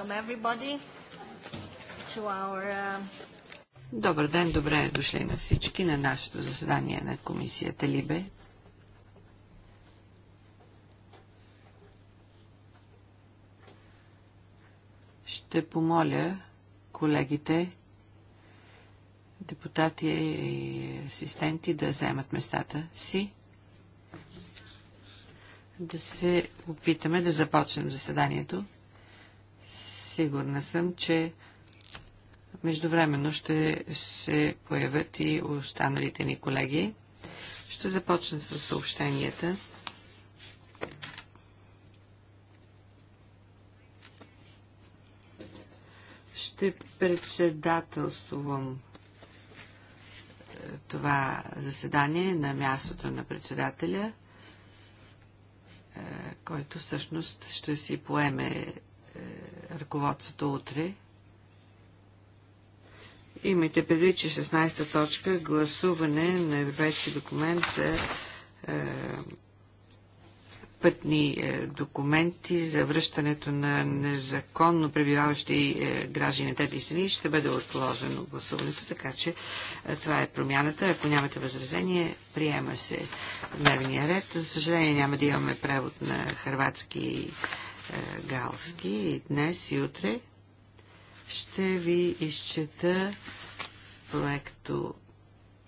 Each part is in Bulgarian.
welcome everybody to our uh... Добър ден, добре дошли на всички на нашето заседание на комисията Либе. Ще помоля колегите, депутати и асистенти да вземат местата си. Да се опитаме да започнем заседанието. Сигурна съм, че междувременно ще се появят и останалите ни колеги. Ще започна с съобщенията. Ще председателствувам е, това заседание на мястото на председателя, е, който всъщност ще си поеме е, ръководството утре. Имайте предвид, че 16-та точка е гласуване на европейски документ за е, пътни е, документи за връщането на незаконно пребиваващи е, граждани на тези страни ще бъде отложено гласуването, така че е, това е промяната. Ако нямате възражение, приема се дневния ред. За съжаление няма да имаме превод на хрватски е, галски и днес и утре ще ви изчета проекто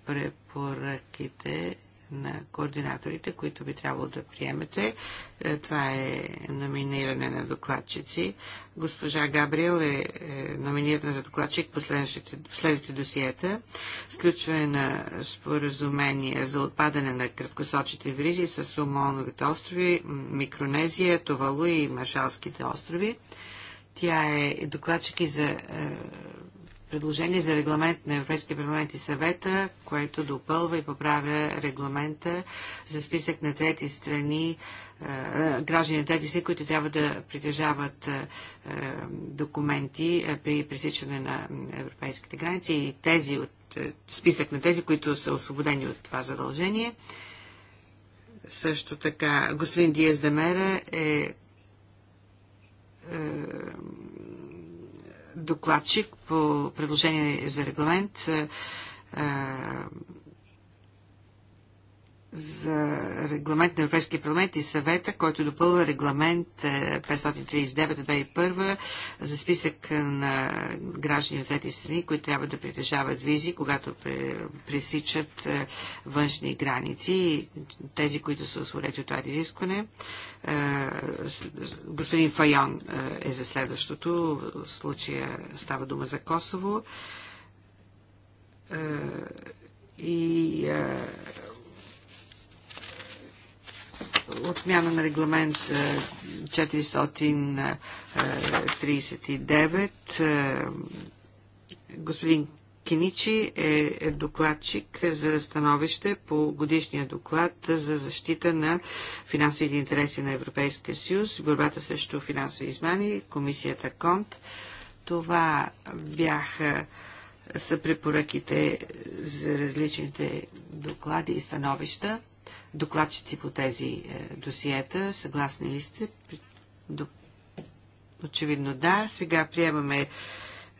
препоръките на координаторите, които би трябвало да приемете. Е, това е номиниране на докладчици. Госпожа Габриел е, е номинирана за докладчик по следващите досиета. Сключване на споразумение за отпадане на краткосочите вризи с Сомолновите острови, Микронезия, Товалу и Маршалските острови. Тя е докладчик и за е, предложение за регламент на Европейския парламент и съвета, което допълва и поправя регламента за списък на трети страни, е, граждани на трети страни, които трябва да притежават е, документи е, при пресичане на европейските граници и тези от списък на тези, които са освободени от това задължение. Също така, господин Диас Демера е докладчик по предложение за регламент е, е, за регламент на Европейския парламент и съвета, който допълва регламент 539-2001 е, за списък на граждани от трети страни, които трябва да притежават визи, когато пресичат е, външни граници, тези, които са освободени от това изискване. Е, господин Файон е за следващото. В случая става дума за Косово и отмяна на регламент 439. Е, е, е, господин Кеничи е докладчик за становище по годишния доклад за защита на финансовите интереси на Европейския съюз, борбата срещу финансови измами, комисията КОНТ. Това бяха са препоръките за различните доклади и становища докладчици по тези е, досиета. Съгласни ли сте? Очевидно да. Сега приемаме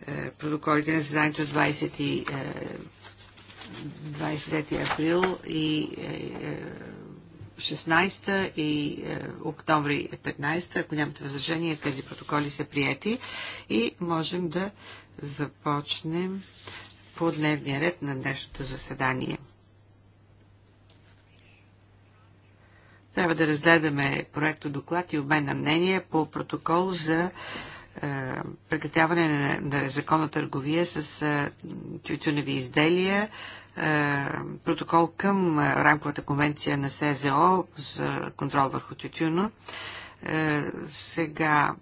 е, протоколите на заседанието 20 23 е, април и 16 и октомври 15. Ако нямате възражение, тези протоколи са прияти и можем да започнем по дневния ред на днешното заседание. Трябва да разгледаме проекто доклад и обмен на мнение по протокол за е, прекратяване на незаконна търговия с е, тютюневи изделия, е, протокол към рамковата конвенция на СЗО за контрол върху тютюна. Сега,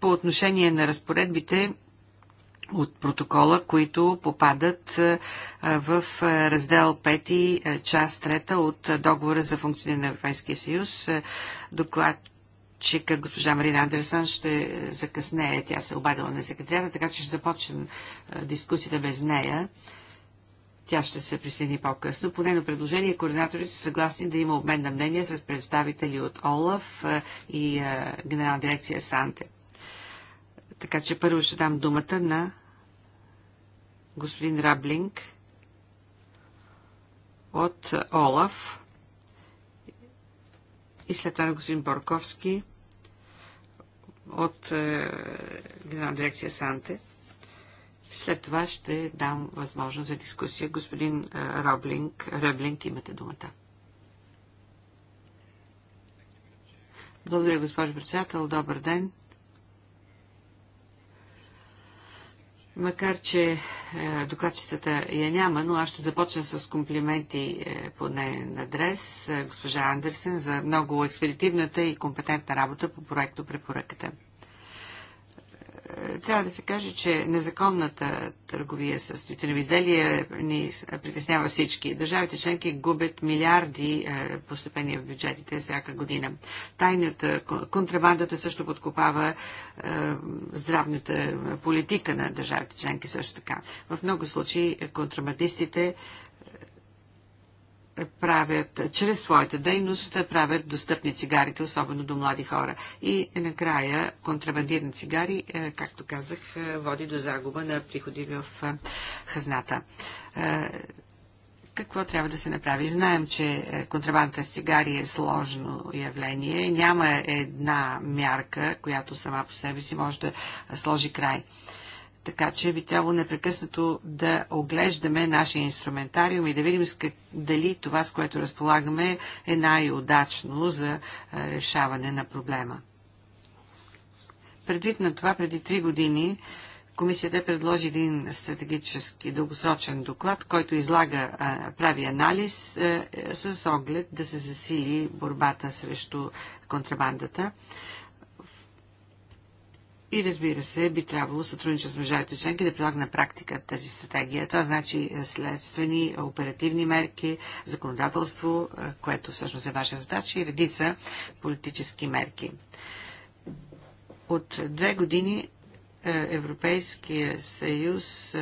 по отношение на разпоредбите, от протокола, които попадат е, е, в е, раздел 5, част 3 от договора за функциониране на Европейския съюз. Доклад как госпожа Марина Андерсън ще закъснее. Тя се обадила на секретарята, така че ще започнем дискусията без нея. Тя ще се присъедини по-късно. По нейно предложение координаторите са съгласни да има обмен на мнение с представители от ОЛАФ и Генерална дирекция Санте. Така че първо ще дам думата на господин Раблинг от Олаф и след това на господин Борковски от е, Генерална дирекция Санте. След това ще дам възможност за дискусия. Господин е, Роблинг, Реблинг, имате думата. Благодаря, госпожо председател. Добър ден. Макар, че е, докладчицата я няма, но аз ще започна с комплименти е, по нейен адрес, е, госпожа Андерсен, за много експедитивната и компетентна работа по проекто препоръката трябва да се каже, че незаконната търговия с тютюневи изделия ни притеснява всички. Държавите членки губят милиарди е, постепения в бюджетите всяка година. Тайната, контрабандата също подкопава е, здравната политика на държавите членки също така. В много случаи контрабандистите правят, чрез своята дейност, правят достъпни цигарите, особено до млади хора. И накрая контрабандирани цигари, е, както казах, е, води до загуба на приходи в е, хазната. Какво трябва да се направи? Знаем, че контрабанта с цигари е сложно явление. Няма една мярка, която сама по себе си може да сложи край. Така че би трябвало непрекъснато да оглеждаме нашия инструментариум и да видим дали това, с което разполагаме, е най-удачно за е, решаване на проблема. Предвид на това, преди три години Комисията предложи един стратегически дългосрочен доклад, който излага, е, прави анализ е, с оглед да се засили борбата срещу контрабандата. И разбира се, би трябвало сътрудничество с държавите членки да прилага на практика тази стратегия. Това значи е, следствени, е, оперативни мерки, законодателство, е, което всъщност е ваша задача и редица политически мерки. От две години Европейския съюз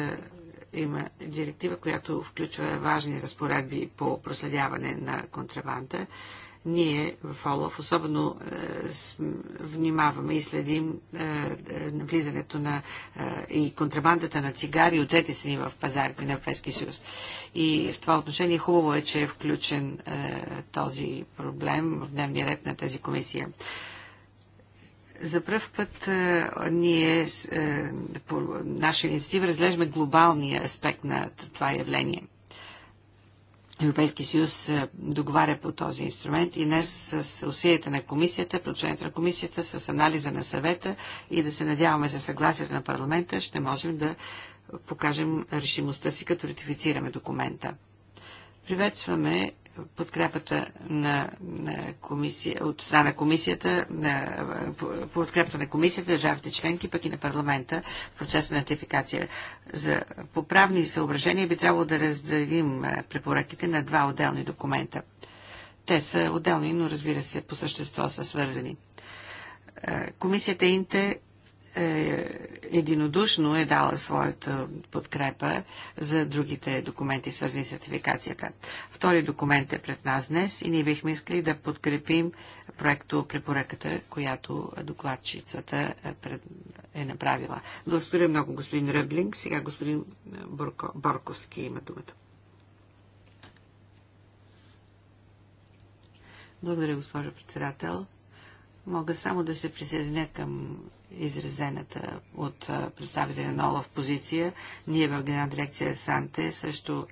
има директива, която включва важни разпоредби по проследяване на контрабанда. Ние в Олаф особено е, внимаваме и следим е, е, навлизането на и контрабандата на цигари от трети страни в пазарите на Европейския съюз. И в това отношение хубаво е, че е включен този проблем в дневния ред на тази комисия. За първ път е, ние е, по наша инициатива разглеждаме глобалния аспект на това явление. Европейски съюз е, договаря по този инструмент и днес с усилията на комисията, предложението на комисията, с анализа на съвета и да се надяваме за съгласието на парламента, ще можем да покажем решимостта си, като ратифицираме документа. Приветстваме подкрепата на, на комисия, от страна на комисията, на, подкрепата на комисията, държавите членки, пък и на парламента в процеса на ратификация. За поправни съображения би трябвало да разделим препоръките на два отделни документа. Те са отделни, но разбира се, по същество са свързани. Комисията Инте е, единодушно е дала своята подкрепа за другите документи, свързани с сертификацията. Втори документ е пред нас днес и ние бихме искали да подкрепим проекто препоръката, която докладчицата е, е направила. Благодаря много, господин Ръблинг. Сега господин е, Борко, Борковски има думата. Благодаря, госпожо председател. Мога само да се присъединя към изразената от представителя на ОЛАФ позиция. Ние в Генерална дирекция Санте също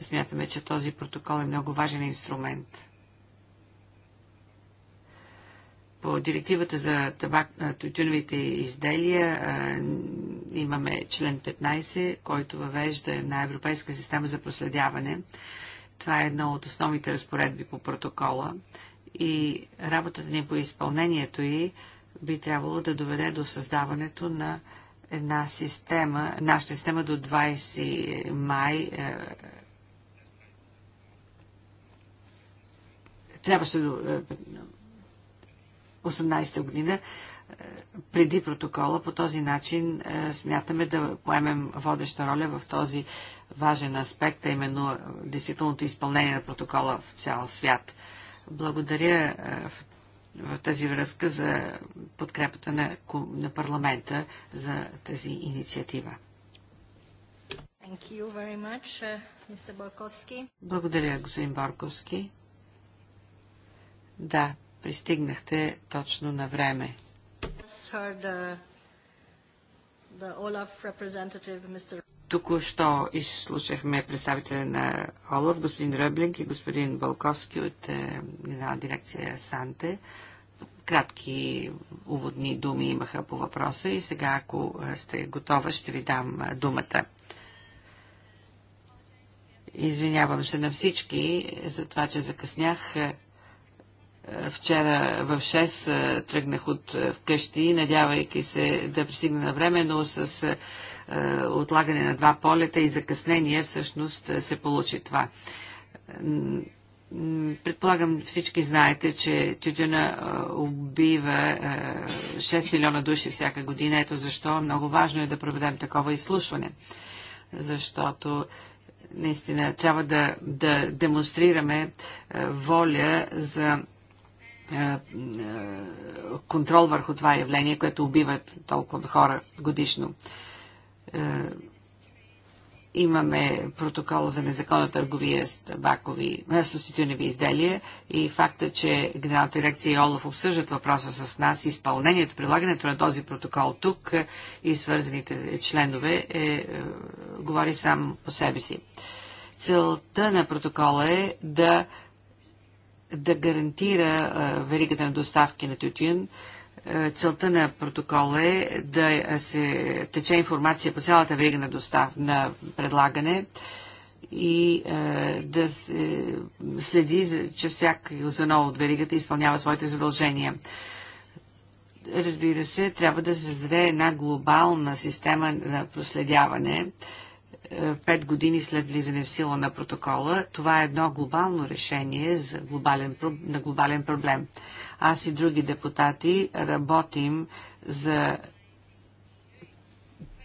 смятаме, че този протокол е много важен инструмент. По директивата за табак, тютюновите изделия имаме член 15, който въвежда една европейска система за проследяване. Това е едно от основните разпоредби по протокола и работата ни по изпълнението й би трябвало да доведе до създаването на една система, нашата система до 20 май е, трябваше до 18-та е, година е, преди протокола. По този начин смятаме да поемем водеща роля в този важен аспект, а именно действителното изпълнение на протокола в цял свят. Благодаря в тази връзка за подкрепата на, на парламента за тази инициатива. Thank you very much, uh, Mr. Borkowski. Благодаря, господин Борковски. Да, пристигнахте точно на време. Uh, Току-що изслушахме представителя на Олаф, господин Ръблинг и господин Балковски от е, Генерална дирекция Санте кратки уводни думи имаха по въпроса и сега, ако сте готова, ще ви дам думата. Извинявам се на всички за това, че закъснях. Вчера в 6 тръгнах от вкъщи, надявайки се да пристигна на време, но с отлагане на два полета и закъснение всъщност се получи това Предполагам всички знаете, че тютюна убива 6 милиона души всяка година. Ето защо много важно е да проведем такова изслушване. Защото наистина трябва да, да демонстрираме воля за контрол върху това явление, което убива толкова хора годишно Имаме протокола за незаконна търговия с табакови, с тютюневи изделия и факта, че генералната дирекция и Олаф обсъждат въпроса с нас, изпълнението, прилагането на този протокол тук и свързаните членове е, е говори сам по себе си. Целта на протокола е да да гарантира е, веригата на доставки на тютюн, е, целта на протокола е да се тече информация по цялата верига на, достав, на предлагане и е, да е, следи, че всяко звено от веригата изпълнява своите задължения. Разбира се, трябва да се създаде една глобална система на проследяване пет години след влизане в сила на протокола. Това е едно глобално решение за глобален, на глобален проблем. Аз и други депутати работим за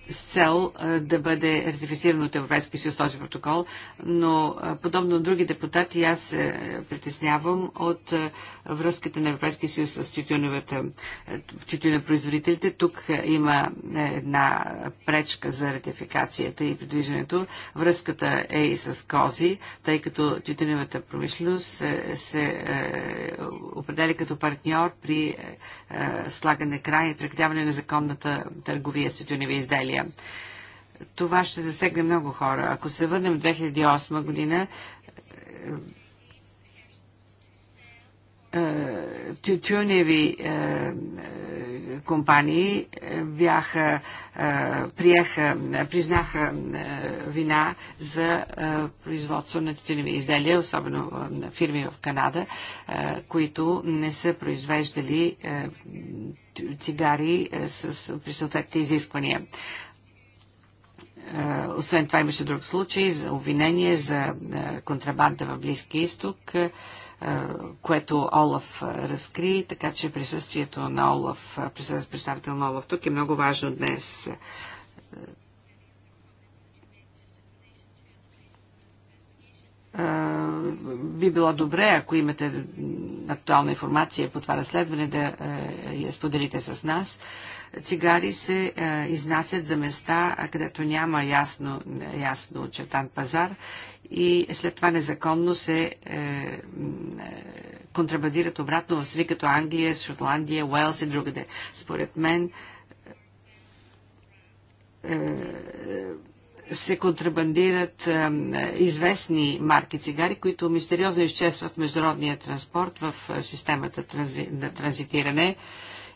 с цел да бъде ратифициран от Европейския съюз този протокол, но подобно на други депутати, аз се притеснявам от връзката на Европейския съюз с производителите. Тук има една пречка за ратификацията и придвижването. Връзката е и с кози, тъй като тютюневата промишленост се определя като партньор при слагане край и прекратяване на законната търговия с тютюневи изделия Италия. Това ще засегне много хора. Ако се върнем в 2008 година, е, е, тютюневи е, компании бяха, приеха, признаха вина за производство на тютюневи изделия, особено на фирми в Канада, които не са произвеждали цигари с, при изисквания. Освен това имаше друг случай за обвинение за контрабанда в Близкия изток, което Олаф разкри, така че присъствието на Олаф, представител на Олаф тук е много важно днес. би било добре, ако имате актуална информация по това разследване, да я споделите с нас цигари се е, изнасят за места, където няма ясно, ясно очертан пазар и след това незаконно се е, е, контрабандират обратно в сви като Англия, Шотландия, Уелс и другаде. Според мен се контрабандират известни марки цигари, които мистериозно изчезват международния транспорт в системата на транзитиране.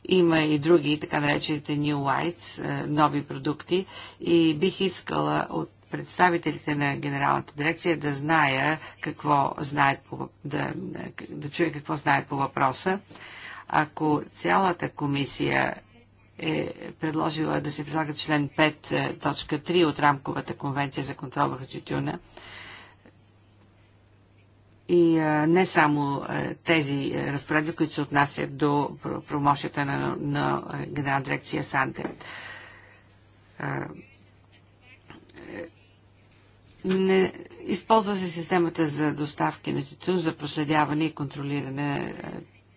Има и други, така наречените New Lights, е, нови продукти и бих искала от представителите на генералната дирекция да зная какво знаят по, да, да чуя какво знаят по въпроса. Ако цялата комисия е предложила да се прилага член 5.3 е, от рамковата конвенция за контрол върху тютюна, и а, не само а, тези разпоредби, които се отнасят до промощата на, на генерална дирекция Санте. не, използва се системата за доставки на тютюн, за проследяване и контролиране на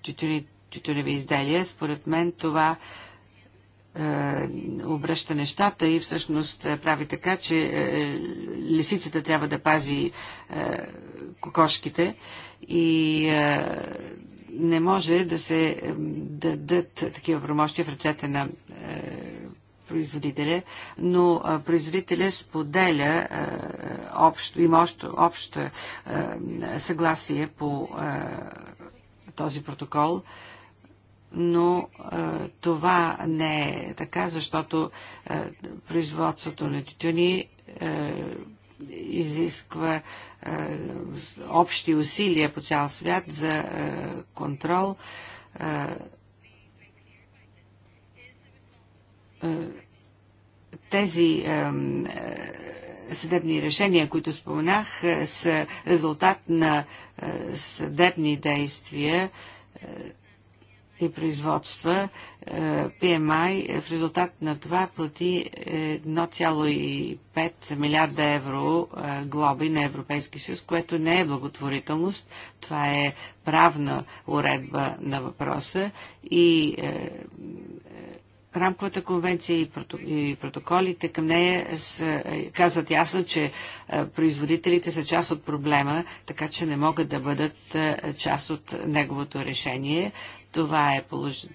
тютюни, тютюневи изделия. Според мен това обръща нещата и всъщност прави така, че лисицата трябва да пази кокошките и а, е, не може да се е, дадат такива промощи в ръцете на е, производителя, но а, производителя споделя а, общо, има още обща съгласие по този протокол, но това не е така, защото производството на тютюни изисква е, общи усилия по цял свят за е, контрол е, тези съдебни решения, които споменах, са резултат на съдебни действия и производства, е, PMI е, в резултат на това плати 1,5 милиарда евро е, глоби на Европейски съюз, което не е благотворителност. Това е правна уредба на въпроса и Рамковата конвенция и протоколите към нея казват ясно, че производителите са част от проблема, така че не могат да бъдат част от неговото решение. Това е полож...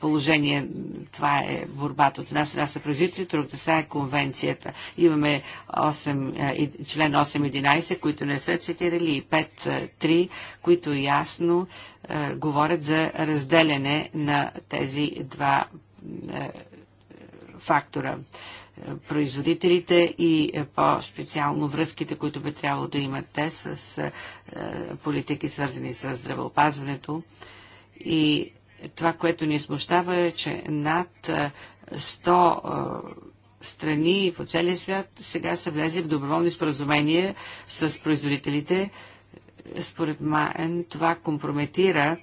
положение, това е борбата. От една страна са производители, другата са е конвенцията. Имаме 8, е, член 8.11, които не са цитирали, и 5.3, които ясно е, говорят за разделяне на тези два е, фактора производителите и е, по-специално връзките, които би трябвало да имат те с е, политики, свързани с здравеопазването и това, което ни смущава е, че над 100 страни по целия свят сега са влезли в доброволни споразумения с производителите. Според мен това компрометира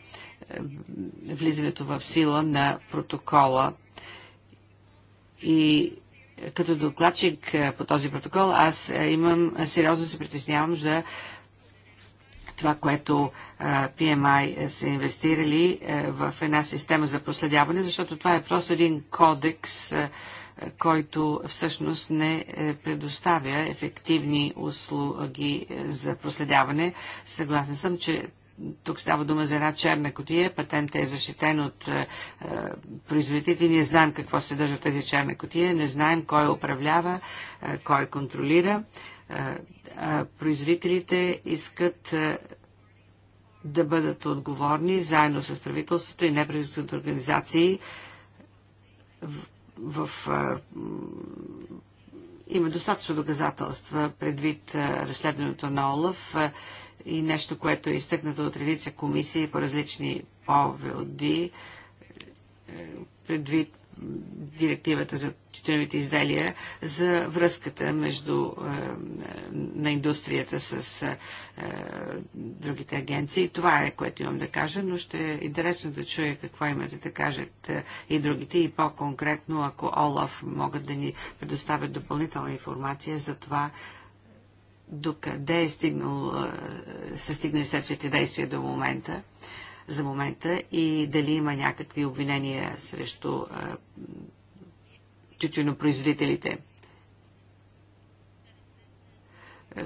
влизането в сила на протокола. И като докладчик по този протокол, аз имам, сериозно се притеснявам за това, което PMI са инвестирали е, в една система за проследяване, защото това е просто един кодекс, е, който всъщност не е, предоставя ефективни услуги за проследяване. Съгласен съм, че тук става дума за една черна котия. Патентът е защитен от производителите. Ние знаем какво се държа в тази черна котия. Не знаем кой управлява, кой контролира. производителите искат да бъдат отговорни заедно с правителството и неправителствените организации в, в има достатъчно доказателства предвид разследването на Олаф и нещо, което е изтъкнато от редица комисии по различни поводи, предвид директивата за тютюневите изделия, за връзката между, е, на индустрията с е, другите агенции. Това е, което имам да кажа, но ще е интересно да чуя какво имате да кажат е, и другите и по-конкретно, ако Олаф могат да ни предоставят допълнителна информация за това, докъде е стигнал, са стигнали следствите действия до момента за момента и дали има някакви обвинения срещу тютюнопроизводителите.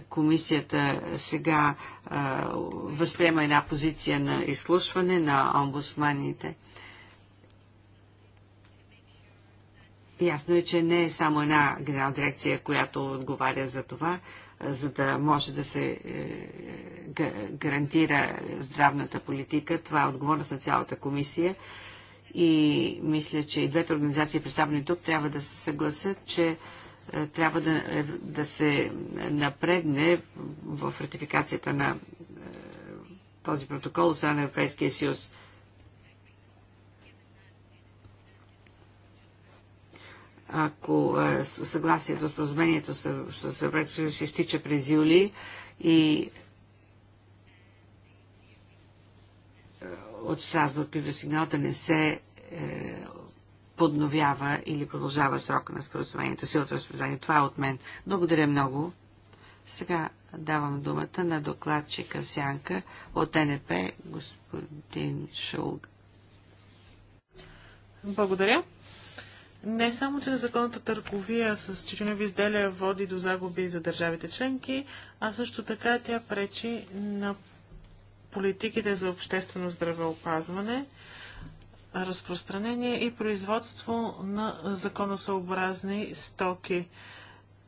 Комисията сега а, възприема една позиция на изслушване на омбудсманите. Ясно е, че не е само една генерална дирекция, която отговаря за това за да може да се е, гарантира здравната политика. Това е отговорност на цялата комисия. И мисля, че и двете организации, представени тук, трябва да се съгласят, че е, трябва да, е, да се напредне в ратификацията на този протокол от на Европейския съюз. ако съгласието, с Съвет ще изтича през юли и от Страсбург и сигналта не се е, подновява или продължава срока на споразумението, силата на споразумението. Това е от мен. Благодаря много. Сега давам думата на докладчика Сянка от НП, господин Шулг. Благодаря. Не само, че незаконната търговия с тютюневи изделия води до загуби за държавите членки, а също така тя пречи на политиките за обществено здравеопазване, разпространение и производство на законосъобразни стоки.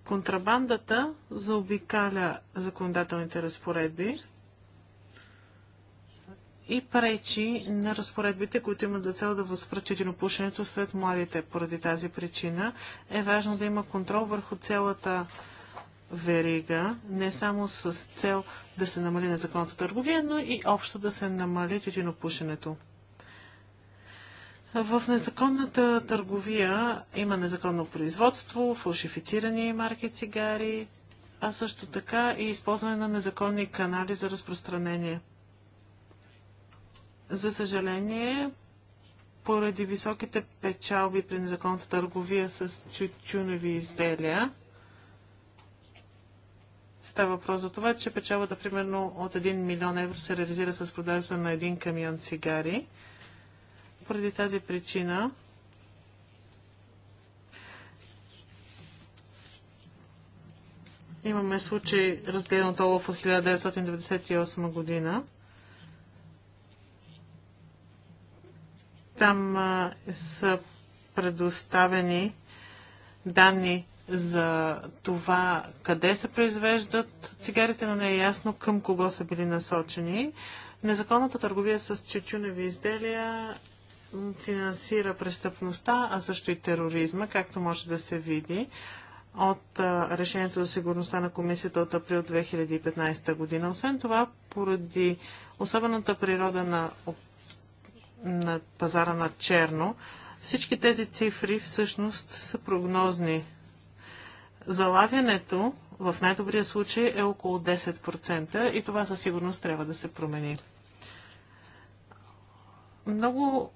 Контрабандата заобикаля законодателните разпоредби и пречи на разпоредбите, които имат за цел да възпрат единопушенето сред младите. Поради тази причина е важно да има контрол върху цялата верига, не само с цел да се намали незаконната търговия, но и общо да се намали тютюнопушенето. В незаконната търговия има незаконно производство, фалшифицирани марки цигари, а също така и използване на незаконни канали за разпространение – за съжаление, поради високите печалби при незаконната търговия с чучунови изделия, Става въпрос за това, че печалбата примерно от 1 милион евро се реализира с продажа на един камион цигари. Поради тази причина имаме случай разгледан от Олов от 1998 година. Там а, са предоставени данни за това къде се произвеждат цигарите, но не е ясно към кого са били насочени. Незаконната търговия с тютюневи изделия финансира престъпността, а също и тероризма, както може да се види от решението за сигурността на комисията от април 2015 година. Освен това, поради особената природа на на пазара на черно. Всички тези цифри всъщност са прогнозни. Залавянето в най-добрия случай е около 10% и това със сигурност трябва да се промени. Много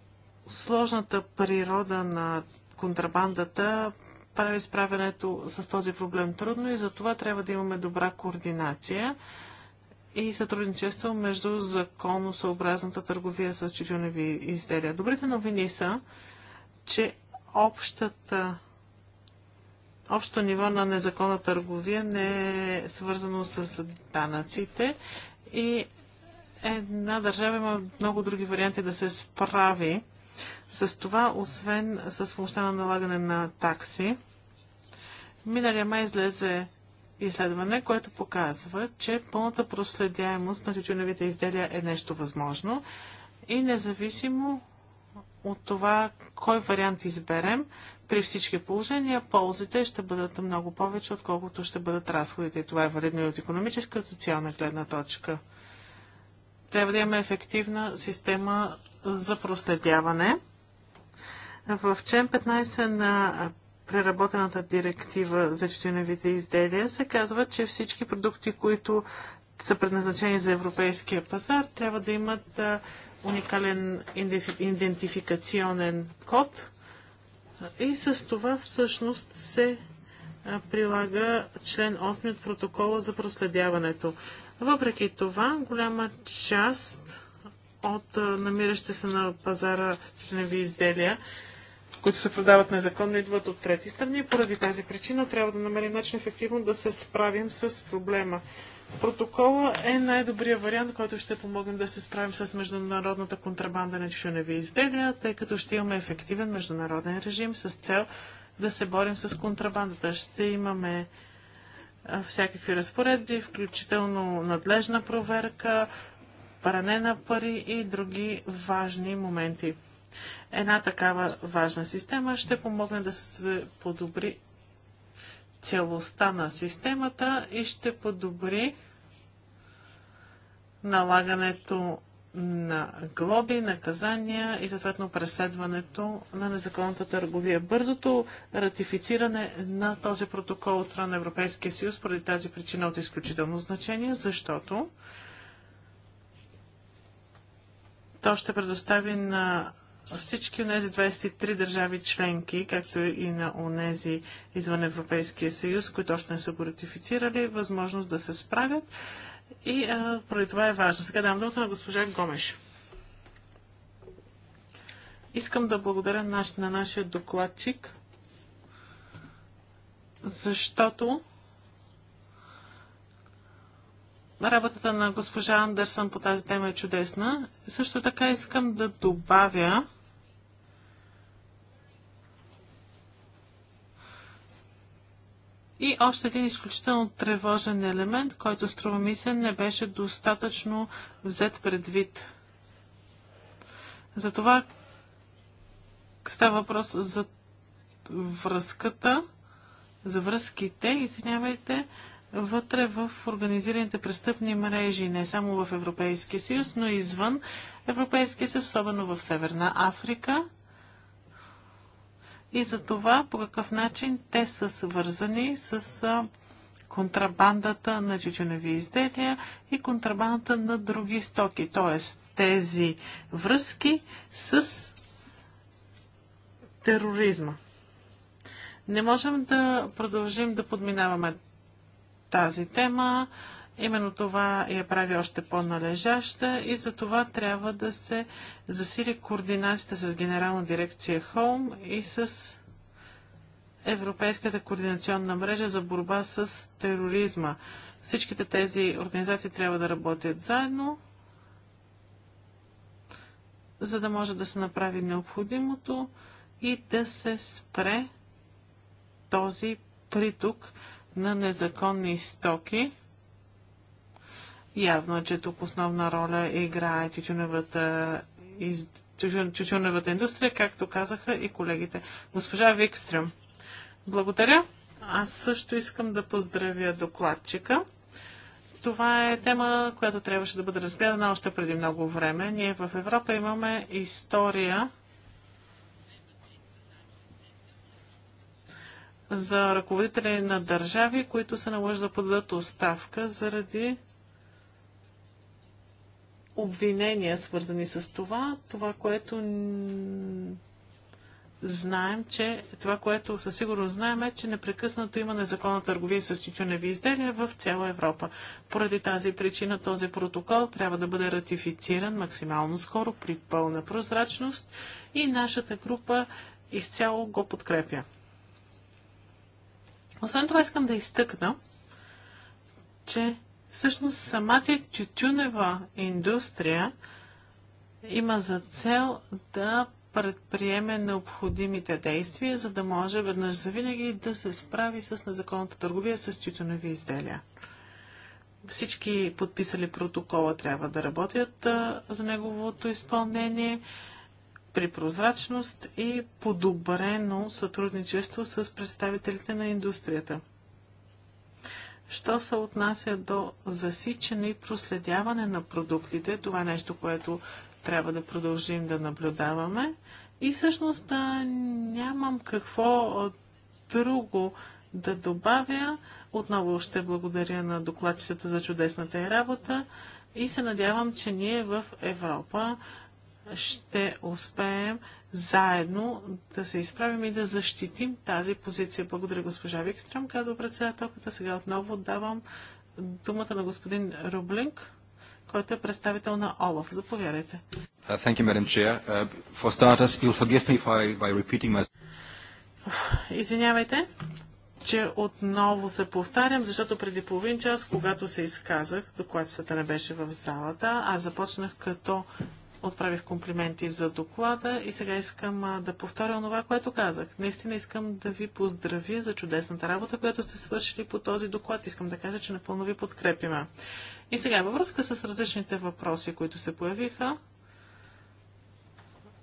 сложната природа на контрабандата прави справянето с този проблем трудно и за това трябва да имаме добра координация и сътрудничество между законосъобразната търговия с тютюневи изделия. Добрите новини са, че общата Общото ниво на незаконна търговия не е свързано с данъците и една държава има много други варианти да се справи с това, освен с помощта на налагане на такси. Миналия май излезе изследване, което показва, че пълната проследяемост на тютюневите изделия е нещо възможно и независимо от това кой вариант изберем, при всички положения ползите ще бъдат много повече, отколкото ще бъдат разходите. И това е валидно и от економическа, и от социална гледна точка. Трябва да имаме ефективна система за проследяване. В член 15 на преработената директива за тютюневите изделия се казва, че всички продукти, които са предназначени за европейския пазар, трябва да имат уникален идентификационен код и с това всъщност се прилага член 8 от протокола за проследяването. Въпреки това, голяма част от намиращите се на пазара членови изделия които се продават незаконно, идват от трети страни. Поради тази причина трябва да намерим начин ефективно да се справим с проблема. Протокола е най-добрият вариант, който ще помогне да се справим с международната контрабанда на тютюневи изделия, тъй като ще имаме ефективен международен режим с цел да се борим с контрабандата. Ще имаме всякакви разпоредби, включително надлежна проверка, пране на пари и други важни моменти. Една такава важна система ще помогне да се подобри целостта на системата и ще подобри налагането на глоби, наказания и съответно преследването на незаконната търговия. Бързото ратифициране на този протокол от страна на Европейския съюз поради тази причина е от изключително значение, защото то ще предостави на всички от тези 23 държави членки, както и на онези извън Европейския съюз, които още не са го ратифицирали, възможност да се справят. И а, поради това е важно. Сега давам думата на госпожа Гомеш. Искам да благодаря наш, на нашия докладчик, защото работата на госпожа Андерсън по тази тема е чудесна. Също така искам да добавя, И още един изключително тревожен елемент, който струва ми се не беше достатъчно взет предвид. Затова става въпрос за връзката, за връзките, извинявайте, вътре в организираните престъпни мрежи, не само в Европейския съюз, но и извън Европейския съюз, особено в Северна Африка – и за това по какъв начин те са свързани с контрабандата на тютюневи изделия и контрабандата на други стоки, т.е. тези връзки с тероризма. Не можем да продължим да подминаваме тази тема. Именно това я прави още по-належаща и за това трябва да се засили координацията с Генерална дирекция Холм и с Европейската координационна мрежа за борба с тероризма. Всичките тези организации трябва да работят заедно, за да може да се направи необходимото и да се спре този приток на незаконни стоки Явно е, че тук основна роля играе тютюневата, из... тютюневата индустрия, както казаха и колегите. Госпожа Викстрюм, благодаря. Аз също искам да поздравя докладчика. Това е тема, която трябваше да бъде разгледана още преди много време. Ние в Европа имаме история за ръководители на държави, които се наложи да подадат оставка заради обвинения, свързани с това. Това, което знаем, че това, което със сигурност знаем е, че непрекъснато има незаконна търговия с тютюневи изделия в цяла Европа. Поради тази причина този протокол трябва да бъде ратифициран максимално скоро при пълна прозрачност и нашата група изцяло го подкрепя. Освен това искам да изтъкна, че Всъщност самата тютюнева индустрия има за цел да предприеме необходимите действия, за да може веднъж завинаги да се справи с незаконната търговия с тютюневи изделия. Всички подписали протокола трябва да работят за неговото изпълнение при прозрачност и подобрено сътрудничество с представителите на индустрията. Що се отнася до засичане и проследяване на продуктите, това е нещо, което трябва да продължим да наблюдаваме. И всъщност да нямам какво друго да добавя. Отново ще благодаря на докладчетата за чудесната работа и се надявам, че ние в Европа ще успеем заедно да се изправим и да защитим тази позиция. Благодаря госпожа Викстрем, казва председателката. Сега отново давам думата на господин Рублинг, който е представител на ОЛАФ. Заповядайте. Uh, uh, извинявайте, че отново се повтарям, защото преди половин час, когато се изказах, докладчицата не беше в залата, аз започнах като отправих комплименти за доклада и сега искам да повторя това, което казах. Наистина искам да ви поздравя за чудесната работа, която сте свършили по този доклад. Искам да кажа, че напълно ви подкрепиме. И сега, във връзка с различните въпроси, които се появиха,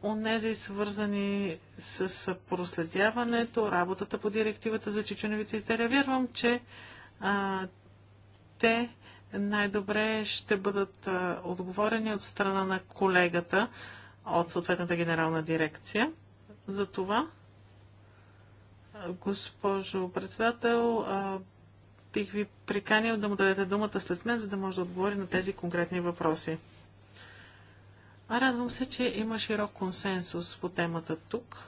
онези свързани с проследяването, работата по директивата за чеченевите изделия, вярвам, че а, те най-добре ще бъдат отговорени от страна на колегата от съответната генерална дирекция. За това, госпожо председател, бих ви приканил да му дадете думата след мен, за да може да отговори на тези конкретни въпроси. А радвам се, че има широк консенсус по темата тук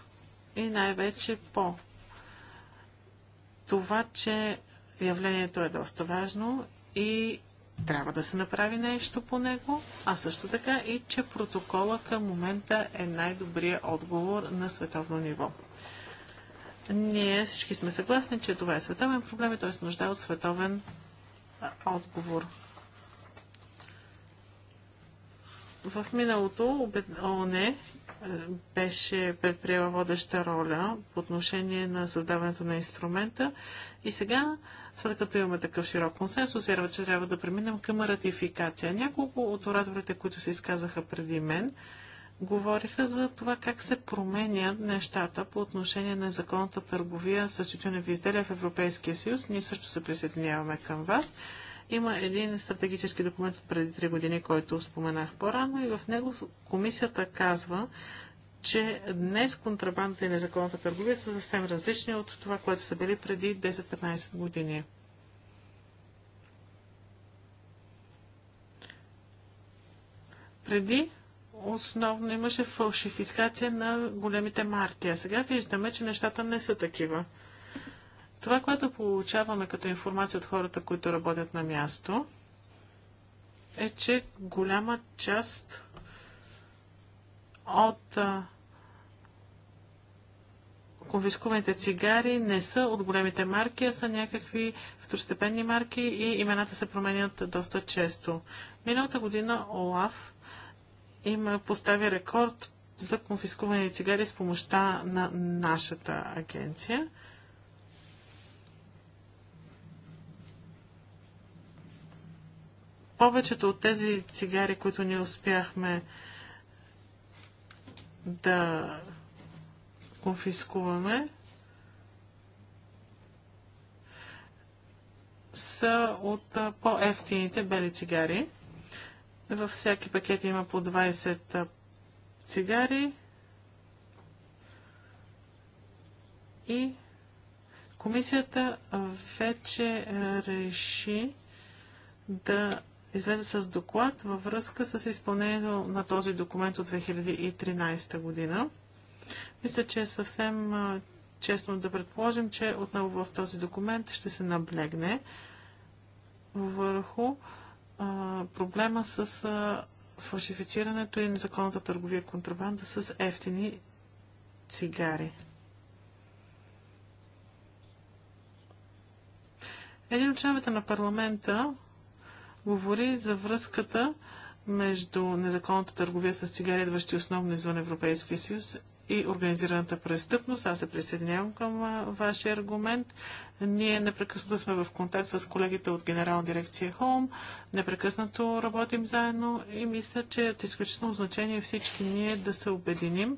и най-вече по това, че явлението е доста важно и трябва да се направи нещо по него, а също така и, че протокола към момента е най-добрият отговор на световно ниво. Ние всички сме съгласни, че това е световен проблем и той се нуждае от световен отговор. В миналото ООН е, беше предприела водеща роля по отношение на създаването на инструмента и сега след като имаме такъв широк консенсус, вярва, че трябва да преминем към ратификация. Няколко от ораторите, които се изказаха преди мен, говориха за това как се променят нещата по отношение на законната търговия с тютюневи изделия в Европейския съюз. Ние също се присъединяваме към вас. Има един стратегически документ от преди три години, който споменах по-рано и в него комисията казва, че днес контрабандата и незаконната търговия са съвсем различни от това, което са били преди 10-15 години. Преди основно имаше фалшификация на големите марки, а сега виждаме, че нещата не са такива. Това, което получаваме като информация от хората, които работят на място, е, че голяма част от а, конфискуваните цигари не са от големите марки, а са някакви второстепенни марки и имената се променят доста често. Миналата година ОЛАФ им постави рекорд за конфискувани цигари с помощта на нашата агенция. Повечето от тези цигари, които ние успяхме да конфискуваме, са от по-ефтините бели цигари. Във всяки пакет има по 20 цигари. И комисията вече реши да излезе с доклад във връзка с изпълнението на този документ от 2013 година. Мисля, че е съвсем честно да предположим, че отново в този документ ще се наблегне върху проблема с фалшифицирането и незаконната търговия контрабанда с ефтини цигари. Един от членовете на парламента говори за връзката между незаконната търговия с цигари, идващи основно извън Европейския съюз и организираната престъпност. Аз се присъединявам към вашия аргумент. Ние непрекъснато сме в контакт с колегите от Генерална дирекция Холм. Непрекъснато работим заедно и мисля, че е от изключително значение всички ние да се обединим.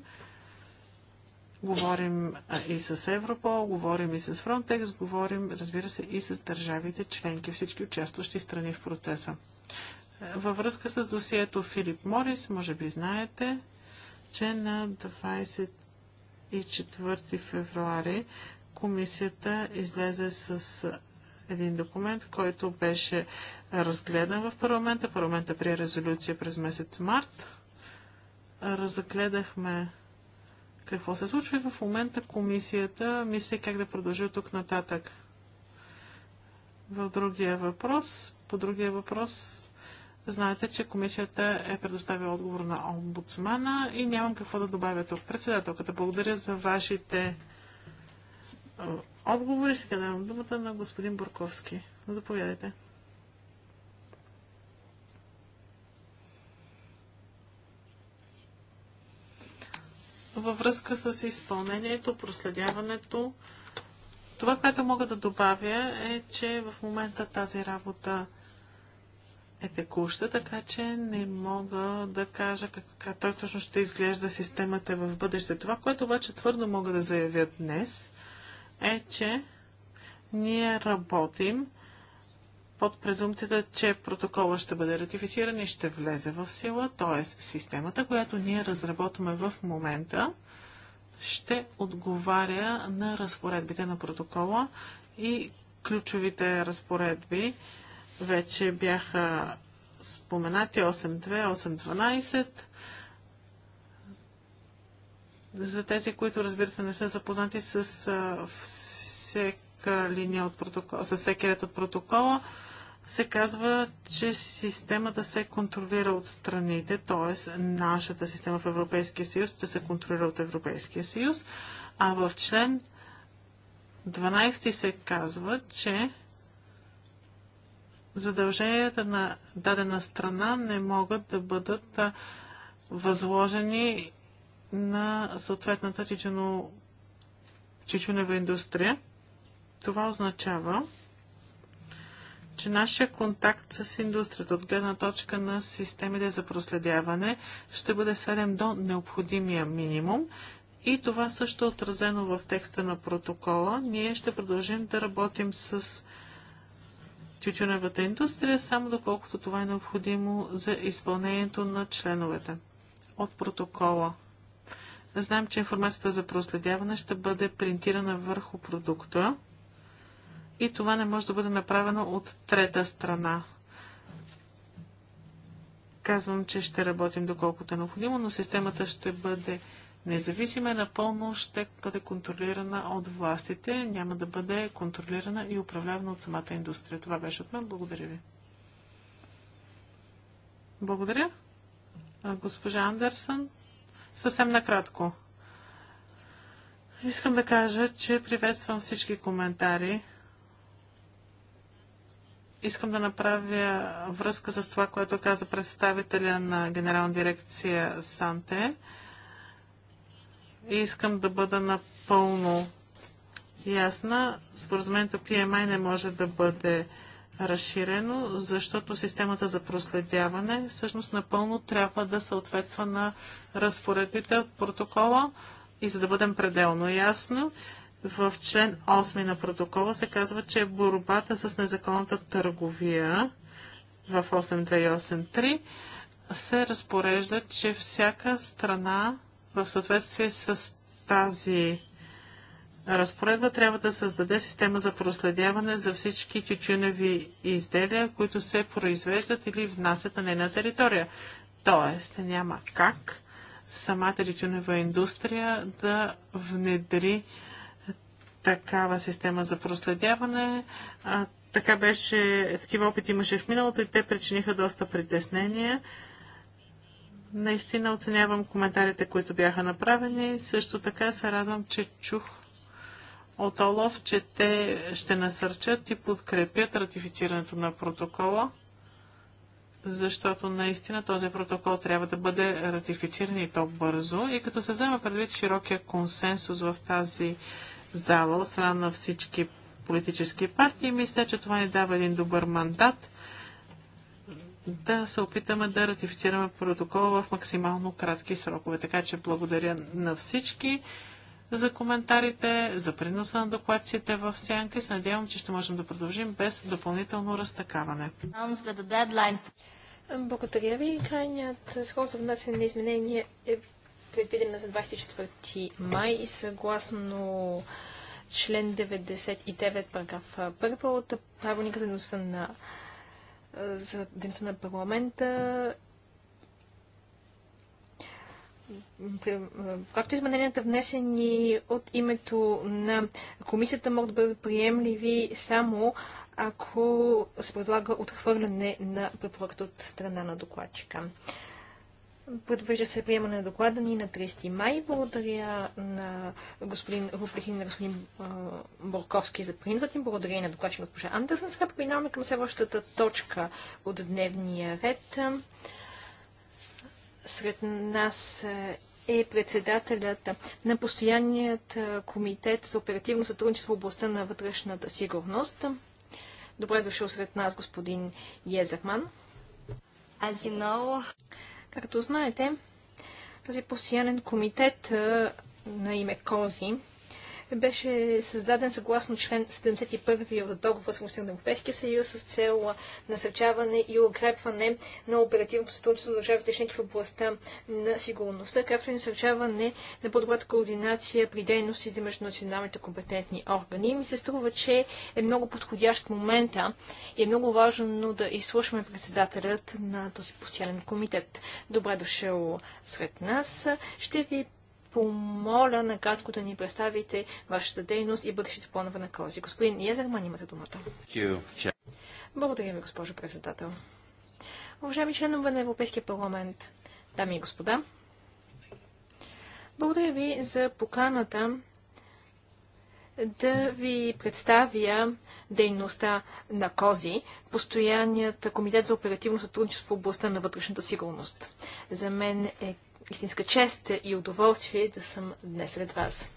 Говорим и с Европол, говорим и с Фронтекс, говорим, разбира се, и с държавите членки, всички участващи страни в процеса. Във връзка с досието Филип Морис, може би знаете, че на 24 февруари комисията излезе с един документ, който беше разгледан в парламента. Парламента прие резолюция през месец март. Разгледахме какво се случва и в момента комисията мисли как да продължи от тук нататък. В другия въпрос, по другия въпрос Знаете, че комисията е предоставила отговор на омбудсмана и нямам какво да добавя тук. Председателката, благодаря за вашите отговори. Сега давам думата на господин Бурковски. Заповядайте. Във връзка с изпълнението, проследяването, това, което мога да добавя е, че в момента тази работа е текуща, така че не мога да кажа как, как той точно ще изглежда системата в бъдеще. Това, което обаче твърдо мога да заявя днес, е, че ние работим под презумцията, че протокола ще бъде ратифициран и ще влезе в сила, т.е. системата, която ние разработваме в момента, ще отговаря на разпоредбите на протокола и ключовите разпоредби вече бяха споменати 8.2, 8.12. За тези, които разбира се не са запознати с всека линия от протокола, с всеки ред от протокола, се казва, че системата се контролира от страните, т.е. нашата система в Европейския съюз ще се контролира от Европейския съюз, а в член 12 се казва, че задълженията на дадена страна не могат да бъдат възложени на съответната тичено, тичунева индустрия. Това означава, че нашия контакт с индустрията от гледна точка на системите за проследяване ще бъде сведен до необходимия минимум и това също е отразено в текста на протокола. Ние ще продължим да работим с тютюневата индустрия, само доколкото това е необходимо за изпълнението на членовете от протокола. Знам, че информацията за проследяване ще бъде принтирана върху продукта и това не може да бъде направено от трета страна. Казвам, че ще работим доколкото е необходимо, но системата ще бъде независима е, напълно ще бъде контролирана от властите, няма да бъде контролирана и управлявана от самата индустрия. Това беше от мен. Благодаря ви. Благодаря. Госпожа Андерсън, съвсем накратко. Искам да кажа, че приветствам всички коментари. Искам да направя връзка с това, което каза представителя на генерална дирекция Санте. Искам да бъда напълно ясна. Споразумението PMI не може да бъде разширено, защото системата за проследяване всъщност напълно трябва да съответства на разпоредбите от протокола и за да бъдем пределно ясно, в член 8 на протокола се казва, че борбата с незаконната търговия в 8.2.8.3 се разпорежда, че всяка страна в съответствие с тази разпоредба трябва да създаде система за проследяване за всички тютюневи изделия, които се произвеждат или внасят на нейна територия. Тоест, няма как самата тютюнева индустрия да внедри такава система за проследяване. А, така беше, такива опити имаше в миналото и те причиниха доста притеснения. Наистина оценявам коментарите, които бяха направени. Също така се радвам, че чух от Олов, че те ще насърчат и подкрепят ратифицирането на протокола, защото наистина този протокол трябва да бъде ратифициран и то бързо. И като се взема предвид широкия консенсус в тази зала от страна на всички политически партии, мисля, че това ни дава един добър мандат – да се опитаме да ратифицираме протокола в максимално кратки срокове. Така че благодаря на всички за коментарите, за приноса на докладците в сянка и се надявам, че ще можем да продължим без допълнително разтакаване. Благодаря ви. Крайният срок за внасяне на изменение е предвиден за 24 май и съгласно член 99, параграф 1 от правилника за на за дейността на парламента. Както измененията внесени от името на комисията могат да бъдат приемливи само ако се предлага отхвърляне на препоръката от страна на докладчика. Предвижда се приемане на доклада ни на 30 май. Благодаря на господин Руплих и на господин Борковски за принудът им. Благодаря и на докладчик госпожа Андерсен. Сега преминаваме към следващата точка от дневния ред. Сред нас е председателят на постоянният комитет за оперативно сътрудничество в областта на вътрешната сигурност. Добре дошъл сред нас господин Езерман. As you know... Както знаете, този постоянен комитет на име Кози беше създаден съгласно член 71 от договор с на Европейския съюз с цел насърчаване и укрепване на оперативното сътрудничество на държавите членки в областта на сигурността, както и насърчаване на по-добрата координация при дейностите между националните компетентни органи. И ми се струва, че е много подходящ момента и е много важно да изслушаме председателят на този постоянен комитет. Добре дошъл сред нас. Ще ви помоля накратко да ни представите вашата дейност и бъдещите планове на Кози. Господин Язерман, имате думата. Благодаря ви, госпожо председател. Уважаеми членове на Европейския парламент, дами и господа, благодаря ви за поканата да ви представя дейността на КОЗИ, постоянният комитет за оперативно сътрудничество в областта на вътрешната сигурност. За мен е истинска чест и удоволствие да съм днес сред вас.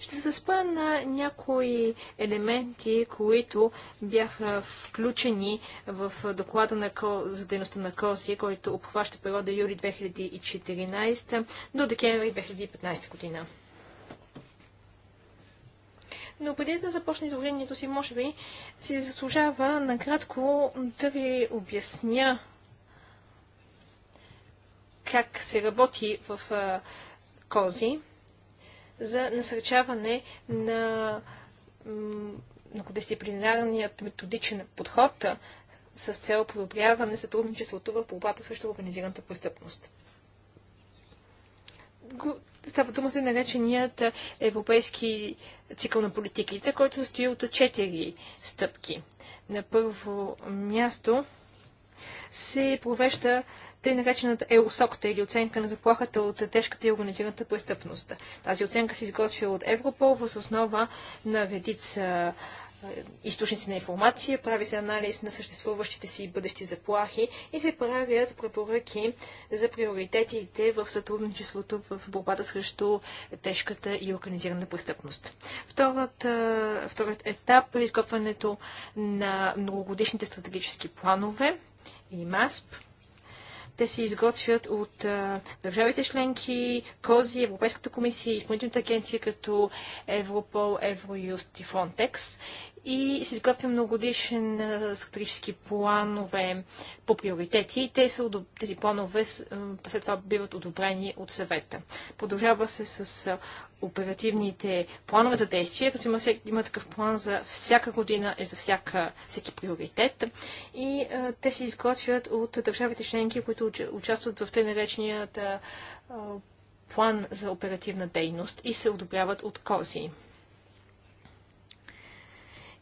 Ще се спра на някои елементи, които бяха включени в доклада на Ко... за дейността на КОСИ, който обхваща периода юли 2014 до декември 2015 година. Но преди да започне изложението си, може би си заслужава накратко да ви обясня как се работи в Кози за насърчаване на многодисциплинарният методичен подход с цел подобряване сътрудничеството в борбата срещу организираната престъпност. Става дума за нареченият европейски цикъл на политиките, който състои от четири стъпки. На първо място се провежда тъй наречената Евросокта или оценка на заплахата от тежката и организираната престъпност. Тази оценка се изготвя от Европол въз основа на редица е, източници на информация, прави се анализ на съществуващите си бъдещи заплахи и се правят препоръки за приоритетите в сътрудничеството в борбата срещу тежката и организирана престъпност. Вторият, вторият етап е изготвянето на многогодишните стратегически планове и МАСП – те се изготвят от а, държавите членки, КОЗИ, Европейската комисия, и Изпълнителната агенция като Европол, Евроюст и Фронтекс и се изготвя многодишен стратегически планове по приоритети и те са, тези планове след това биват одобрени от съвета. Продължава се с оперативните планове за действие, като има, има такъв план за всяка година и за всяка, всеки приоритет. И а, те се изготвят от държавите членки, които участват в те нареченият план за оперативна дейност и се одобряват от КОЗИ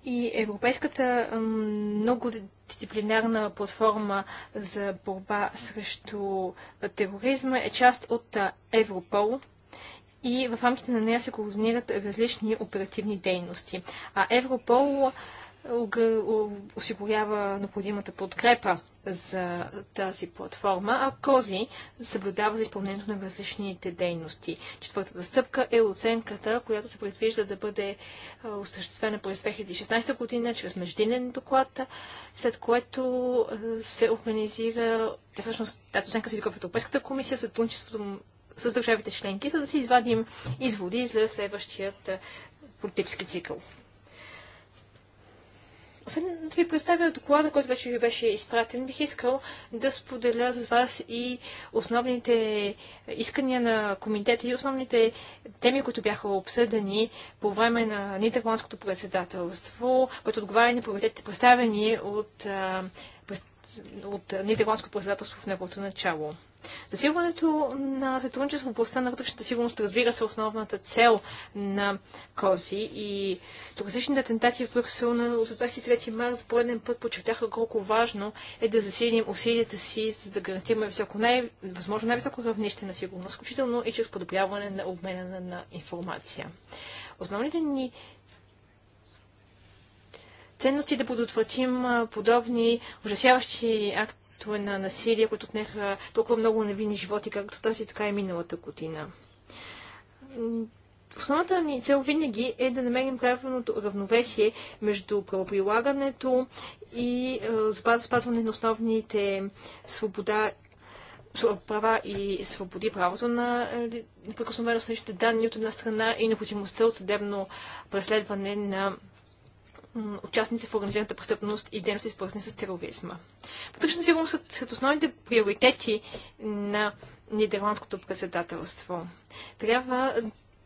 и Европейската много дисциплинарна платформа за борба срещу тероризма е част от Европол и в рамките на нея се координират различни оперативни дейности. А Европол осигурява необходимата подкрепа за тази платформа, а Кози съблюдава за изпълнението на различните дейности. Четвъртата стъпка е оценката, която се предвижда да бъде е, осъществена през 2016 година чрез междинен доклад, след което е, се организира, тя всъщност тази оценка се изготвя от Европейската комисия, сътрудничеството с държавите членки, за да си извадим изводи за следващият е, политически цикъл. Освен да ви представя доклада, който вече ви беше изпратен, бих искал да споделя с вас и основните искания на комитета и основните теми, които бяха обсъдени по време на нидерландското председателство, което отговаря на комитетите, представени от, от нидерландското председателство в неговото начало. Засилването на сътрудничество в областта на вътрешната сигурност, разбира се, е основната цел на КОСИ и туристичните атентати в Брюксел на 23 марта за пореден път подчертаха колко важно е да засилим усилията си, за да гарантираме високо, най- възможно най-високо равнище на сигурност, включително и чрез подобряване на обмена на информация. Основните ни ценности е да предотвратим подобни ужасяващи акти е на насилие, които отнеха толкова много невинни животи, както тази, така и миналата година. Основната ни цел винаги е да намерим правилното равновесие между правоприлагането и е, спазване на основните свобода права и свободи, правото на е, неприкосновеност на личните данни от една страна и необходимостта от съдебно преследване на участници в организираната престъпност и дейности, свързани с тероризма. Вътрешна сигурност са е сред основните приоритети на нидерландското председателство. Трябва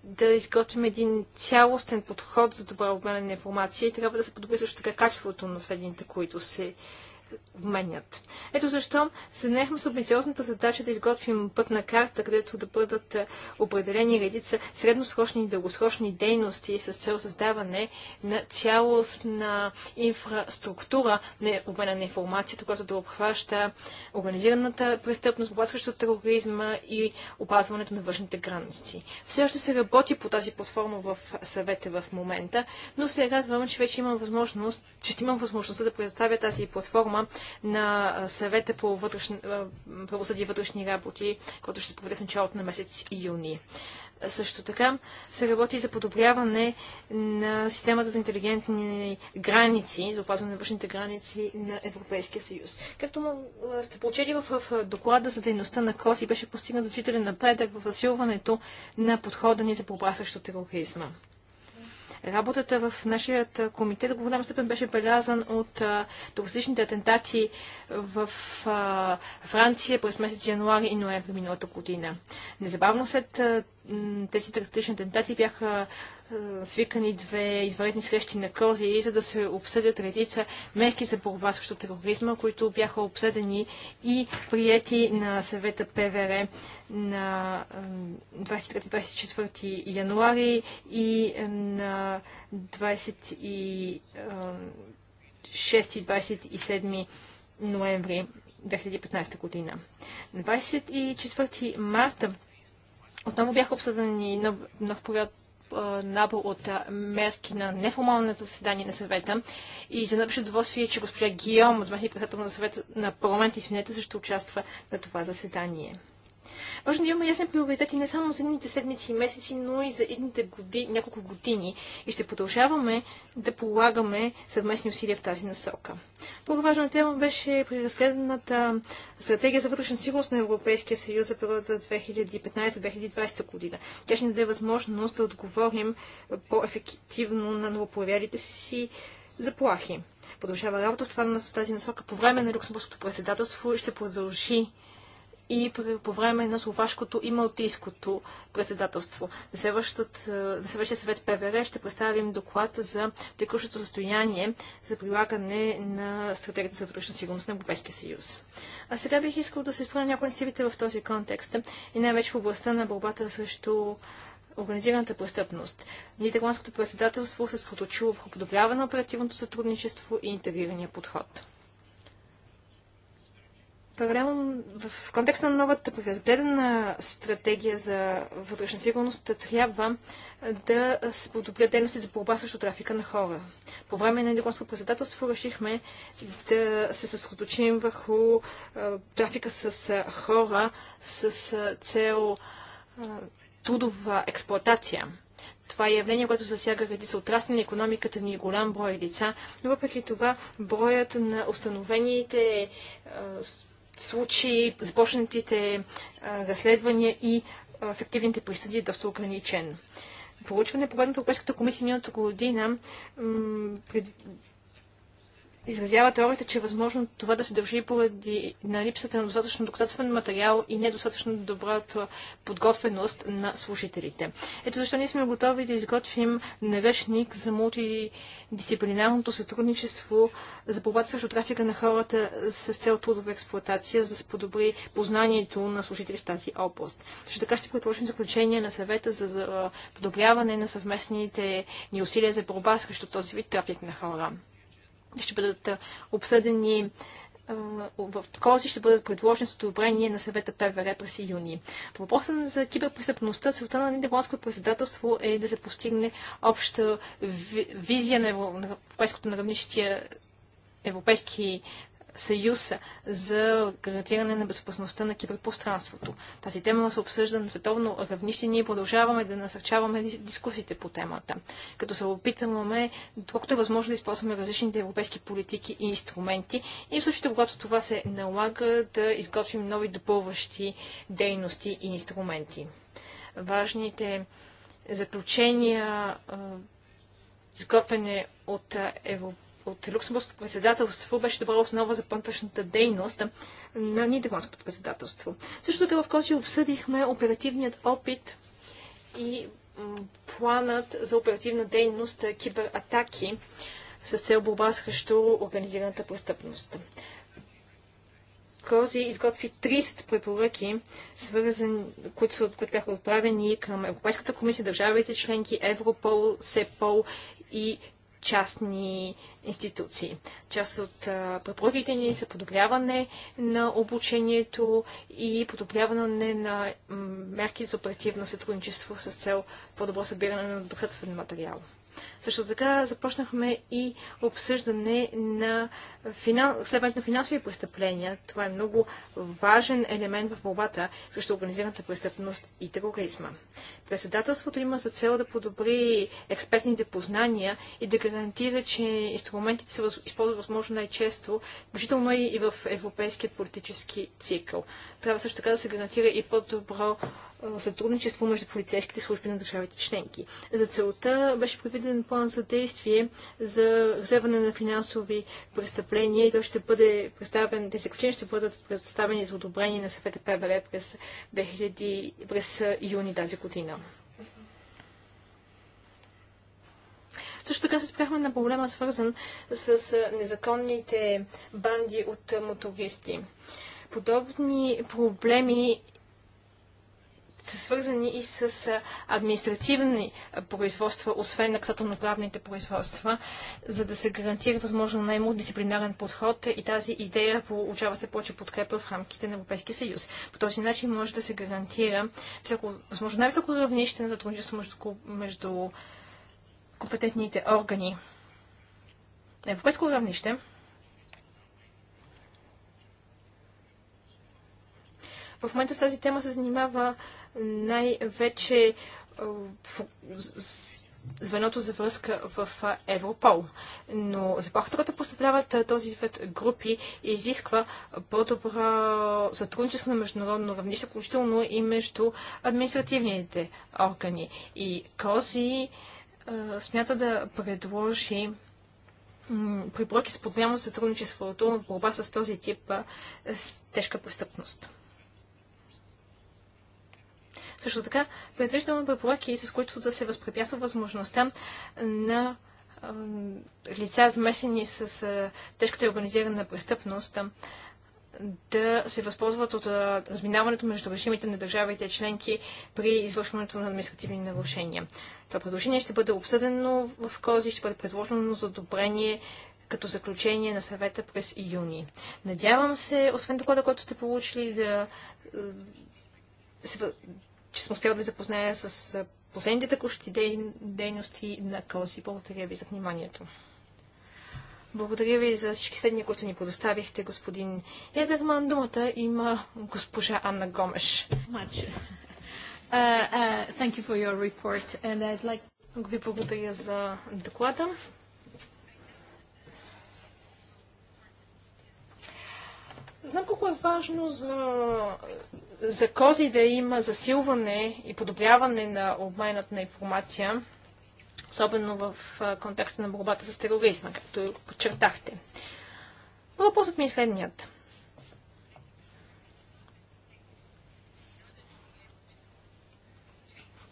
да изготвим един цялостен подход за добра обмена на информация и трябва да се подобри също така качеството на сведенията, които се Вменят. Ето защо се с амбициозната задача да изготвим пътна карта, където да бъдат е, определени редица средносрочни и дългосрочни дейности с цел създаване на цялостна инфраструктура на обмена на информацията, която да обхваща организираната престъпност, борба срещу тероризма и опазването на външните граници. Все още се работи по тази платформа в съвета в момента, но се радваме, че вече имам възможност, че ще имам възможността да предоставя тази платформа форма на съвета по вътрешни, правосъдие и вътрешни работи, който ще се проведе в началото на месец юни. Също така се работи за подобряване на системата за интелигентни граници, за опазване на външните граници на Европейския съюз. Както му, сте получили в, в доклада за дейността на КОСИ, беше постигнат значителен напредък в засилването на подхода ни за борба срещу тероризма. Работата в нашия комитет до голяма степен беше белязан от терористичните атентати в а, Франция през месец януари и ноември миналата година. Незабавно след а, тези терористични атентати бяха е, свикани две извънредни срещи на Кози, за да се обсъдят редица мерки за борба срещу тероризма, които бяха обсъдени и приети на съвета ПВР на 23-24 януари и е, на 26 27 е, ноември 2015 година. На 24 марта отново бяха обсъдени нов, нов поряд набор от мерки на неформалното заседание на съвета. И за напише удоволствие, че госпожа Гиом, заместник председател на съвета на парламента, извинете, също участва на това заседание. Важно да имаме ясни приоритети не само за едните седмици и месеци, но и за едните години, няколко години и ще продължаваме да полагаме съвместни усилия в тази насока. Друга важна тема беше при разгледаната стратегия за вътрешна сигурност на Европейския съюз за периода 2015-2020 година. Тя ще ни даде възможност да отговорим по-ефективно на новопроявялите си заплахи. Продължава работа в, това, в тази насока по време на Люксембургското председателство и ще продължи и по време на словашкото и малтийското председателство. Е, на следващия съвет ПВР ще представим доклад за текущото състояние за прилагане на стратегията за вътрешна сигурност на Европейския съюз. А сега бих искал да се спра на някои инициативите в този контекст и най-вече в областта на борбата срещу организираната престъпност. Нидерландското председателство се съсредоточило върху подобряване на оперативното сътрудничество и интегрирания подход. Паралелно в контекста на новата преразгледана стратегия за вътрешна сигурност трябва да се подобрят дейности за борба срещу трафика на хора. По време на Лигонско председателство решихме да се съсредоточим върху а, трафика с а, хора с а, цел трудова експлоатация. Това е явление, което засяга редица отрасли на економиката ни голям брой лица, но въпреки това броят на установените случаи започнатите разследвания и ефективните присъди е доста ограничен. Проучване, проведено от Европейската комисия миналата година, изразява теорията, че е възможно това да се държи поради на липсата на достатъчно доказателствен материал и недостатъчно добрата подготвеност на служителите. Ето защо ние сме готови да изготвим наръчник за мултидисциплинарното сътрудничество за борбата срещу трафика на хората с цел трудова експлуатация, за да се подобри познанието на служители в тази област. Също така ще предложим заключение на съвета за, за подобряване на съвместните ни усилия за борба срещу този вид трафик на хора ще бъдат обсъдени в такова ще бъдат предложени с одобрение на съвета ПВР през юни. По въпроса за киберпрестъпността, целта на Нидерландското председателство е да се постигне обща визия на европейското наравнище европейски съюз за гарантиране на безопасността на киберпространството. Тази тема се обсъжда на световно равнище. Ние продължаваме да насърчаваме дискусиите по темата, като се опитваме, доколкото е възможно да използваме различните европейски политики и инструменти и в случаите, когато това се налага, да изготвим нови допълващи дейности и инструменти. Важните заключения изготвяне от Европейския от Люксембургското председателство беше добра основа за по дейност на Нидерландското председателство. Също така в Кози обсъдихме оперативният опит и планът за оперативна дейност е, кибератаки с цел борба срещу организираната престъпност. Кози изготви 30 препоръки, свързани, които, са, които бяха отправени към Европейската комисия, държавите членки, Европол, СЕПОЛ и частни институции. Част от препоръките ни са подобряване на обучението и подобряване на мерки за оперативно сътрудничество с цел по-добро събиране на доказателствен материал. Също така започнахме и обсъждане на, финал... следването на финансови престъпления. Това е много важен елемент в борбата срещу организираната престъпност и тероризма. Председателството има за цел да подобри експертните познания и да гарантира, че инструментите се използват възможно най-често, включително и в европейският политически цикъл. Трябва също така да се гарантира и по-добро сътрудничество между полицейските служби на държавите членки. За целта беше предвиден план за действие за вземане на финансови престъпления и той ще бъде представен, тези заключения ще бъдат представени за одобрение на съвета ПВЛ през, 2000, през юни тази година. Също така се спряхме на проблема, свързан с незаконните банди от мотористи. Подобни проблеми са свързани и с административни производства, освен наказателно-правните производства, за да се гарантира възможно най-мултидисциплинарен подход и тази идея получава се повече подкрепа в рамките на Европейския съюз. По този начин може да се гарантира всяко, възможно най-високо равнище на сътрудничество между, между компетентните органи на европейско равнище. В момента с тази тема се занимава най-вече е, звеното за връзка в Европол. Но заплахата, която представляват този вид групи, изисква по-добро сътрудничество на международно равнище, включително и между административните органи. И Кози е, смята да предложи препоръки с подмяна на сътрудничеството в борба с този тип е, с тежка престъпност. Също така предвиждаме препоръки, с които да се възпрепятства възможността на лица, замесени с тежката и организирана престъпност, да се възползват от разминаването между режимите на държавите членки при извършването на административни нарушения. Това предложение ще бъде обсъдено в Кози, ще бъде предложено за одобрение като заключение на съвета през июни. Надявам се, освен доклада, който сте получили, да се че съм успял да ви запозная с последните текущи дей... дейности на Кълзи. Благодаря ви за вниманието. Благодаря ви за всички сведения, които ни предоставихте, господин Езерман. Думата има госпожа Анна Гомеш. Uh, uh, Много Ви благодаря за доклада. Знам колко е важно за за кози да има засилване и подобряване на обменът на информация, особено в контекста на борбата с тероризма, както подчертахте. Въпросът ми е следният.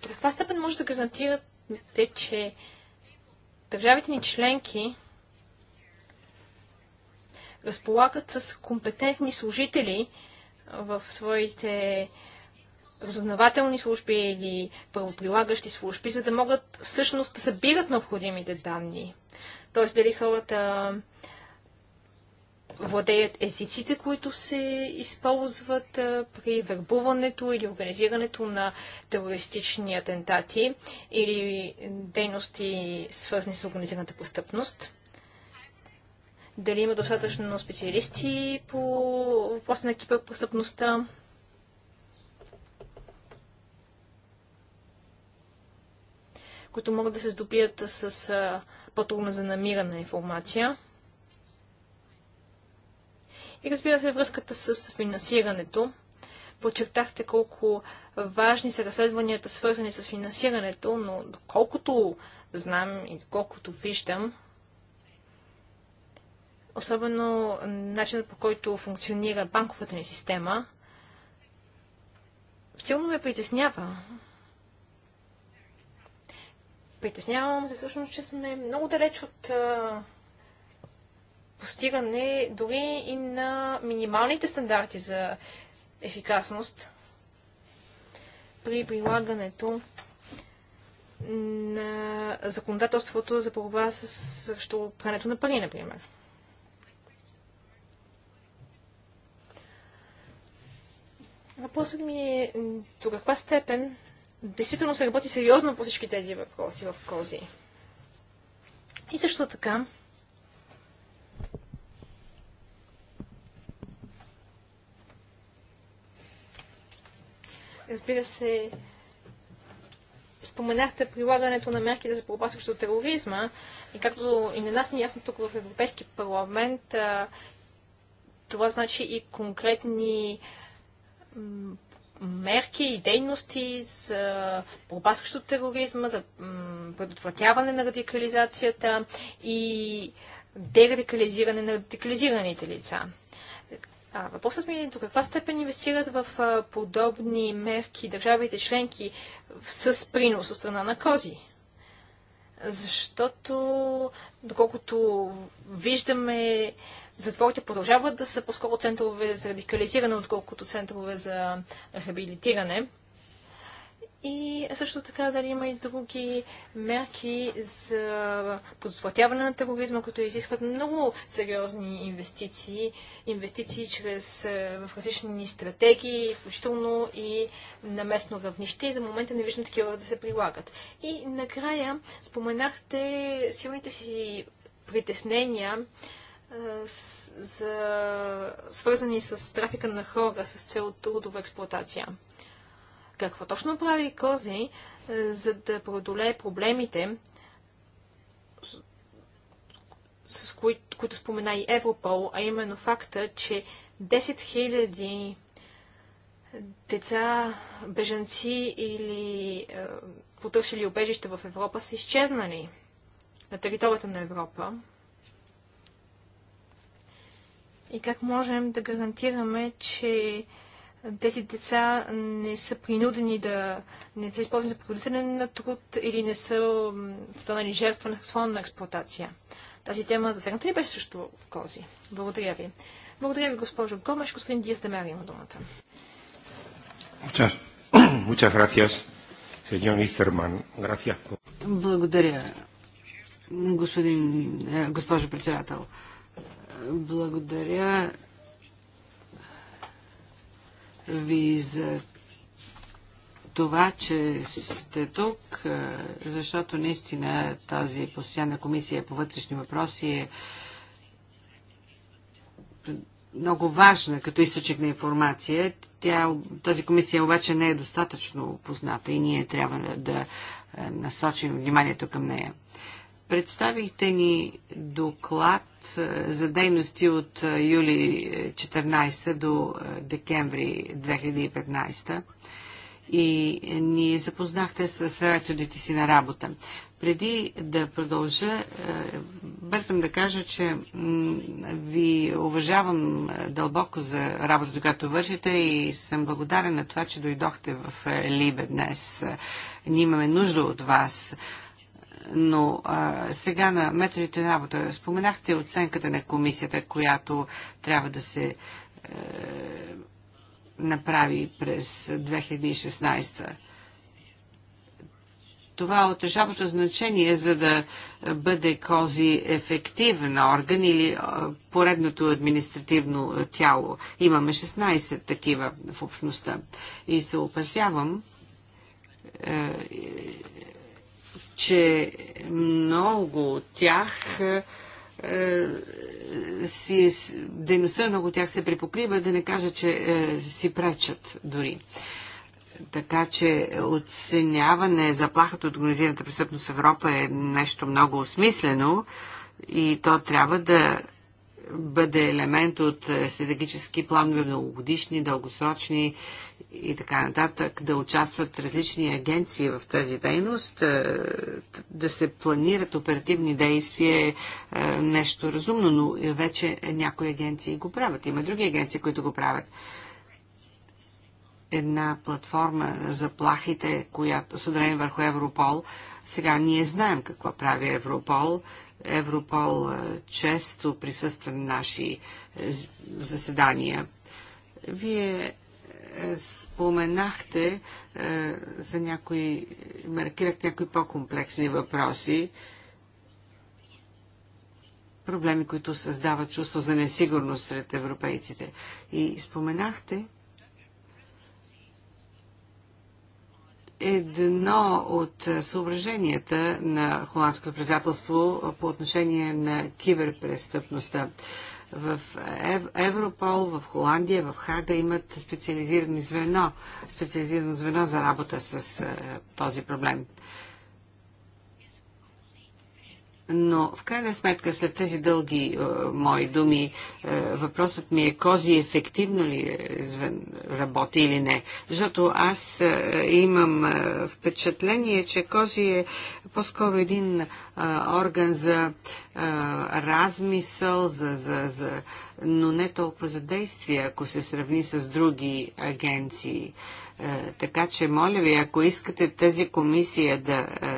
До каква степен може да гарантирате, че държавите ни членки разполагат с компетентни служители, в своите разузнавателни служби или правоприлагащи служби, за да могат всъщност да събират необходимите данни. Тоест дали хората владеят езиците, които се използват при вербуването или организирането на терористични атентати или дейности, свързани с организираната престъпност дали има достатъчно специалисти по въпроса на престъпността. които могат да се здобият с по-трудна за намиране информация. И разбира се, връзката с финансирането. Подчертахте колко важни са разследванията, свързани с финансирането, но доколкото знам и доколкото виждам, особено начинът по който функционира банковата ни система, силно ме притеснява. Притеснявам се всъщност, че сме много далеч от постигане дори и на минималните стандарти за ефикасност при прилагането на законодателството за борба с срещу прането на пари, например. Въпросът ми е до каква степен действително се работи сериозно по всички тези въпроси в Кози. И също така, разбира се, споменахте прилагането на мерките за борба срещу тероризма и както и на нас не ясно тук в Европейски парламент, това значи и конкретни мерки и дейности за борба срещу тероризма, за предотвратяване на радикализацията и дерадикализиране на радикализираните лица. А, въпросът ми е до каква степен инвестират в а, подобни мерки държавите членки с принос от страна на кози? Защото, доколкото виждаме затворите продължават да са по-скоро центрове за радикализиране, отколкото центрове за рехабилитиране. И също така дали има и други мерки за предотвратяване на тероризма, които изискват много сериозни инвестиции, инвестиции чрез, е, в различни стратегии, включително и на местно равнище. И за момента не виждам такива да се прилагат. И накрая споменахте силните си притеснения за, свързани с трафика на хора с цел трудова експлуатация. Какво точно прави Кози, е, за да преодолее проблемите, с, с кои, които спомена и Европол, а именно факта, че 10 000 деца, беженци или е, потърсили убежище в Европа са изчезнали на територията на Европа и как можем да гарантираме, че тези деца не са принудени да не са използвани за принудителен на труд или не са станали жертва на сексуална експлуатация. Тази тема засегната ли беше също в Кози? Благодаря ви. Благодаря ви, госпожо Гомеш. Господин Диас Демер има думата. Благодаря, господин, е, госпожо председател. Благодаря ви за това, че сте тук, защото наистина тази постоянна комисия по вътрешни въпроси е много важна като източник на информация. Тя, тази комисия обаче не е достатъчно позната и ние трябва да насочим вниманието към нея. Представихте ни доклад е, за дейности от е, юли 14 е, до декември 2015 и ни запознахте с методите си на работа. Преди да продължа, бързам да кажа, че ви уважавам дълбоко за работата, която вършите и съм благодарен на това, че дойдохте в Либе днес. Ние имаме нужда от вас но а, сега на методите на работа. Споменахте оценката на комисията, която трябва да се е, направи през 2016. Това е отрешаващо значение, за да бъде кози ефективен орган или е, поредното административно тяло. Имаме 16 такива в общността. И се опасявам, е, че много от тях е, е, си, е дейността на много от тях се припокрива, да не кажа, че си пречат дори. Така че оценяване заплахата от организираната престъпност в Европа е нещо много осмислено и то трябва да бъде елемент от стратегически планове, многогодишни, дългосрочни и така нататък, да участват различни агенции в тази дейност, е, да се планират оперативни действия е нещо разумно, но вече някои агенции го правят. Има други агенции, които го правят. Една платформа за плахите, която съдрени върху Европол. Сега ние знаем какво прави Европол. Европол е, често присъства на наши е, заседания. Вие е, споменахте е, за някои, маркирах някои по-комплексни въпроси, проблеми, които създават чувство за несигурност сред европейците. И споменахте едно от съображенията на холандското председателство по отношение на киберпрестъпността. В Европол, в Холандия, в Хага имат специализирано звено, специализирано звено за работа с е, този проблем. Но в крайна сметка, след тези дълги е, мои думи, е, въпросът ми е кози ефективно ли е извън работи или не. Защото аз е, имам е, впечатление, че кози е по-скоро един е, орган за е, размисъл, за, за, за, но не толкова за действия, ако се сравни с други агенции. Е, така че, моля ви, ако искате тази комисия да. Е,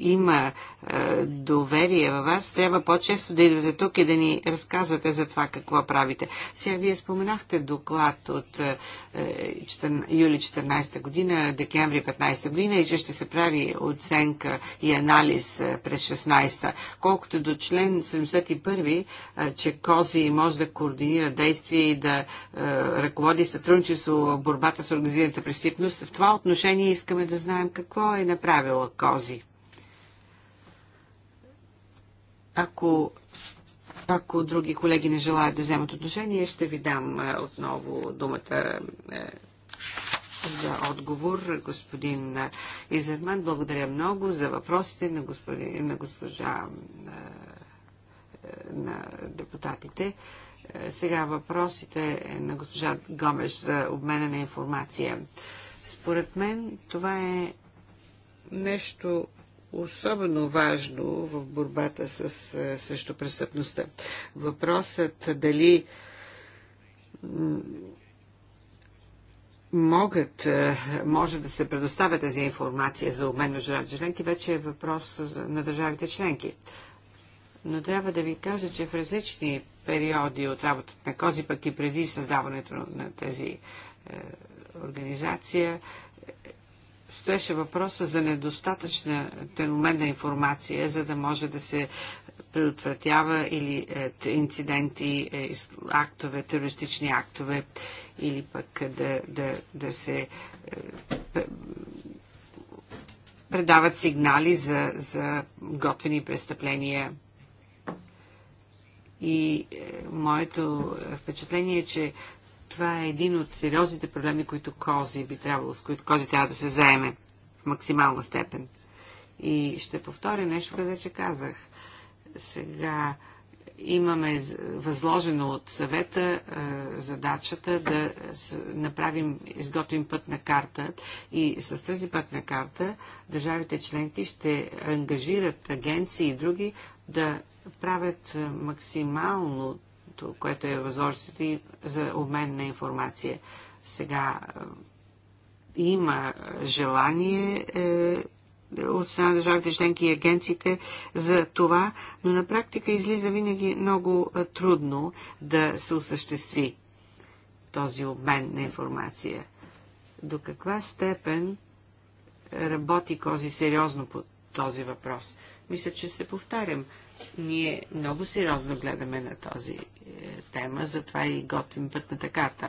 има е, доверие във вас, трябва по-често да идвате тук и да ни разказвате за това какво правите. Сега вие споменахте доклад от е, 14, юли 14 година, декември 15 година и че ще се прави оценка и анализ е, през 16-та. Колкото до член 71, е, че Кози може да координира действия и да е, ръководи сътрудничество в борбата с организираната престъпност, в това отношение искаме да знаем какво е направила Кози. Ако, ако други колеги не желаят да вземат отношение, ще ви дам е, отново думата е, за отговор, господин е, Изерман. Благодаря много за въпросите на, господин, на госпожа на, на депутатите. Сега въпросите на госпожа Гомеш за обмена на информация. Според мен това е нещо особено важно в борбата с, е, срещу престъпността. Въпросът дали могат, е, може да се предоставя тази информация за обмен на държавите членки, вече е въпрос на държавите членки. Но трябва да ви кажа, че в различни периоди от работата на Кози, пък и преди създаването на тази е, организация, стоеше въпроса за недостатъчна феномен информация, за да може да се предотвратява или е, инциденти, е, актове, терористични актове, или пък да, да, да се е, предават сигнали за, за готвени престъпления. И е, моето е, впечатление е, че това е един от сериозните проблеми, които кози би трябвало, с които кози трябва да се заеме в максимална степен. И ще повторя нещо, което вече казах. Сега имаме възложено от съвета е, задачата да направим, изготвим пътна карта и с тази пътна карта държавите членки ще ангажират агенции и други да правят е, максимално което, което е възможността и за обмен на информация. Сега е, има желание е, от страна държавите членки и агенциите за това, но на практика излиза винаги много е, трудно да се осъществи този обмен на информация. До каква степен работи Кози сериозно по този въпрос? Мисля, че се повтарям. Ние много сериозно гледаме на този е, тема, затова и готвим пътната карта.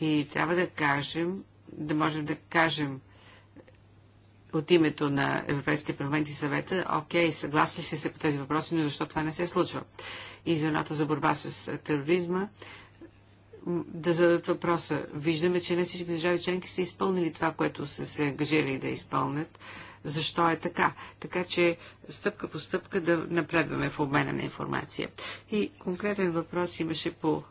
И трябва да кажем, да можем да кажем от името на Европейския парламент и съвета, окей, съгласни се се по тези въпроси, но защо това не се случва? И звената за борба с тероризма да зададат въпроса. Виждаме, че не всички държави членки са изпълнили това, което са се ангажирали да изпълнят защо е така. Така че стъпка по стъпка да напредваме в обмена на информация. И конкретен въпрос имаше по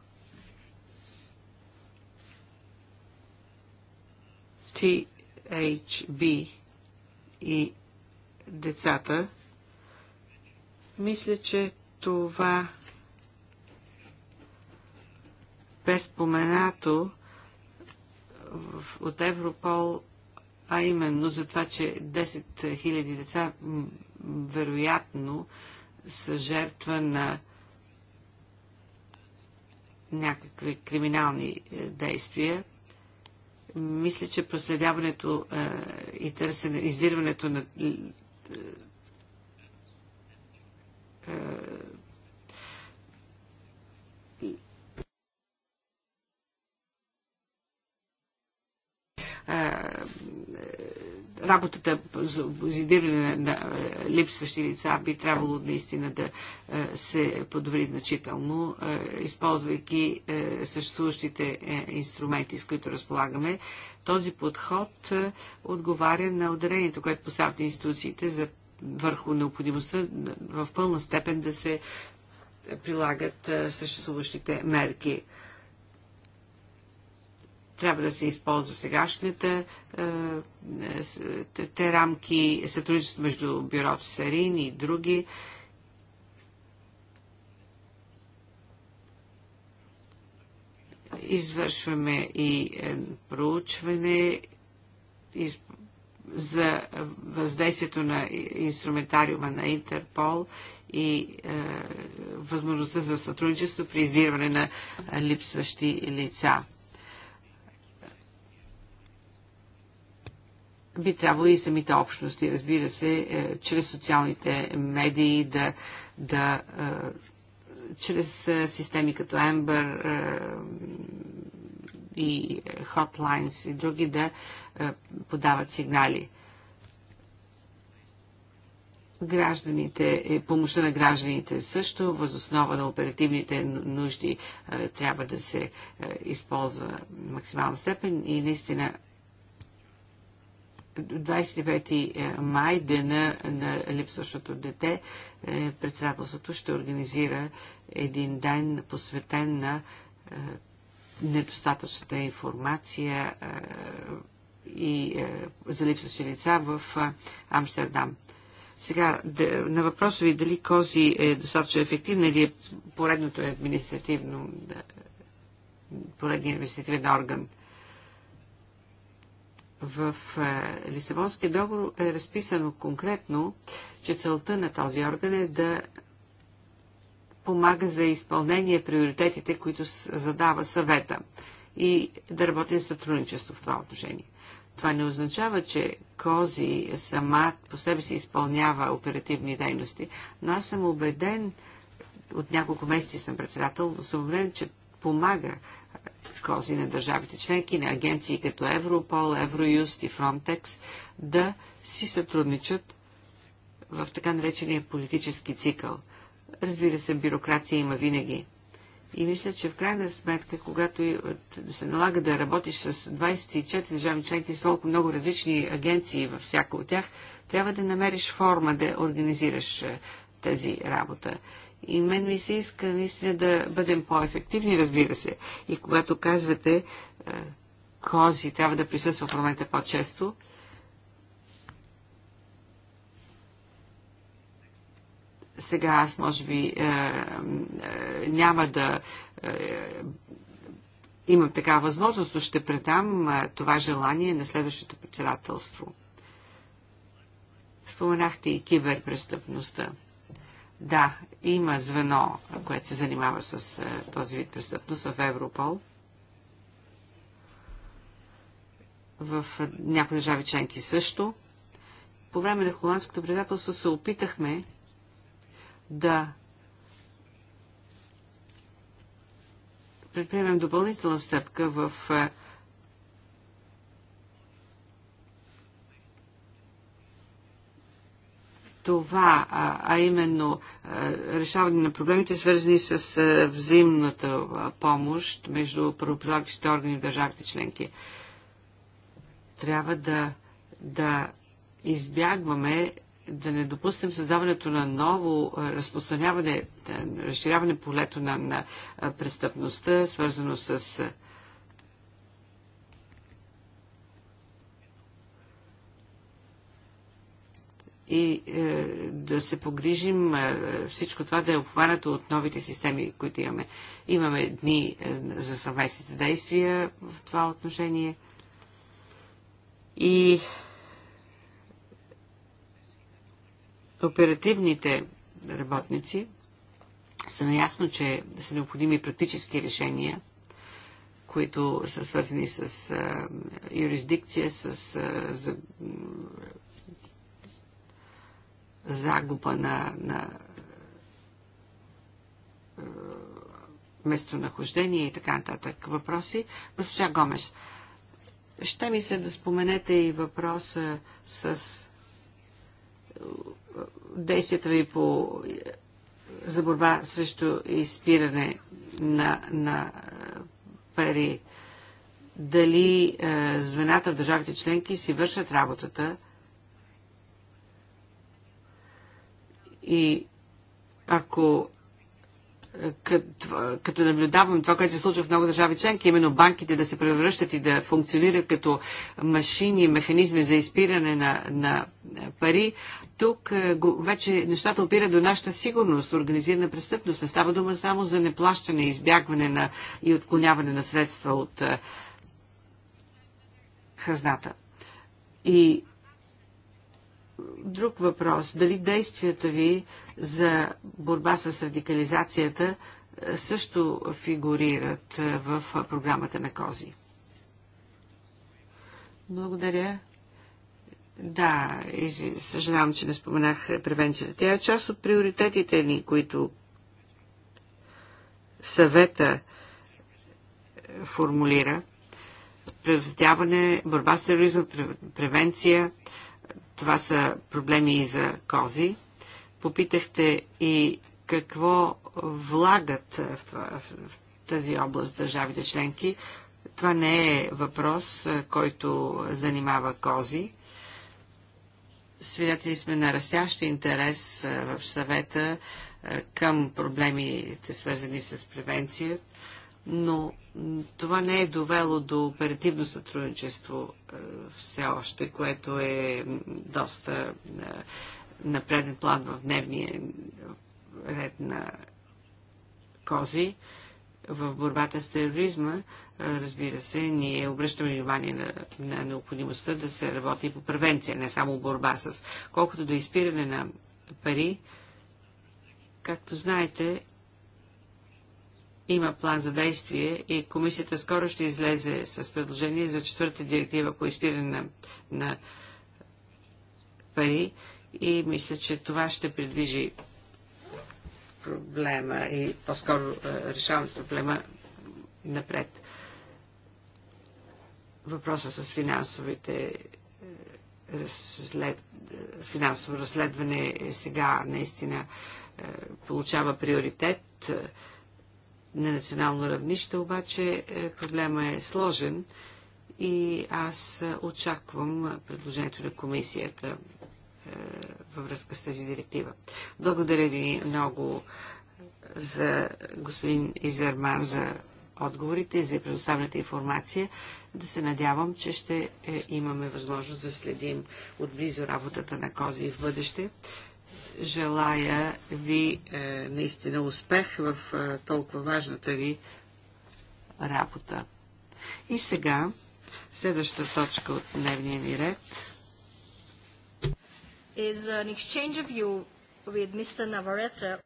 THB и децата. Мисля, че това безпоменато споменато от Европол а именно за това, че 10 000 деца вероятно са жертва на някакви криминални е, действия. Мисля, че проследяването е, и търсене, издирването на е, работата за обозидиране на липсващи лица би трябвало наистина да се подобри значително, използвайки съществуващите е, инструменти, с които разполагаме. Този подход отговаря на ударението, което поставят институциите за върху необходимостта в пълна степен да се прилагат съществуващите мерки. Трябва да се използва сегашните е, е, те рамки, сътрудничество между бюрото Сарин и други. Извършваме и е, проучване за въздействието на инструментариума на Интерпол и е, възможността за сътрудничество при издирване на липсващи лица. би трябвало и самите общности, разбира се, е, чрез социалните медии да, да е, чрез е, системи като Ember и Hotlines и други да подават сигнали. Гражданите, помощта на гражданите също, възоснова на оперативните нужди, трябва да се използва максимална степен и наистина 25 е, май, дена на липсващото дете, е, председателството ще организира един ден посветен на е, недостатъчната информация и за липсващи лица в Амстердам. Сега, на въпроса ви дали Кози е достатъчно ефективна или е поредното административно, поредният административен орган – в е, Лисабонския договор е разписано конкретно, че целта на този орган е да помага за изпълнение приоритетите, които задава съвета и да работи за сътрудничество в това отношение. Това не означава, че Кози сама по себе си изпълнява оперативни дейности, но аз съм убеден, от няколко месеца съм председател, съм убеден, че помага кози на държавите членки, на агенции като Европол, Евроюст и Фронтекс да си сътрудничат в така наречения политически цикъл. Разбира се, бюрокрация има винаги. И мисля, че в крайна сметка, когато е, се налага да работиш с 24 държавни членки с толкова много различни агенции във всяко от тях, трябва да намериш форма да организираш е, тази работа. И мен ми се иска наистина да бъдем по-ефективни, разбира се. И когато казвате, е, кози трябва да присъства в момента по-често, сега аз може би е, е, няма да е, имам такава възможност, но ще предам е, това желание на следващото председателство. Споменахте и киберпрестъпността. Да, има звено, което се занимава с е, този вид престъпност в Европол. В е, някои държави членки също. По време на холандското предателство се опитахме да предприемем допълнителна стъпка в е, това, а именно решаване на проблемите, свързани с взаимната помощ между правоприлагащите органи в държавите членки. Трябва да, да избягваме да не допуснем създаването на ново разпространяване, разширяване полето на, на престъпността, свързано с и е, да се погрижим е, всичко това да е обхванато от новите системи, които имаме. Имаме дни е, за съвместните действия в това отношение. И оперативните работници са наясно, че са необходими практически решения, които са свързани с а, е, юрисдикция, с а, е, за, загуба на, на е, местонахождение и така нататък въпроси. Госпожа Гомес, ще ми се да споменете и въпроса с е, действията ви по е, за борба срещу изпиране на, на пари. Дали е, звената в държавите членки си вършат работата И ако е, като, наблюдавам това, което се случва в много държави членки, именно банките да се превръщат и да функционират като машини, механизми за изпиране на, на е, пари, тук е, вече нещата опират до нашата сигурност, организирана престъпност. Не става дума само за неплащане, избягване на, и отклоняване на средства от хазната. И друг въпрос. Дали действията ви за борба с радикализацията е, също фигурират е, в програмата на Кози? Благодаря. Да, и съжалявам, че не споменах превенцията. Тя е част от приоритетите ни, които съвета е, формулира. Предотвратяване, борба с тероризма, превенция, това са проблеми и за кози. Попитахте и какво влагат в, това, в тази област държавите членки. Това не е въпрос, който занимава кози. Свидетели сме на растящ интерес в съвета към проблемите, свързани с превенцията но това не е довело до оперативно сътрудничество е, все още, което е доста е, напреден план в дневния ред на Кози в борбата с тероризма, е, разбира се, ние обръщаме внимание на, на необходимостта да се работи по превенция, не само борба с. Колкото до изпиране на пари, както знаете, има план за действие и комисията скоро ще излезе с предложение за четвърта директива по изпиране на, на пари и мисля, че това ще придвижи проблема и по-скоро е, решаването проблема напред. Въпроса с финансовите е, разслед... Е, финансово разследване сега наистина получава приоритет на национално равнище, обаче е, проблема е сложен и аз очаквам предложението на комисията е, във връзка с тази директива. Благодаря ви много е, за господин Изерман за отговорите и за предоставената информация. Да се надявам, че ще имаме възможност да следим отблизо работата на Кози в бъдеще. Желая ви е, наистина успех в е, толкова важната ви работа. И сега, следващата точка от дневния ни ред is an exchange of with Mr. Navarrete.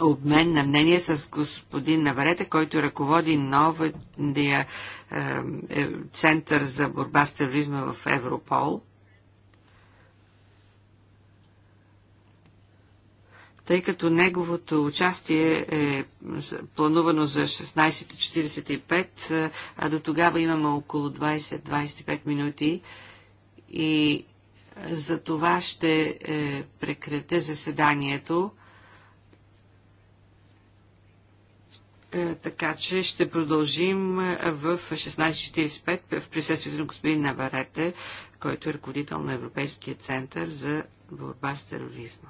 Обмен на мнение с господин Наварете, който ръководи новия е, е център за борба с тероризма в Европол. тъй като неговото участие е планувано за 16.45, е, а до тогава имаме около 20-25 минути и е, за това ще е, прекрете заседанието. така че ще продължим в 16.45 в присъствието на господин Наварете, който е ръководител на Европейския център за борба с тероризма.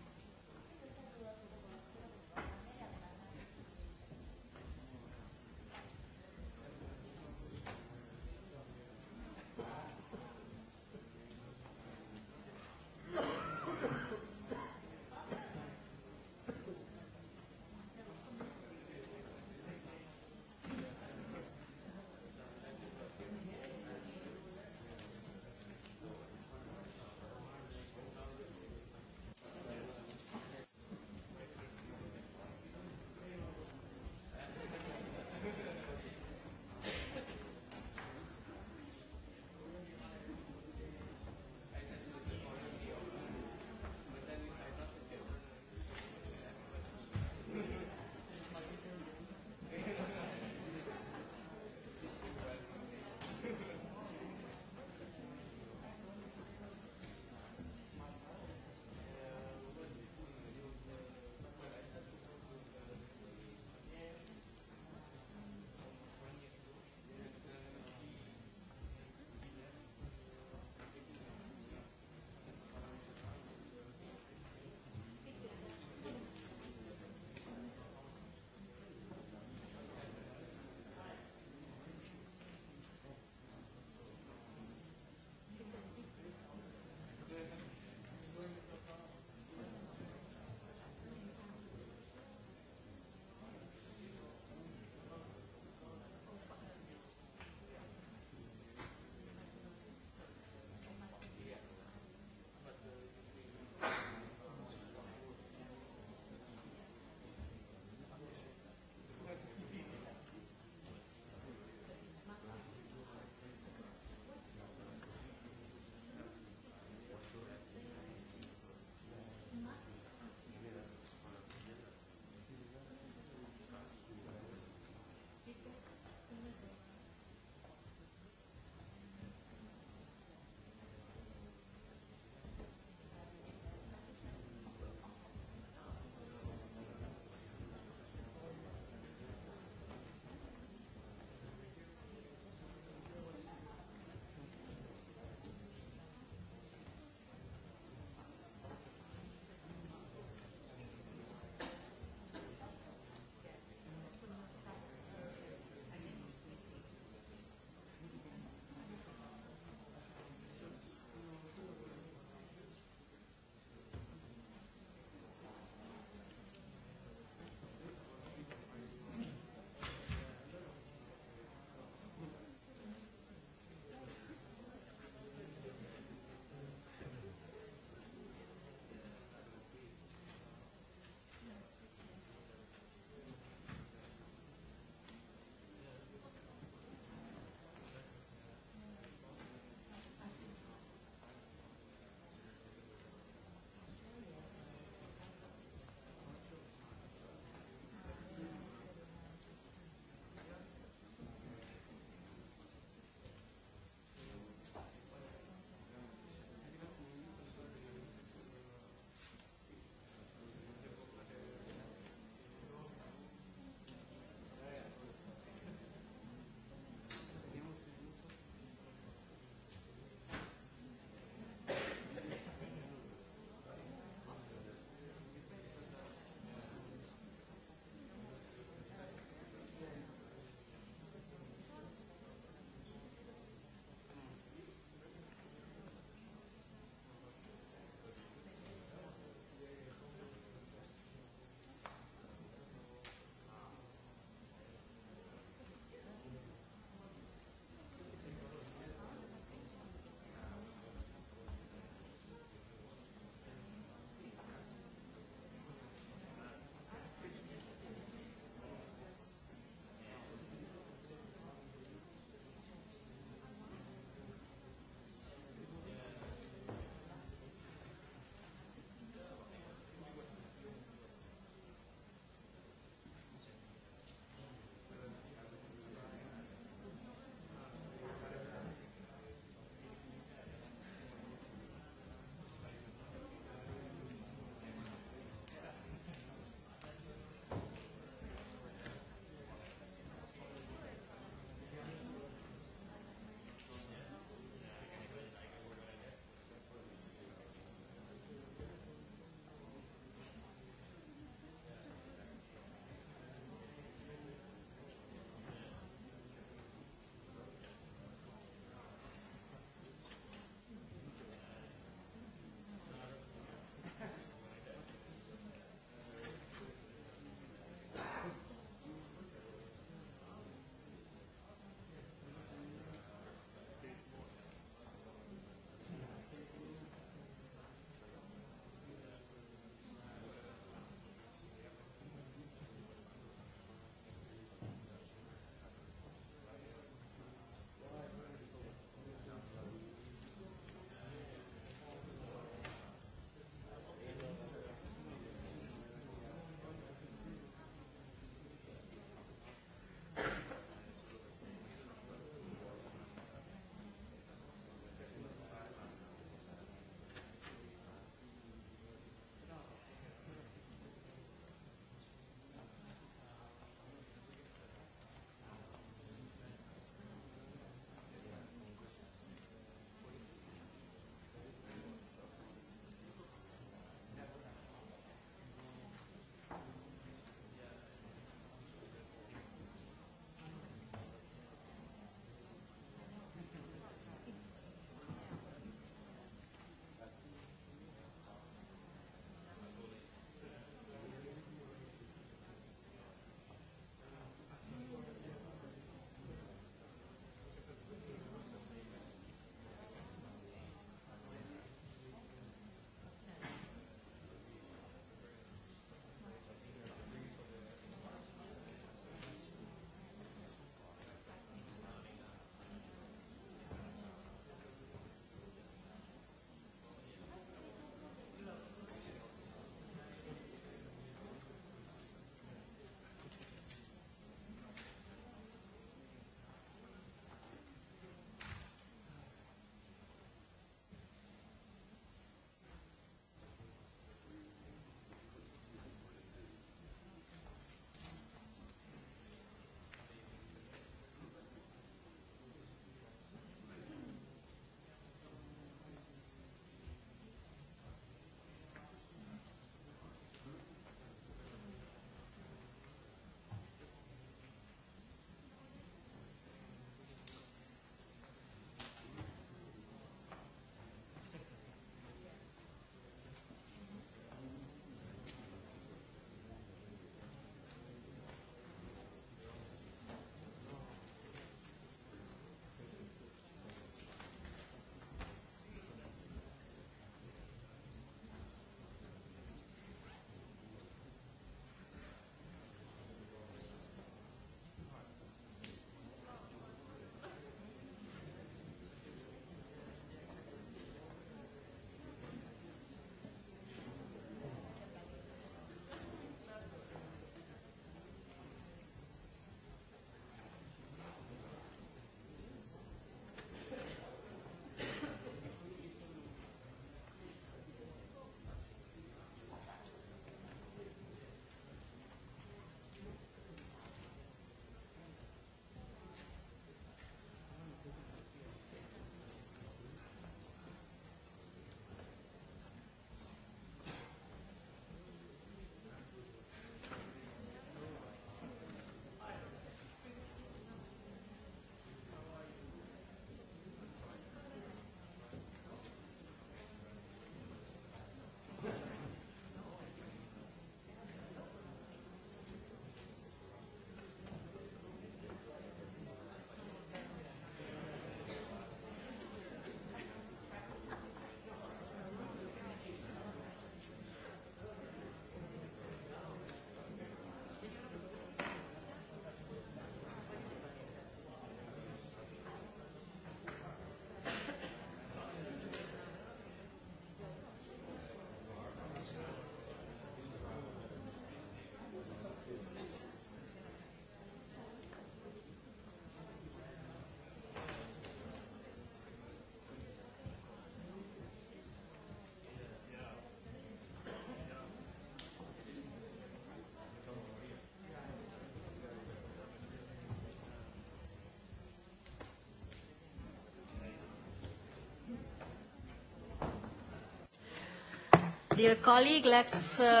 Uh,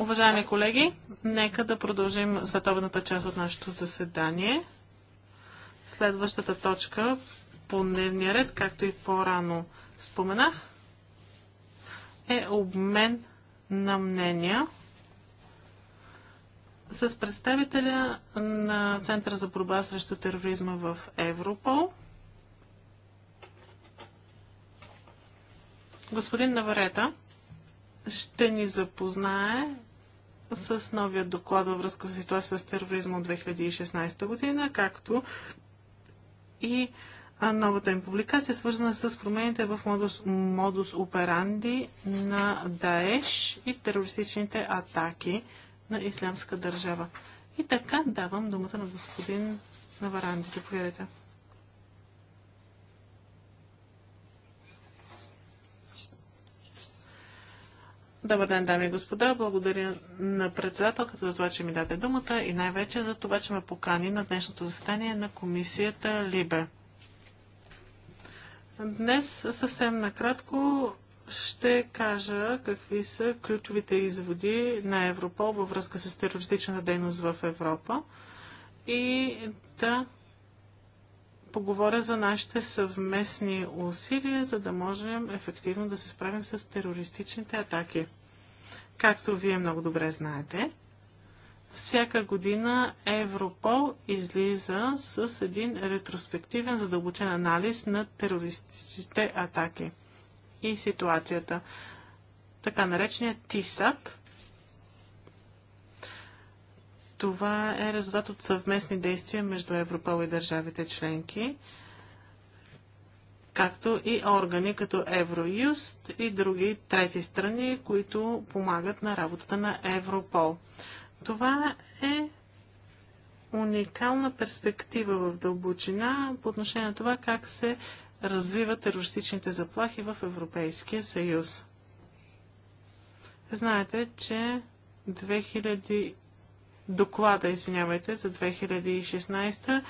Уважаеми колеги, нека да продължим световната част от нашето заседание. Следващата точка по дневния ред, както и по-рано споменах, е обмен на мнения с представителя на Центъра за борба срещу тероризма в Европол Господин Наварета ще ни запознае с новия доклад във връзка с ситуация с тероризма от 2016 година, както и новата им публикация, свързана с промените в модус, модус операнди на Даеш и терористичните атаки на Ислямска държава. И така давам думата на господин Наваранди. Заповядайте. Добър ден, дами и господа. Благодаря на председателката за това, че ми даде думата и най-вече за това, че ме покани на днешното заседание на комисията Либе. Днес съвсем накратко ще кажа какви са ключовите изводи на Европол във връзка с терористичната дейност в Европа и да поговоря за нашите съвместни усилия, за да можем ефективно да се справим с терористичните атаки. Както вие много добре знаете, всяка година Европол излиза с един ретроспективен задълбочен анализ на терористичните атаки и ситуацията. Така наречения ТИСАТ това е резултат от съвместни действия между Европол и държавите членки, както и органи като Евроюст и други трети страни, които помагат на работата на Европол. Това е уникална перспектива в дълбочина по отношение на това как се развиват терористичните заплахи в Европейския съюз. Знаете, че доклада, извинявайте, за 2016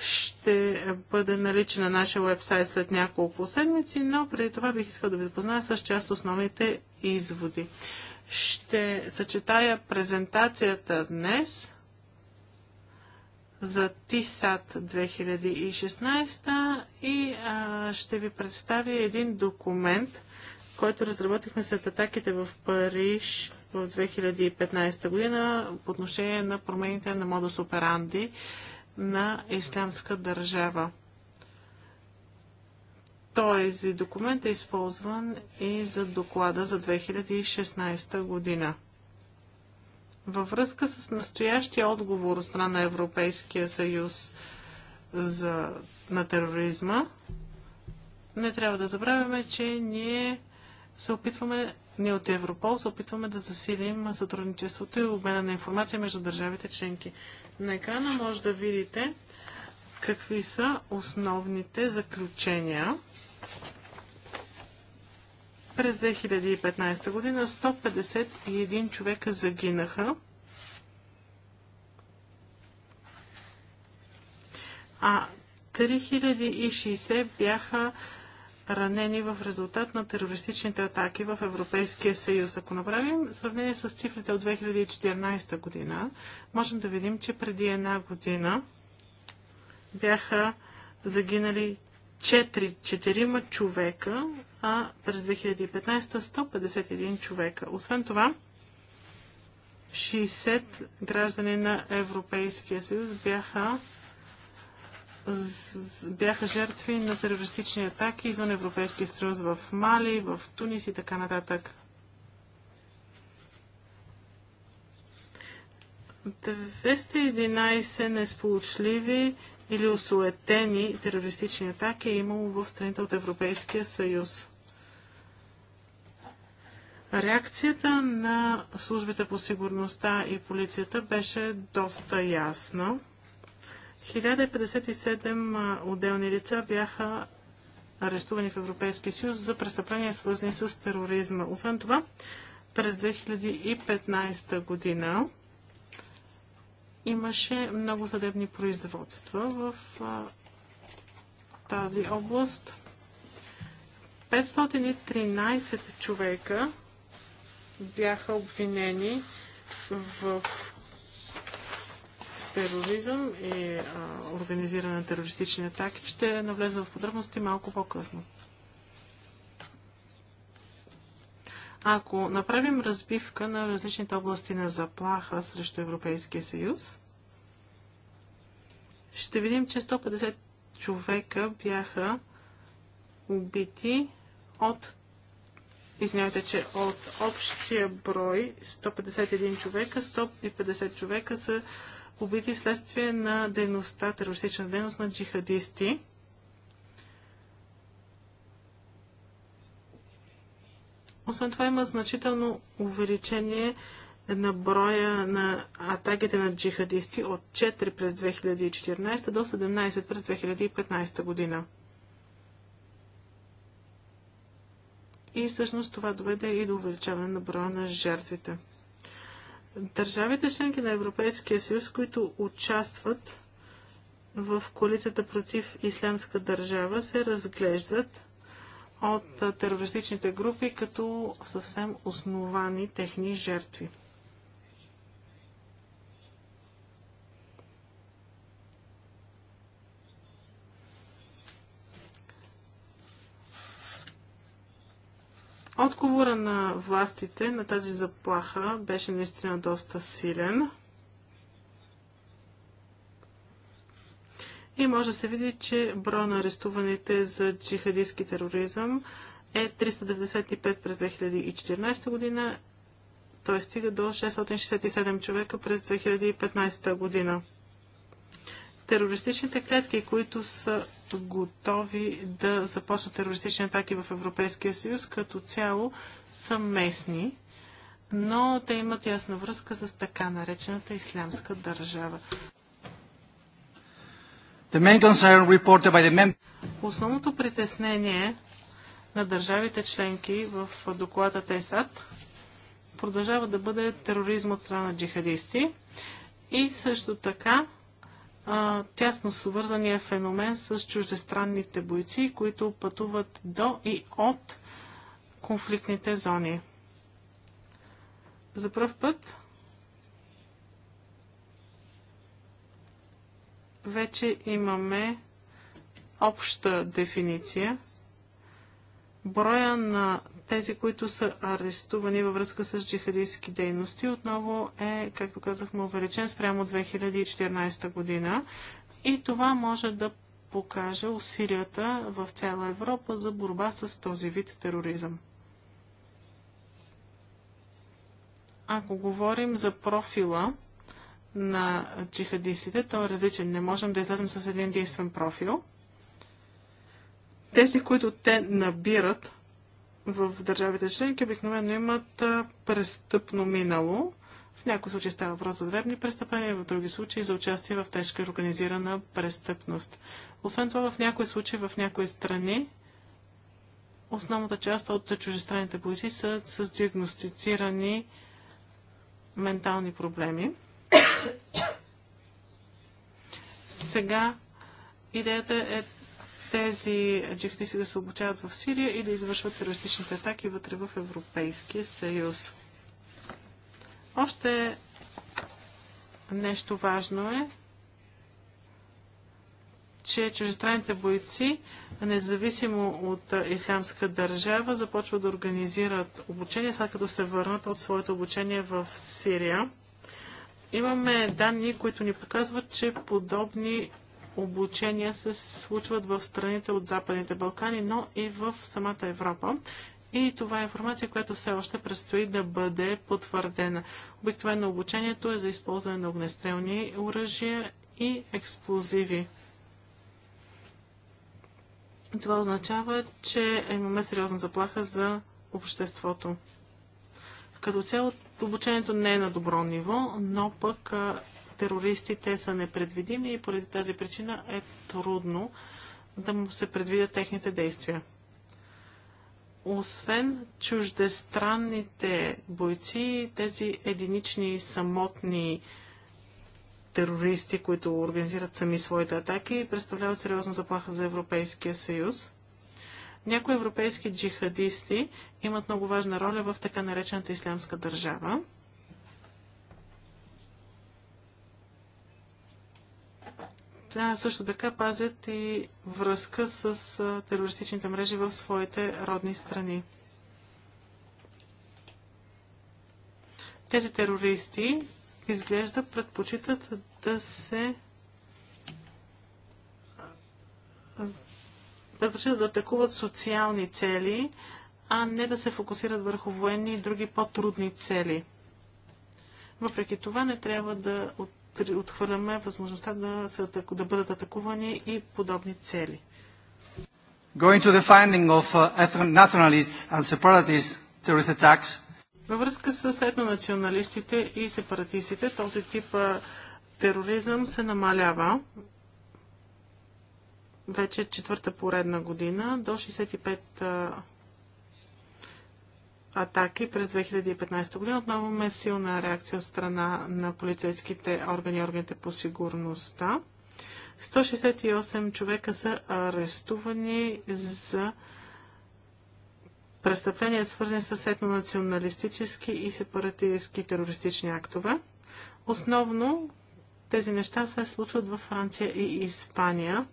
ще бъде наличен на нашия вебсайт след няколко седмици, но преди това бих искал да ви запозная с част основните изводи. Ще съчетая презентацията днес за ТИСАТ 2016 и а, ще ви представя един документ, който разработихме след атаките в Париж от 2015 година по отношение на промените на модус операнди на Ислямска държава. Този документ е използван и за доклада за 2016 година. Във връзка с настоящия отговор от страна на Европейския съюз за, на тероризма, не трябва да забравяме, че ние се опитваме ние от Европол се опитваме да засилим сътрудничеството и обмена на информация между държавите членки. На екрана може да видите какви са основните заключения. През 2015 година 151 човека загинаха, а 3060 бяха ранени в резултат на терористичните атаки в Европейския съюз. Ако направим сравнение с цифрите от 2014 година, можем да видим, че преди една година бяха загинали 4-4 човека, а през 2015 151 човека. Освен това, 60 граждани на Европейския съюз бяха бяха жертви на терористични атаки извън Европейския съюз в Мали, в Тунис и така нататък. ...211 несполучливи или осуетени терористични атаки е имало в страните от Европейския съюз. Реакцията на службите по сигурността и полицията беше доста ясна. 1057 отделни лица бяха арестувани в Европейския съюз за престъпления, свързани с тероризма. Освен това, през 2015 година имаше много съдебни производства в а, тази област. 513 човека бяха обвинени в тероризъм и а, организиране на терористични атаки. Ще навлеза в подробности малко по-късно. Ако направим разбивка на различните области на заплаха срещу Европейския съюз, ще видим, че 150 човека бяха убити от Извинявайте, че от общия брой 151 човека, 150 човека са убити вследствие на дейността, терористична дейност на джихадисти. Освен това има значително увеличение на броя на атаките на джихадисти от 4 през 2014 до 17 през 2015 година. И всъщност това доведе и до увеличаване на броя на жертвите. Държавите членки на Европейския съюз, които участват в коалицията против Ислямска държава, се разглеждат от терористичните групи като съвсем основани техни жертви. Отговора на властите на тази заплаха беше наистина доста силен. И може да се види, че броя на арестуваните за джихадистски тероризъм е 395 през 2014 година. Той стига до 667 човека през 2015 година. Терористичните клетки, които са готови да започнат терористични атаки в Европейския съюз, като цяло са местни, но те имат ясна връзка с така наречената ислямска държава. Основното притеснение на държавите членки в доклада ТЕСАД продължава да бъде тероризм от страна на джихадисти и също така а, тясно свързания феномен с чуждестранните бойци, които пътуват до и от конфликтните зони. За първ път вече имаме обща дефиниция. Броя на тези, които са арестувани във връзка с джихадистски дейности, отново е, както казахме, увеличен спрямо 2014 година. И това може да покаже усилията в цяла Европа за борба с този вид тероризъм. Ако говорим за профила на джихадистите, то е различен. Не можем да излезем с един действен профил. Тези, които те набират, в държавите членки обикновено имат престъпно минало. В някои случаи става въпрос за дребни престъпления, в други случаи за участие в тежка организирана престъпност. Освен това, в някои случаи, в някои страни, основната част от чужестранните бойци са с диагностицирани ментални проблеми. Сега идеята е тези джихадисти да се обучават в Сирия и да извършват терористичните атаки вътре в Европейския съюз. Още нещо важно е, че чужестранните бойци, независимо от ислямска държава, започват да организират обучение, след като се върнат от своето обучение в Сирия. Имаме данни, които ни показват, че подобни обучения се случват в страните от Западните Балкани, но и в самата Европа. И това е информация, която все още предстои да бъде потвърдена. Обикновено обучението е за използване на огнестрелни оръжия и експлозиви. Това означава, че имаме сериозна заплаха за обществото. Като цяло обучението не е на добро ниво, но пък терористите са непредвидими и поради тази причина е трудно да му се предвидят техните действия. Освен чуждестранните бойци, тези единични самотни терористи, които организират сами своите атаки, представляват сериозна заплаха за Европейския съюз. Някои европейски джихадисти имат много важна роля в така наречената ислямска държава. Трябва също така пазят и връзка с терористичните мрежи в своите родни страни. Тези терористи изглежда предпочитат да се предпочитат да атакуват социални цели, а не да се фокусират върху военни и други по-трудни цели. Въпреки това не трябва да отхвърляме възможността да, са, да бъдат атакувани и подобни цели. Going to the finding of uh, nationalists and separatists terrorist attacks. Във връзка с етнонационалистите и сепаратистите, този тип а, тероризъм се намалява вече четвърта поредна година до 65 атаки през 2015 година. Отново ме е силна реакция от страна на полицейските органи и органите по сигурността. 168 човека са арестувани за престъпления, свързани с етнонационалистически и сепаратистски терористични актове. Основно тези неща се случват във Франция и Испания.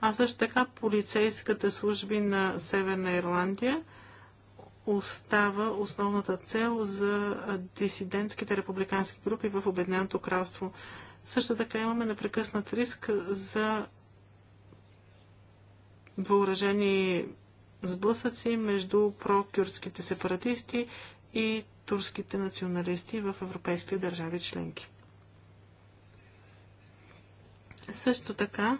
А също така полицейската служби на Северна Ирландия – остава основната цел за дисидентските републикански групи в Обединеното кралство. Също така имаме непрекъснат риск за въоръжени сблъсъци между прокюрдските сепаратисти и турските националисти в европейските държави членки. Също така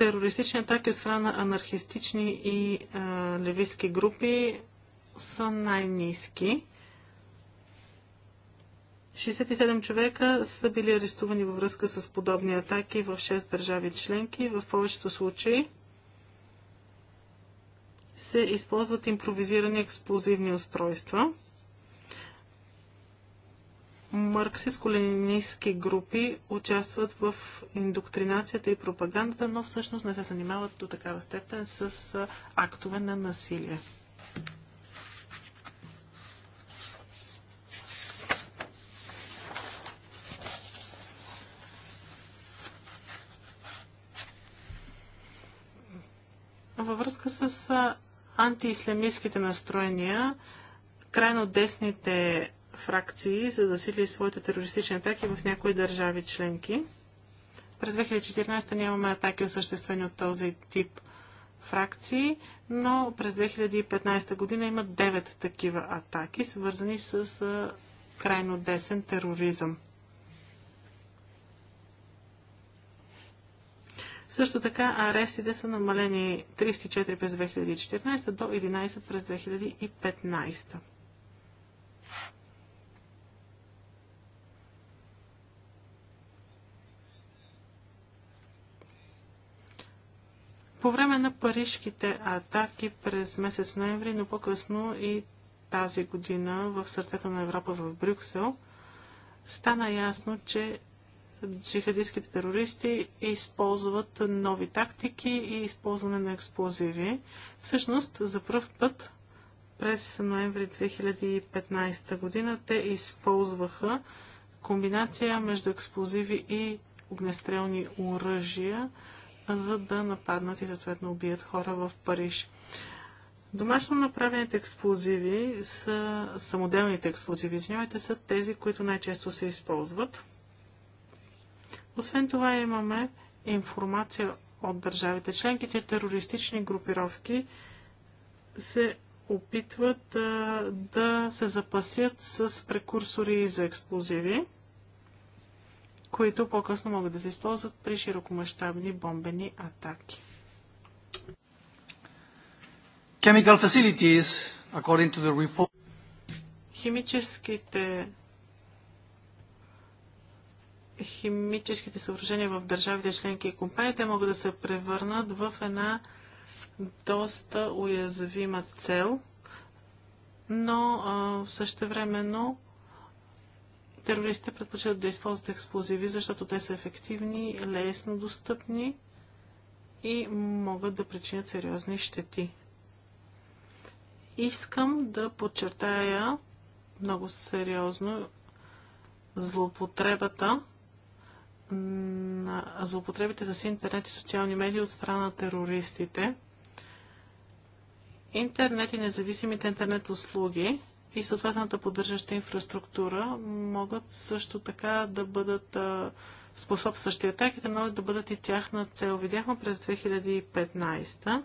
терористични атаки от страна на анархистични и а, групи са най-низки. 67 човека са били арестувани във връзка с подобни атаки в 6 държави членки. В повечето случаи се използват импровизирани експлозивни устройства марксистско-ленинистски групи участват в индоктринацията и пропагандата, но всъщност не се занимават до такава степен с актове на насилие. Във връзка с антиисламистските настроения, крайно десните фракции са засили своите терористични атаки в някои държави членки. През 2014 нямаме атаки осъществени от този тип фракции, но през 2015 година има 9 такива атаки, свързани с крайно десен тероризъм. Също така арестите са намалени 34 през 2014 до 11 през 2015. По време на парижките атаки през месец ноември, но по-късно и тази година в сърцето на Европа в Брюксел, стана ясно, че джихадистските терористи използват нови тактики и използване на експлозиви. Всъщност, за първ път през ноември 2015 година те използваха комбинация между експлозиви и огнестрелни оръжия за да нападнат и съответно убият хора в Париж. Домашно направените експлозиви са самоделните експлозиви, извинявайте, са тези, които най-често се използват. Освен това имаме информация от държавите членките, терористични групировки се опитват да се запасят с прекурсори за експлозиви които по-късно могат да се използват при широкомащабни бомбени атаки. Chemical facilities, according to the report. Химическите химическите съоръжения в държавите членки и компаниите могат да се превърнат в една доста уязвима цел, но също времено Терористите предпочитат да използват експлозиви, защото те са ефективни, лесно достъпни и могат да причинят сериозни щети. Искам да подчертая много сериозно злоупотребата на злоупотребите с интернет и социални медии от страна на терористите. Интернет и независимите интернет услуги и съответната поддържаща инфраструктура могат също така да бъдат способстващи атаките, могат да бъдат и тяхна цел. Видяхме през 2015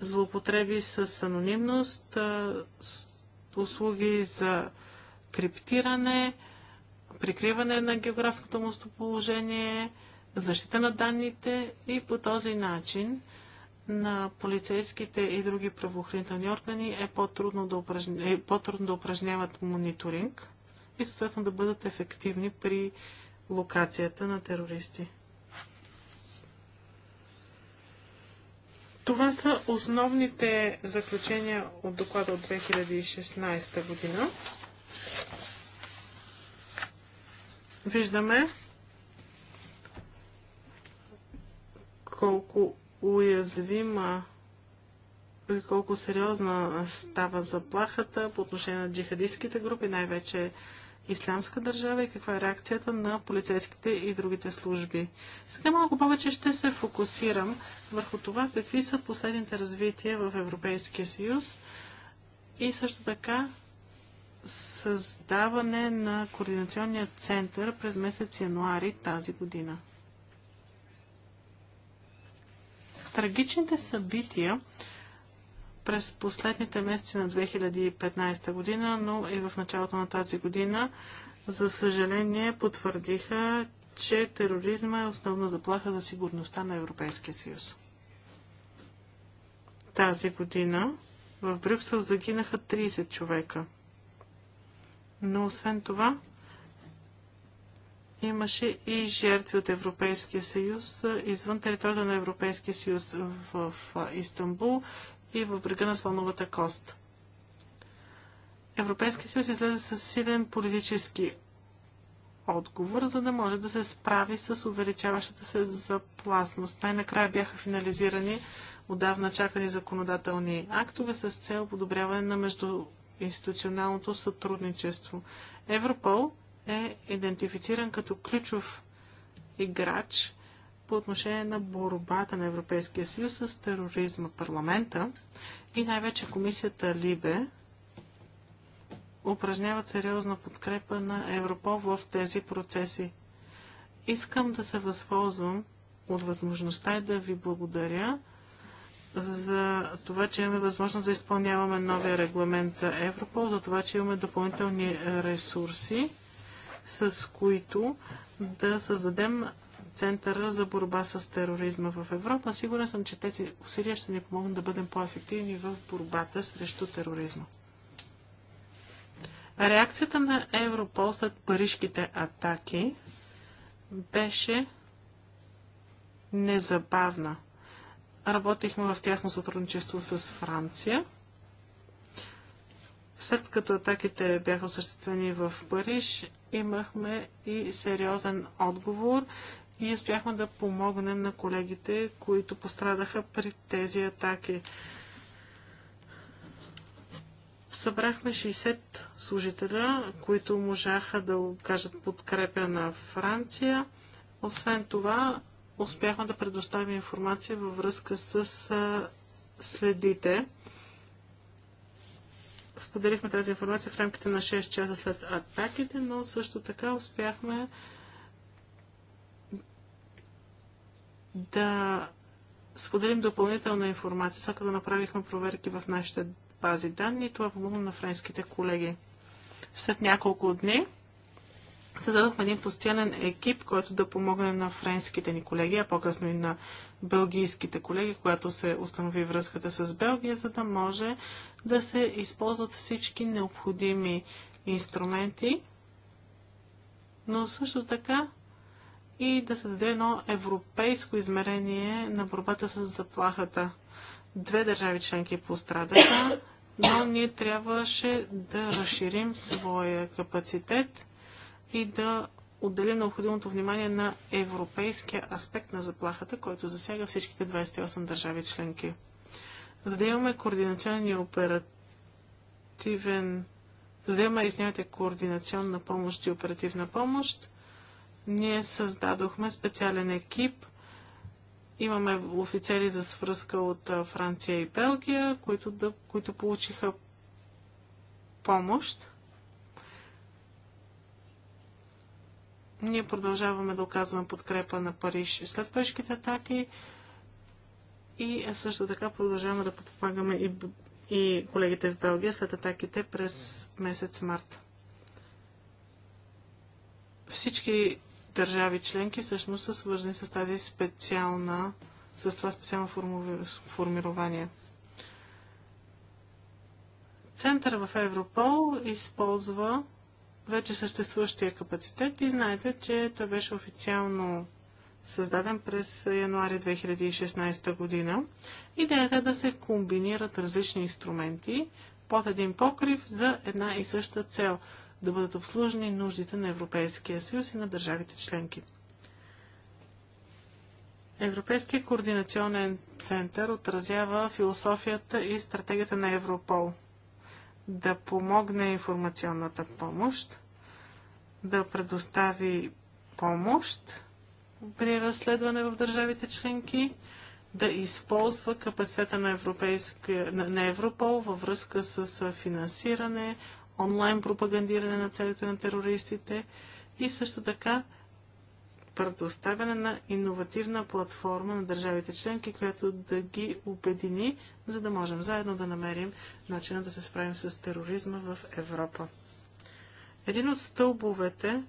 злоупотреби с анонимност, услуги за криптиране, прикриване на географското местоположение, защита на данните и по този начин на полицейските и други правоохранителни органи е по-трудно да, упражня... е по-трудно да упражняват мониторинг и съответно да бъдат ефективни при локацията на терористи. Това са основните заключения от доклада от 2016 година. Виждаме колко уязвима и колко сериозна става заплахата по отношение на джихадистските групи, най-вече Ислямска държава и каква е реакцията на полицейските и другите служби. Сега малко повече ще се фокусирам върху това какви са последните развития в Европейския съюз и също така създаване на координационния център през месец януари тази година. Трагичните събития през последните месеци на 2015 година, но и в началото на тази година, за съжаление потвърдиха, че тероризма е основна заплаха за сигурността на Европейския съюз. Тази година в Брюксел загинаха 30 човека. Но освен това, имаше и жертви от Европейския съюз извън територията на Европейския съюз в, Истанбул и в брега на Слоновата кост. Европейския съюз излезе с силен политически отговор, за да може да се справи с увеличаващата се запласност. Най-накрая бяха финализирани отдавна чакани законодателни актове с цел подобряване на междуинституционалното сътрудничество. Европол е идентифициран като ключов играч по отношение на борбата на Европейския съюз с тероризма. Парламента и най-вече комисията Либе упражняват сериозна подкрепа на Европол в тези процеси. Искам да се възползвам от възможността и да ви благодаря за това, че имаме възможност да изпълняваме новия регламент за Европол, за това, че имаме допълнителни ресурси с които да създадем Центъра за борба с тероризма в Европа. Сигурен съм, че тези усилия ще ни помогнат да бъдем по-ефективни в борбата срещу тероризма. Реакцията на Европол след парижките атаки беше незабавна. Работихме в тясно сътрудничество с Франция – след като атаките бяха осъществени в Париж, имахме и сериозен отговор и успяхме да помогнем на колегите, които пострадаха при тези атаки. Събрахме 60 служителя, които можаха да окажат подкрепя на Франция. Освен това, успяхме да предоставим информация във връзка с следите споделихме тази информация в рамките на 6 часа след атаките, но също така успяхме да споделим допълнителна информация, след като направихме проверки в нашите бази данни. Това помогна на френските колеги. След няколко дни Създадохме един постоянен екип, който да помогне на френските ни колеги, а по-късно и на бългийските колеги, която се установи връзката с Белгия, за да може да се използват всички необходими инструменти, но също така и да се даде едно европейско измерение на борбата с заплахата. Две държави членки пострадаха, но ние трябваше да разширим своя капацитет и да отделим необходимото внимание на европейския аспект на заплахата, който засяга всичките 28 държави членки. За да имаме координационен и оперативен за да имаме, извинявайте, координационна помощ и оперативна помощ, ние създадохме специален екип. Имаме офицери за свръзка от Франция и Белгия, които, да, които получиха помощ. Ние продължаваме да оказваме подкрепа на Париж след парижките атаки и също така продължаваме да подпомагаме и, и колегите в Белгия след атаките през месец март. Всички държави членки всъщност са свързани с тази специална, с това специално формирование. Център в Европол използва вече съществуващия капацитет и знаете, че той беше официално създаден през януари 2016 година. Идеята е да се комбинират различни инструменти под един покрив за една и съща цел да бъдат обслужени нуждите на Европейския съюз и на държавите членки. Европейския координационен център отразява философията и стратегията на Европол – да помогне информационната помощ, да предостави помощ при разследване в държавите членки, да използва капацитета на, на Европол във връзка с финансиране, онлайн пропагандиране на целите на терористите и също така предоставяне на иновативна платформа на държавите членки, която да ги обедини, за да можем заедно да намерим начина да се справим с тероризма в Европа. Един от стълбовете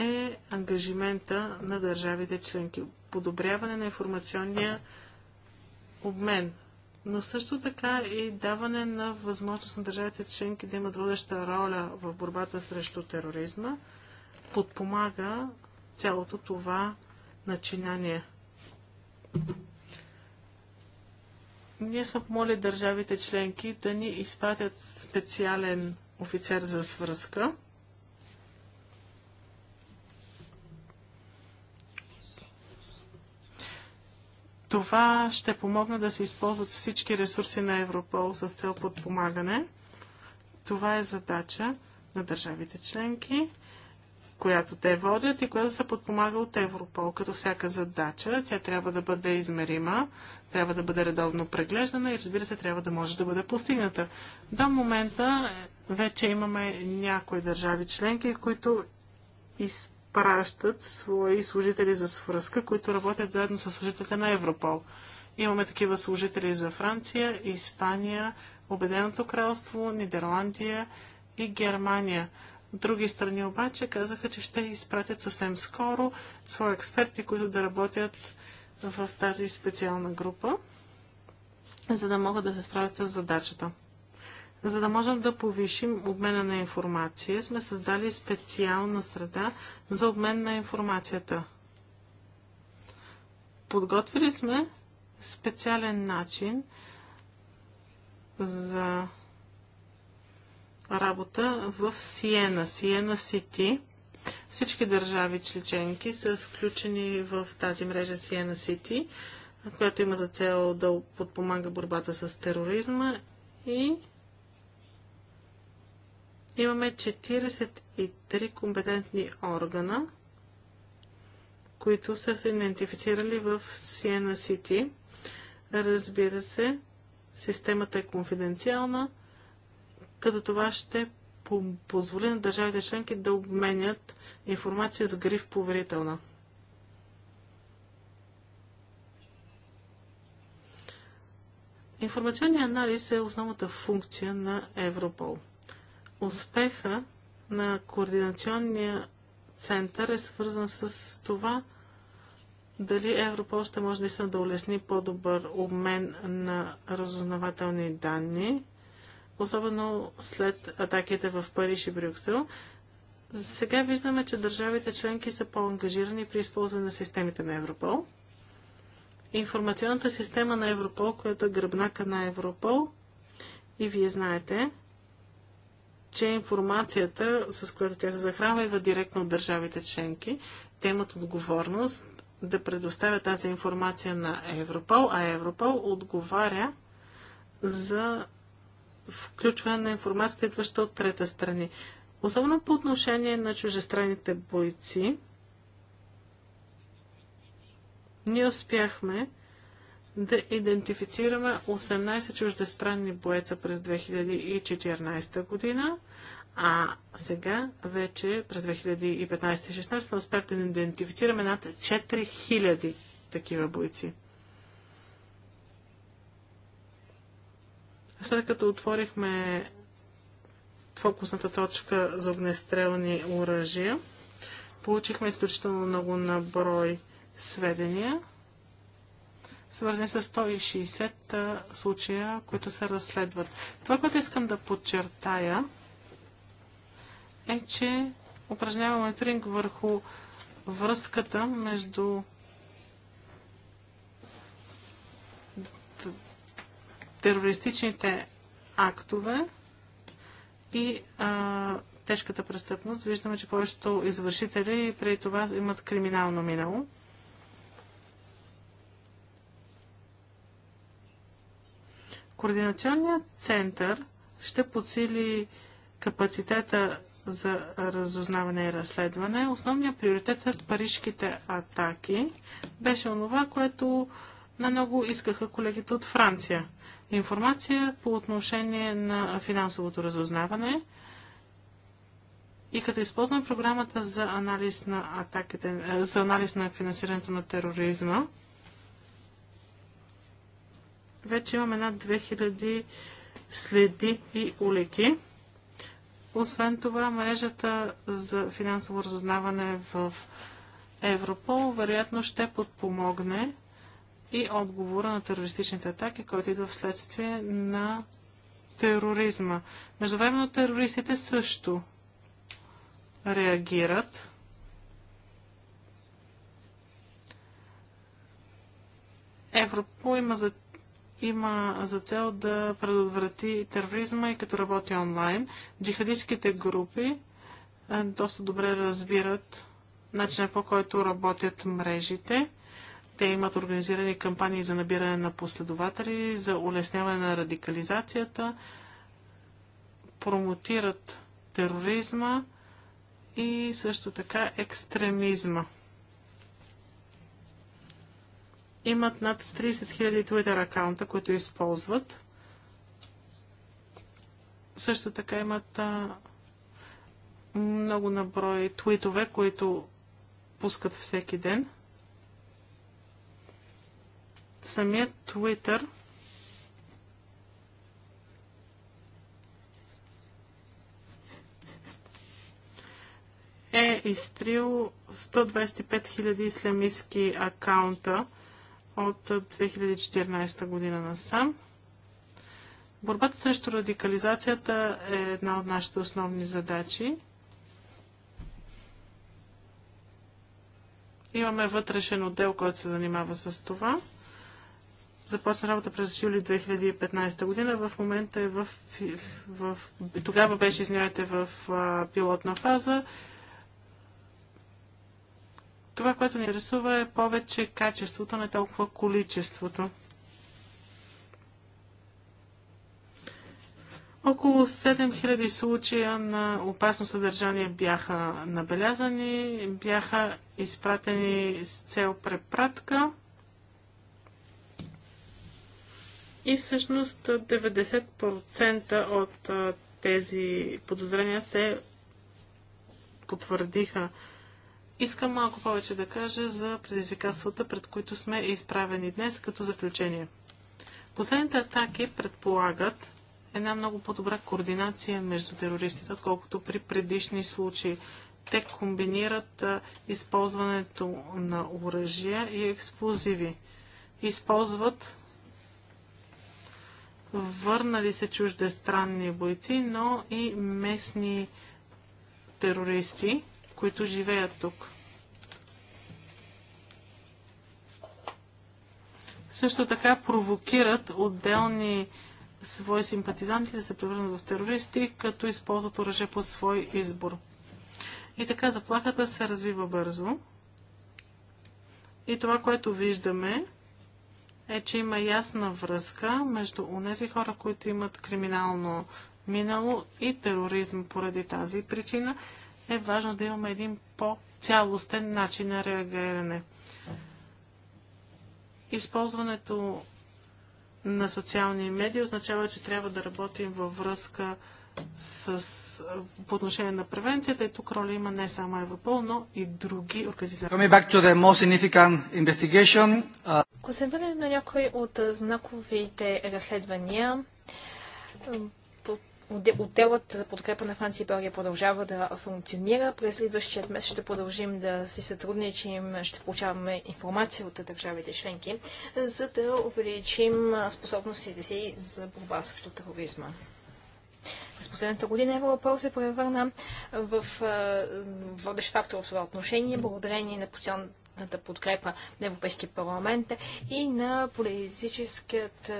е ангажимента на държавите членки. Подобряване на информационния обмен, но също така и даване на възможност на държавите членки да имат водеща роля в борбата срещу тероризма подпомага цялото това начинание. Ние сме помоли държавите членки да ни изпратят специален офицер за свръзка. Това ще помогне да се използват всички ресурси на Европол с цел подпомагане. Това е задача на държавите членки която те водят и която се подпомага от Европол. Като всяка задача, тя трябва да бъде измерима, трябва да бъде редовно преглеждана и разбира се, трябва да може да бъде постигната. До момента е, вече имаме някои държави членки, които изпращат свои служители за свръзка, които работят заедно с служителите на Европол. Имаме такива служители за Франция, Испания, Обеденото кралство, Нидерландия и Германия. Други страни обаче казаха, че ще изпратят съвсем скоро свои експерти, които да работят в тази специална група, за да могат да се справят с задачата. За да можем да повишим обмена на информация, сме създали специална среда за обмен на информацията. Подготвили сме специален начин за работа в Сиена, Сиена Сити. Всички държави членки са включени в тази мрежа Сиена Сити, която има за цел да подпомага борбата с тероризма и имаме 43 компетентни органа, които са се идентифицирали в Сиена Сити. Разбира се, системата е конфиденциална – като това ще позволи на държавите членки да обменят информация с гриф поверителна. Информационният анализ е основната функция на Европол. Успеха на координационния център е свързан с това, дали Европол ще може наистина да улесни по-добър обмен на разузнавателни данни особено след атаките в Париж и Брюксел. Сега виждаме, че държавите членки са по-ангажирани при използване на системите на Европол. Информационната система на Европол, която е гръбнака на Европол, и вие знаете, че информацията, с която тя се захранва, идва директно от държавите членки. Те имат отговорност да предоставят тази информация на Европол, а Европол отговаря за включване на информацията, идваща от трета страни. Особено по отношение на чужестранните бойци, ние успяхме да идентифицираме 18 чуждестранни боеца през 2014 година, а сега вече през 2015-2016 сме успели да идентифицираме над 4000 такива бойци. След като отворихме фокусната точка за огнестрелни оръжия, получихме изключително много наброй сведения, свързани с 160 случая, които се разследват. Това, което искам да подчертая, е, че упражнява мониторинг върху връзката между терористичните актове и а, тежката престъпност. Виждаме, че повечето извършители преди това имат криминално минало. Координационният център ще подсили капацитета за разузнаване и разследване. Основният приоритет от парижките атаки беше онова, което на много искаха колегите от Франция информация по отношение на финансовото разузнаване. И като използвам програмата за анализ на атаките, е, за анализ на финансирането на тероризма, вече имаме над 2000 следи и улики. Освен това, мрежата за финансово разузнаване в Европол вероятно ще подпомогне и отговора на терористичните атаки, който идва вследствие на тероризма. Междувременно терористите също реагират. Европол има за, има за цел да предотврати тероризма и като работи онлайн. Джихадистските групи е, доста добре разбират начина по който работят мрежите те имат организирани кампании за набиране на последователи, за улесняване на радикализацията, промотират тероризма и също така екстремизма. Имат над 30 000 Twitter акаунта, които използват. Също така имат а, много наброй твитове, които пускат всеки ден – самият Twitter е изтрил 125 000 ислямистски акаунта от 2014 година насам. Борбата срещу радикализацията е една от нашите основни задачи. Имаме вътрешен отдел, който се занимава с това започна работа през юли 2015 година. В момента е в, в, в тогава беше, извинявайте, в а, пилотна фаза. Това, което ни интересува е повече качеството, не толкова количеството. Около 7000 случая на опасно съдържание бяха набелязани, бяха изпратени с цел препратка. И всъщност 90% от тези подозрения се потвърдиха. Искам малко повече да кажа за предизвикателствата, пред които сме изправени днес като заключение. Последните атаки предполагат една много по-добра координация между терористите, отколкото при предишни случаи. Те комбинират а, използването на оръжия и експлозиви. Използват върнали се чуждестранни бойци, но и местни терористи, които живеят тук. Също така провокират отделни свои симпатизанти да се превърнат в терористи, като използват оръжие по свой избор. И така заплахата се развива бързо. И това, което виждаме, е, че има ясна връзка между онези хора, които имат криминално минало и тероризъм. Поради тази причина е важно да имаме един по-цялостен начин на реагиране. Използването на социални медии означава, че трябва да работим във връзка с, по отношение на превенцията. И тук роля има не само Европол, но и други организации. Uh, Ако се върнем на някои от знаковите разследвания, отделът за подкрепа на Франция и Белгия продължава да функционира. През следващия месец ще продължим да си сътрудничим, ще получаваме информация от държавите членки, за да увеличим способностите си за борба срещу тероризма. През последната година Европол се превърна в водещ фактор в това отношение, благодарение на постоянната подкрепа на Европейския парламент и на политическият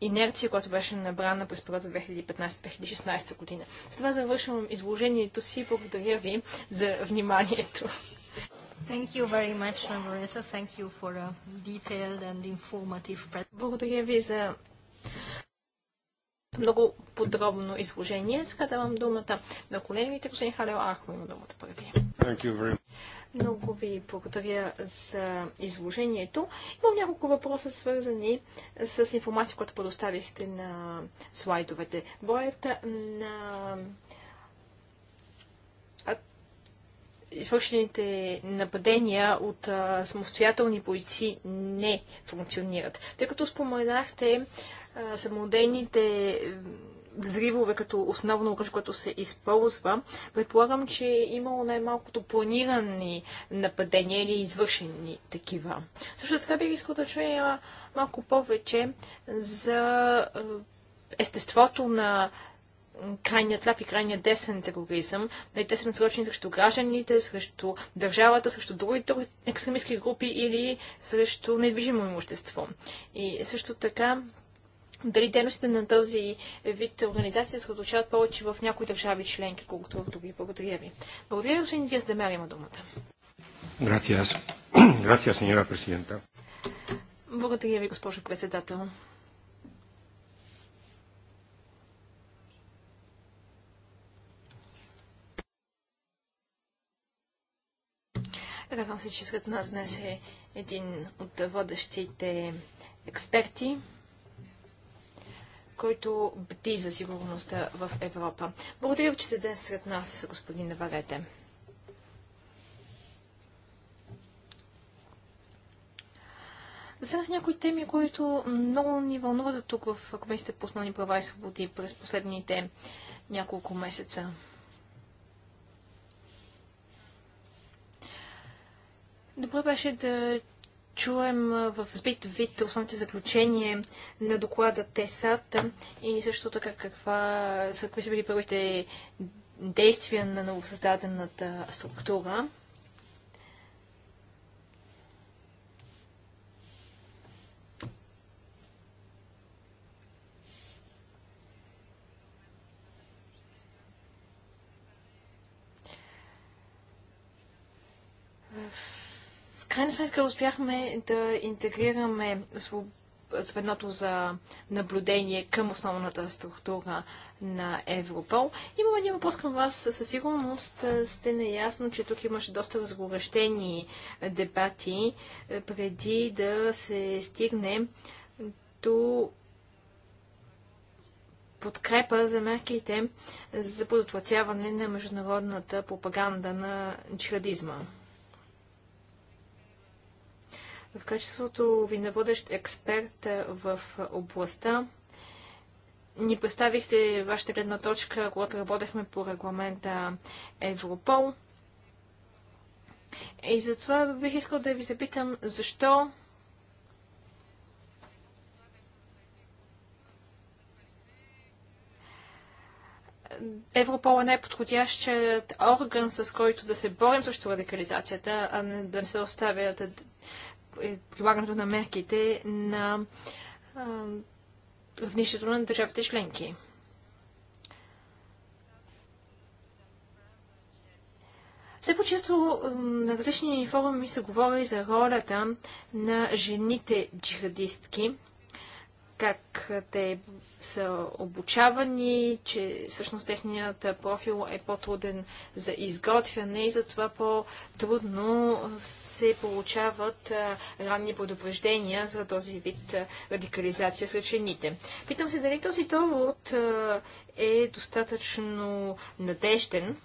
инерция, която беше набрана през периода 2015-2016 година. С това завършвам изложението си. Благодаря ви за вниманието. Much, Благодаря ви за много подробно изложение. Сега давам думата на колегите. Господин Халел Ахо има думата първи. Много ви благодаря за изложението. Имам няколко въпроса, свързани с информация, която предоставихте на слайдовете. Броят на извършените нападения от а, самостоятелни бойци не функционират. Тъй като споменахте самодейните взривове като основно оръжие, което се използва, предполагам, че е имало най-малкото планирани нападения или извършени такива. Също така бих искал да чуя малко повече за естеството на крайният ляв и крайният десен тероризъм. Нали, те са насрочени срещу гражданите, срещу държавата, срещу другите екстремистски групи или срещу недвижимо имущество. И също така дали дейностите на този вид организация се отличават повече в някои държави членки, колкото в други. Благодаря ви. Благодаря ви, господин Диас Демер, има думата. Gracias. Gracias, señora presidenta. Благодаря ви, госпожо председател. Радвам се, че сред нас днес е един от водещите експерти който бди за сигурността в Европа. Благодаря, че сте днес сред нас, господин Наварете. Засегнах някои теми, които много ни вълнуват тук в Комисията по основни права и свободи през последните няколко месеца. Добре беше да чуем в сбит вид основните заключения на доклада ТЕСАТ и също така каква, какви са били първите действия на новосъздадената структура. крайна сметка успяхме да интегрираме звеното за наблюдение към основната структура на Европол. Имам един въпрос към вас. Със сигурност сте наясно, че тук имаше доста разгорещени дебати преди да се стигне до подкрепа за мерките за подотвратяване на международната пропаганда на джихадизма. В качеството ви на водещ експерт в областта, ни представихте вашата гледна точка, когато работехме по регламента Европол. И затова бих искал да ви запитам, защо Европол е най-подходящият орган, с който да се борим срещу радикализацията, а не да не се оставят е прилагането на мерките на равнището на държавите членки. Все по-често на различни форуми се говори за ролята на жените джихадистки как те са обучавани, че всъщност техният профил е по-труден за изготвяне и затова по-трудно се получават ранни предупреждения за този вид радикализация сред жените. Питам се дали този довод е достатъчно надежден,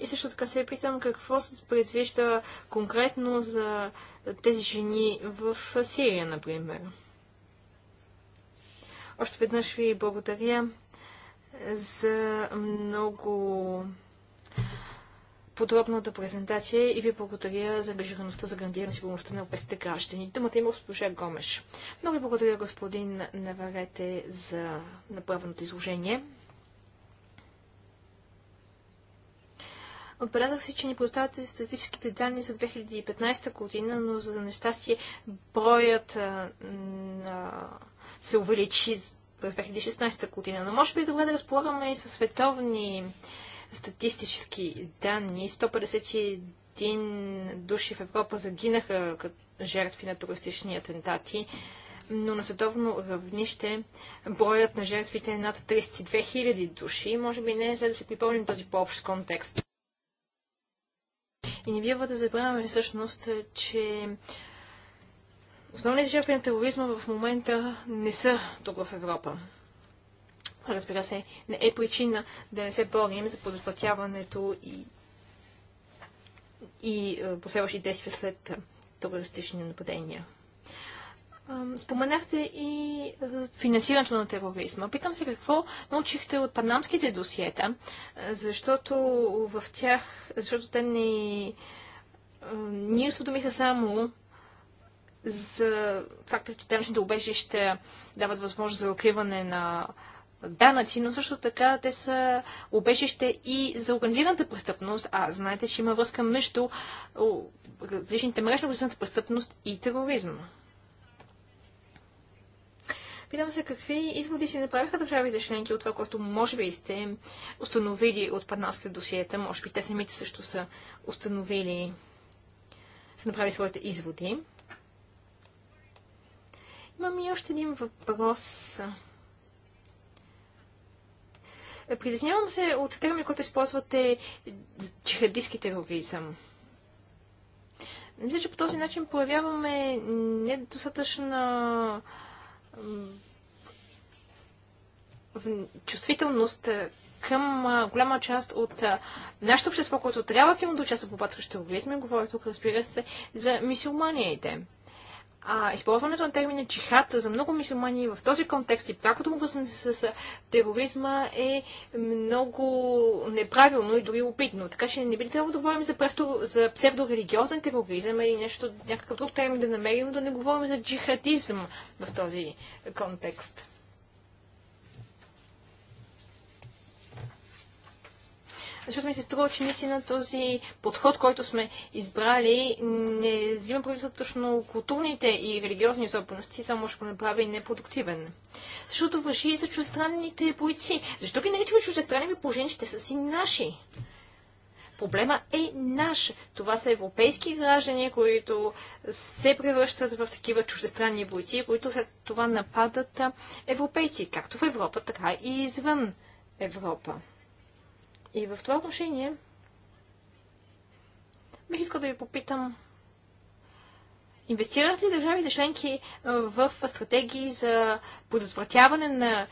И също така се питам какво се предвижда конкретно за тези жени в Сирия, например. Още веднъж ви благодаря за много подробната презентация и ви благодаря за ангажираността за гарантиране сигурността на европейските граждани. Думата има госпожа Гомеш. Много ви благодаря, господин Наварете, за направеното изложение. Отбелязах си, че ни предоставяте статистическите данни за 2015 година, но за нещастие броят а, а, се увеличи през 2016 година. Но може би е добре да разполагаме и със световни статистически данни. 151 души в Европа загинаха като жертви на туристични атентати но на световно равнище броят на жертвите е над 32 000 души. Може би не е за да се припомним този по-общ контекст. И не бива да забравяме всъщност, че основните жертви на тероризма в момента не са тук в Европа. Разбира се, не е причина да не се борим за предотвратяването и, и е, последващи действия след терористични нападения. Споменахте и финансирането на тероризма. Питам се какво научихте от панамските досиета, защото в тях, защото те ни, ни осведомиха само за факта, че данъчните убежища дават възможност за укриване на данъци, но също така те са обежище и за организираната престъпност, а знаете, че има връзка между различните мрежи на престъпност и тероризма. Питам се какви изводи си направиха държавите членки от това, което може би сте установили от панамските досиета. Може би те самите също са установили, са направили своите изводи. Имам и още един въпрос. Притеснявам се от термина, който използвате джихадистски тероризъм. Мисля, че по този начин проявяваме недостатъчна чувствителност към голяма част от нашето общество, което трябва има да участва по борбата срещу Говоря тук, разбира се, за мисиоманиите. А използването на термина чихад за много мисюмани в този контекст и прякото му гласане с тероризма е много неправилно и дори обидно. Така че не би трябвало да говорим за, превто, за псевдорелигиозен тероризъм или нещо, някакъв друг термин да намерим, да не говорим за джихатизъм в този контекст. защото ми се струва, че наистина този подход, който сме избрали, не взима предвид точно културните и религиозни особености. Това може да го направи и непродуктивен. Защото въжи и за чуждестранните бойци. Защо ги наричаме чуждестранни ми положение, че те са си наши? Проблема е наш. Това са европейски граждани, които се превръщат в такива чуждестранни бойци, които след това нападат европейци, както в Европа, така и извън Европа. И в това отношение бих искал да ви попитам Инвестират ли държавите членки е, в стратегии за предотвратяване на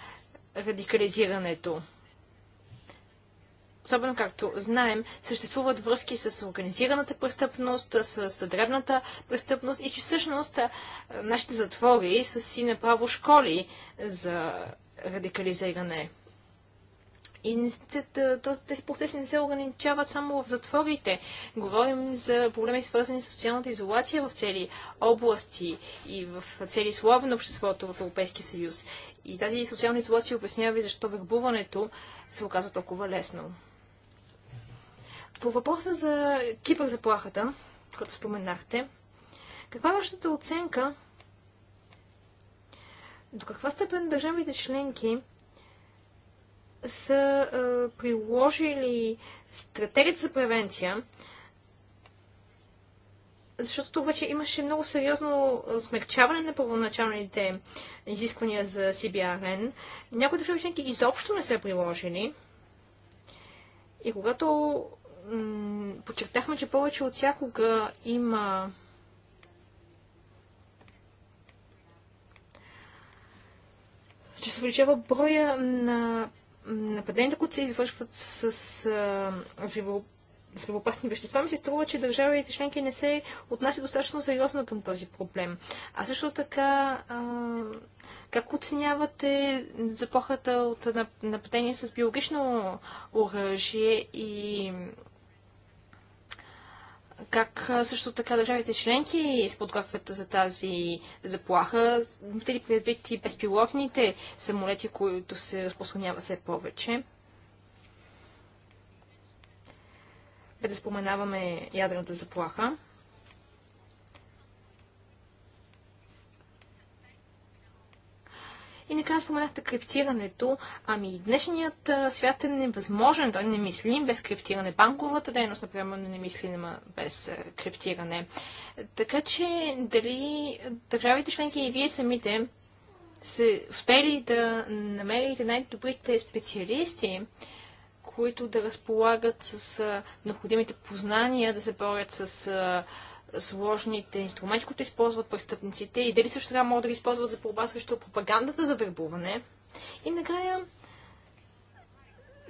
радикализирането? Особено както знаем, съществуват връзки с организираната престъпност, с дребната престъпност и че всъщност е, нашите затвори са си направо школи за радикализиране. И тези процеси не се ограничават само в затворите. Говорим за проблеми, свързани с социалната изолация в цели области и в цели слова на обществото в Европейския съюз. И тази социална изолация обяснява и защо върбуването се оказва толкова лесно. По въпроса за Кипър заплахата, като споменахте, каква е вашата оценка? До каква степен държавите членки са приложили стратегията за превенция, защото тук вече имаше много сериозно смягчаване на първоначалните изисквания за CBRN. Някои държави членки изобщо не са приложили. И когато подчертахме, че повече от всякога има че се увеличава броя на нападенията, които се извършват с а, вещества, ми се струва, че държавите членки не се отнасят достатъчно сериозно към този проблем. А също така, а, как оценявате заплахата от нападения с биологично оръжие и как също така държавите членки се подготвят за тази заплаха? Имате ли предвид и безпилотните самолети, които се разпространяват все повече? Без да споменаваме ядрената заплаха. И накрая споменахте криптирането. Ами днешният свят е невъзможен, той не мислим без криптиране. Банковата дейност, например, не мисли без криптиране. Така че дали държавите членки и вие самите се успели да намерите най-добрите специалисти, които да разполагат с необходимите познания, да се борят с сложните инструменти, които използват престъпниците и дали също така могат да ги използват за борба срещу пропагандата за вербуване. И накрая,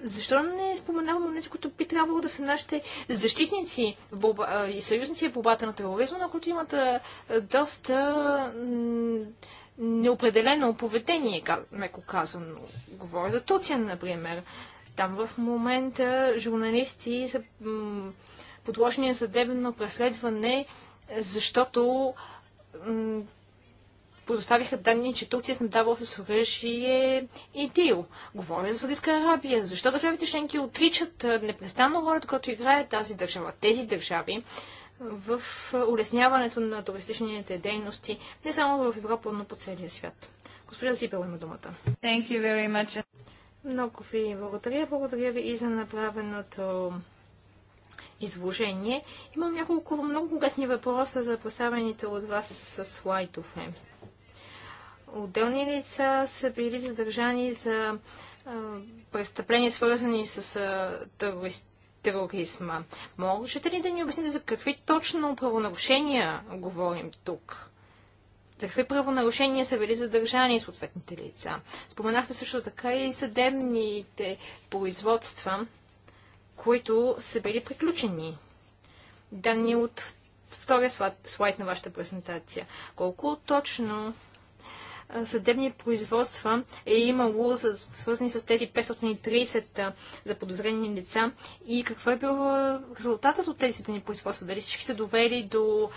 защо не споменавам тези, които би трябвало да са нашите защитници борба, и съюзници в борбата на тероризма, на които имат доста неопределено поведение, меко казано. Говоря за Турция, например. Там в момента журналисти са подложени на съдебно преследване, защото предоставиха данни, че Турция е снабдавала с оръжие и тил. Говорим за Саудитска Арабия. Защо държавите членки отричат непрестанно ролята, която играе тази държава, тези държави в улесняването на туристичните дейности не само в Европа, но по целия свят? Госпожа Сипел има думата. Thank you very much. Много ви благодаря. Благодаря ви и за направеното изложение. Имам няколко много конкретни въпроса за поставените от вас с слайдове. Отделни лица са били задържани за а, престъпления, свързани с а, тероризма. Можете ли да ни обясните за какви точно правонарушения говорим тук? За какви правонарушения са били задържани съответните лица? Споменахте също така и съдебните производства които са били приключени. Данни от втория слайд на вашата презентация. Колко точно съдебни производства е имало, свързани с тези 530 заподозрени лица и каква е бил резултатът от тези съдебни производства? Дали всички са довели до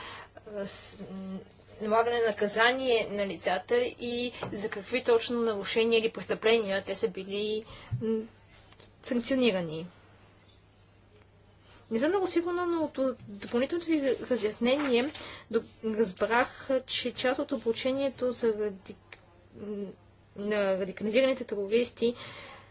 налагане на наказание на лицата и за какви точно нарушения или престъпления те са били санкционирани? Не съм много сигурна, но от допълнителното ви разяснение разбрах, че част от обучението за радик... на радикализираните терористи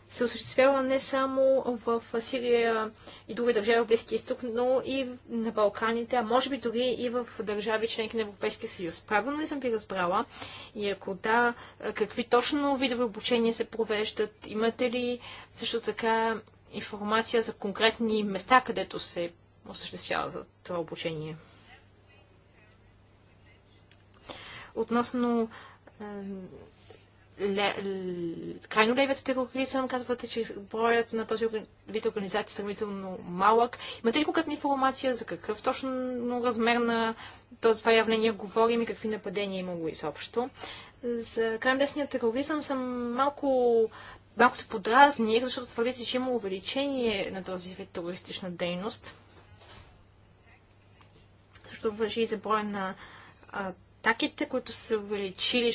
се осъществява не само в Сирия и други държави в Близки изток, но и на Балканите, а може би дори и в държави членки на Европейския съюз. Правилно ли съм ви разбрала? И ако да, какви точно видове обучения се провеждат? Имате ли също така информация за конкретни места, където се осъществява това обучение. Относно е, ле, крайно левият тероризъм, казвате, че броят на този вид организация е сравнително малък. Имате ли конкретна информация за какъв точно размер на този това явление говорим и какви нападения има е имало изобщо? За крайно десния тероризъм съм малко малко се подразних, защото твърдите, че има увеличение на този вид туристична дейност. Също въжи и за броя на атаките, които са увеличили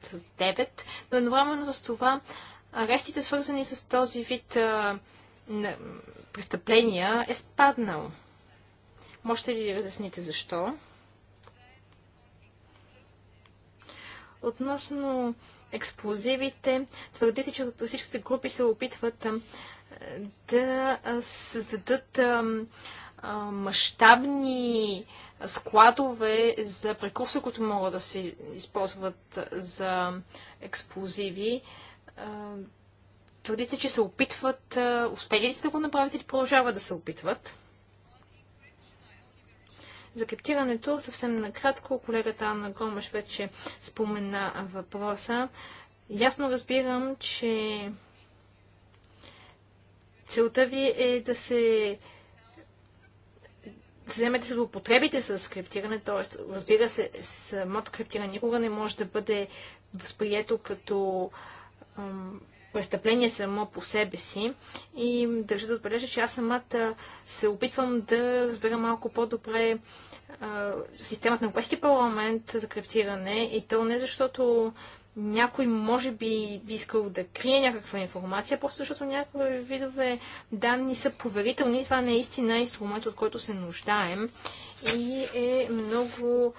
с 9, но едновременно с това арестите, свързани с този вид а, на, престъпления, е спаднал. Можете ли да разясните защо? Относно експлозивите. Твърдите, че от всичките групи се опитват да създадат мащабни складове за прекурсор, които могат да се използват за експлозиви. Твърдите, че се опитват. Успели ли сте да го направите или продължават да се опитват? За криптирането съвсем накратко колегата Анна Гомаш вече спомена въпроса. Ясно разбирам, че целта ви е да се вземете се употребите с криптиране, т.е. разбира се, самото криптиране никога не може да бъде възприето като престъпление само по себе си. И държа да отбележа, че аз самата се опитвам да разбера малко по-добре системата на Европейския парламент за криптиране и то не защото някой може би би искал да крие някаква информация, просто защото някои видове данни са поверителни. Това наистина е инструмент, от който се нуждаем и е много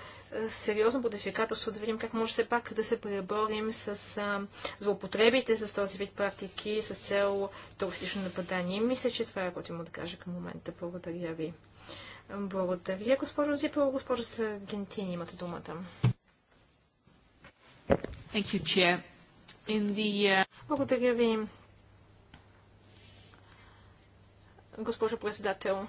сериозно предизвикателство да видим как може все пак да се преборим с а, злоупотребите с този вид практики с цел туристично нападание. Мисля, че това е което има да кажа към момента. Благодаря ви. Благодаря, госпожо Зипова. Госпожо Саргентини, имате думата. Thank you, Chair. In the, uh, Благодаря ви, госпожо председател.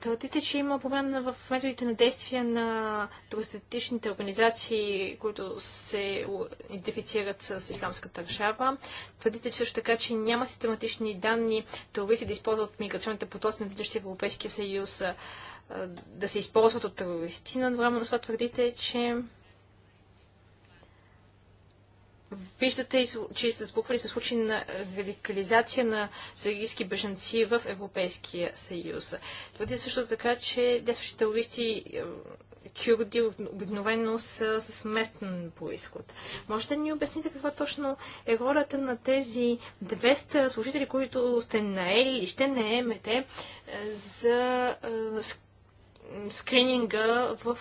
Твърдите, че има проблем в методите на действие на туристичните организации, които се идентифицират с исламската държава. Твърдите също така, че няма систематични данни терористи да използват миграционните потоци на влизащи в Европейския съюз да се използват от терористи, но едновременно с това твърдите, че Виждате, че с буквари се случи на радикализация на сирийски бежанци в Европейския съюз. Твърди е също така, че действащите терористи кюрди е, обикновено са с местен происход. Може да ни обясните каква точно е ролята на тези 200 служители, които сте наели или ще наемете е, за скрининга в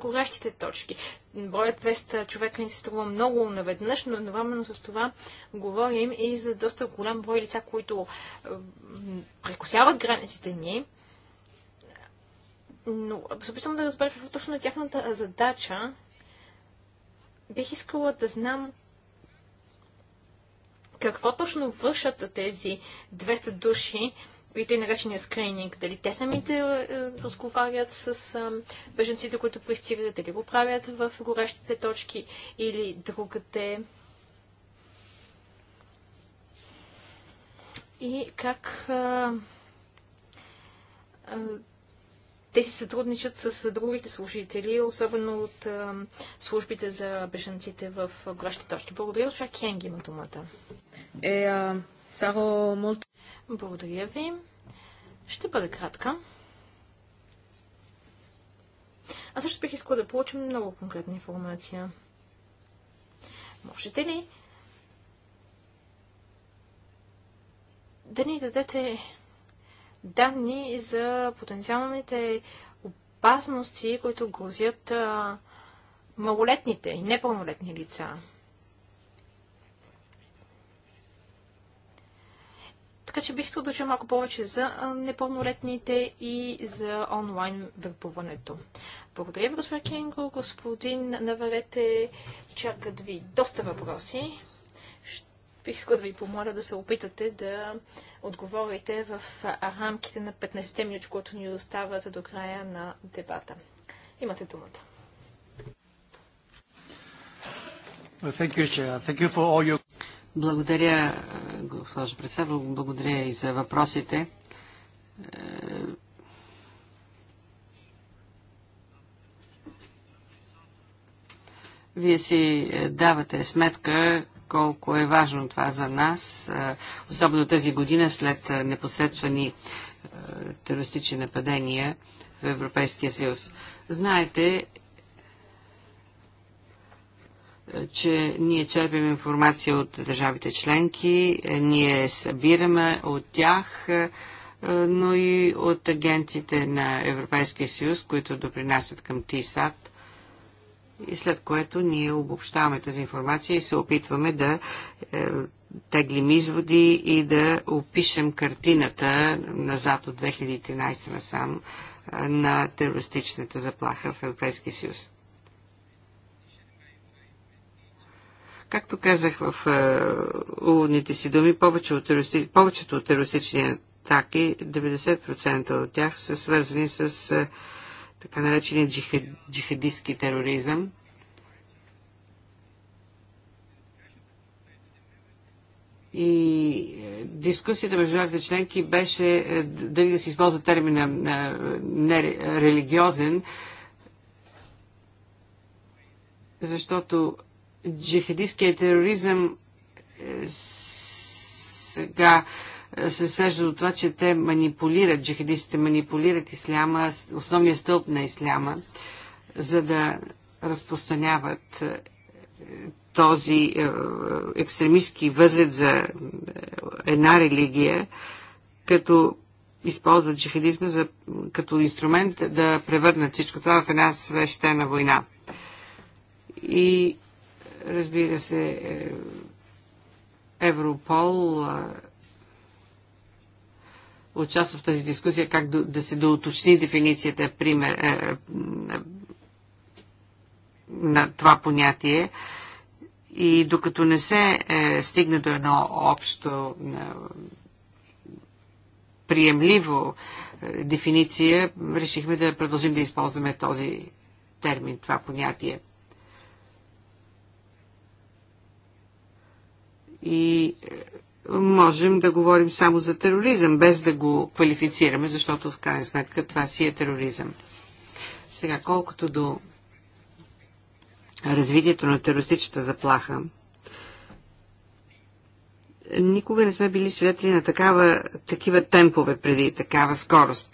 горещите точки. Броят 200 човека ни се струва много наведнъж, но едновременно с това говорим и за доста голям брой лица, които прекусяват границите ни. Но се опитвам да разбера какво точно е тяхната задача. Бих искала да знам какво точно вършат тези 200 души и тъй наречения скрининг, дали те самите е, е, разговарят с беженците, които пристигат, дали го правят в горещите точки или другате. И как те си сътрудничат с другите служители, особено от службите за беженците в горещите точки. Благодаря, че Кенги има думата. Е, а... Саро Молт. Благодаря ви. Ще бъда кратка. Аз също бих искала да получим много конкретна информация. Можете ли да ни дадете данни за потенциалните опасности, които грозят малолетните и непълнолетни лица? Така че бих искал да чуя малко повече за непълнолетните и за онлайн вербуването. Благодаря ви, господин Кенго. Господин Наварете, чакат ви доста въпроси. Бих искал да ви помоля да се опитате да отговорите в рамките на 15 те минути, които ни остават до края на дебата. Имате думата. thank you, Chair. Thank you for all your... Благодаря, госпожо председател, благодаря и за въпросите. Вие си давате сметка колко е важно това за нас, особено тази година след непосредствени е, терористични нападения в Европейския съюз. Знаете, че ние черпим информация от държавите членки, е, ние събираме от тях, е, но и от агенците на Европейския съюз, които допринасят към ТИСАТ и след което ние обобщаваме тази информация и се опитваме да е, теглим изводи и да опишем картината назад от 2013 насам на терористичната заплаха в Европейския съюз. Както казах в е, уводните си думи, повече от терористи... повечето от терористични атаки, 90% от тях са свързани с е, така наречения джихад... джихадистски тероризъм. И е, дискусията между двете членки беше дали да се използва термина нерелигиозен, защото джихадистския тероризъм е, сега е, се свежда до това, че те манипулират, джихадистите манипулират исляма, основния стълб на исляма, за да разпространяват е, този екстремистски възглед за една религия, като използват джихадизма за, като инструмент да превърнат всичко това в една свещена война. И Разбира се, е, Европол участва в тази дискусия как да, се доуточни дефиницията, пример, е, е, на това понятие. И докато не се стигне до едно общо приемливо дефиниция, решихме да продължим да използваме този термин, това понятие. и е, можем да говорим само за тероризъм, без да го квалифицираме, защото в крайна сметка това си е тероризъм. Сега, колкото до развитието на терористичната заплаха, никога не сме били свидетели на такава, такива темпове преди, такава скорост.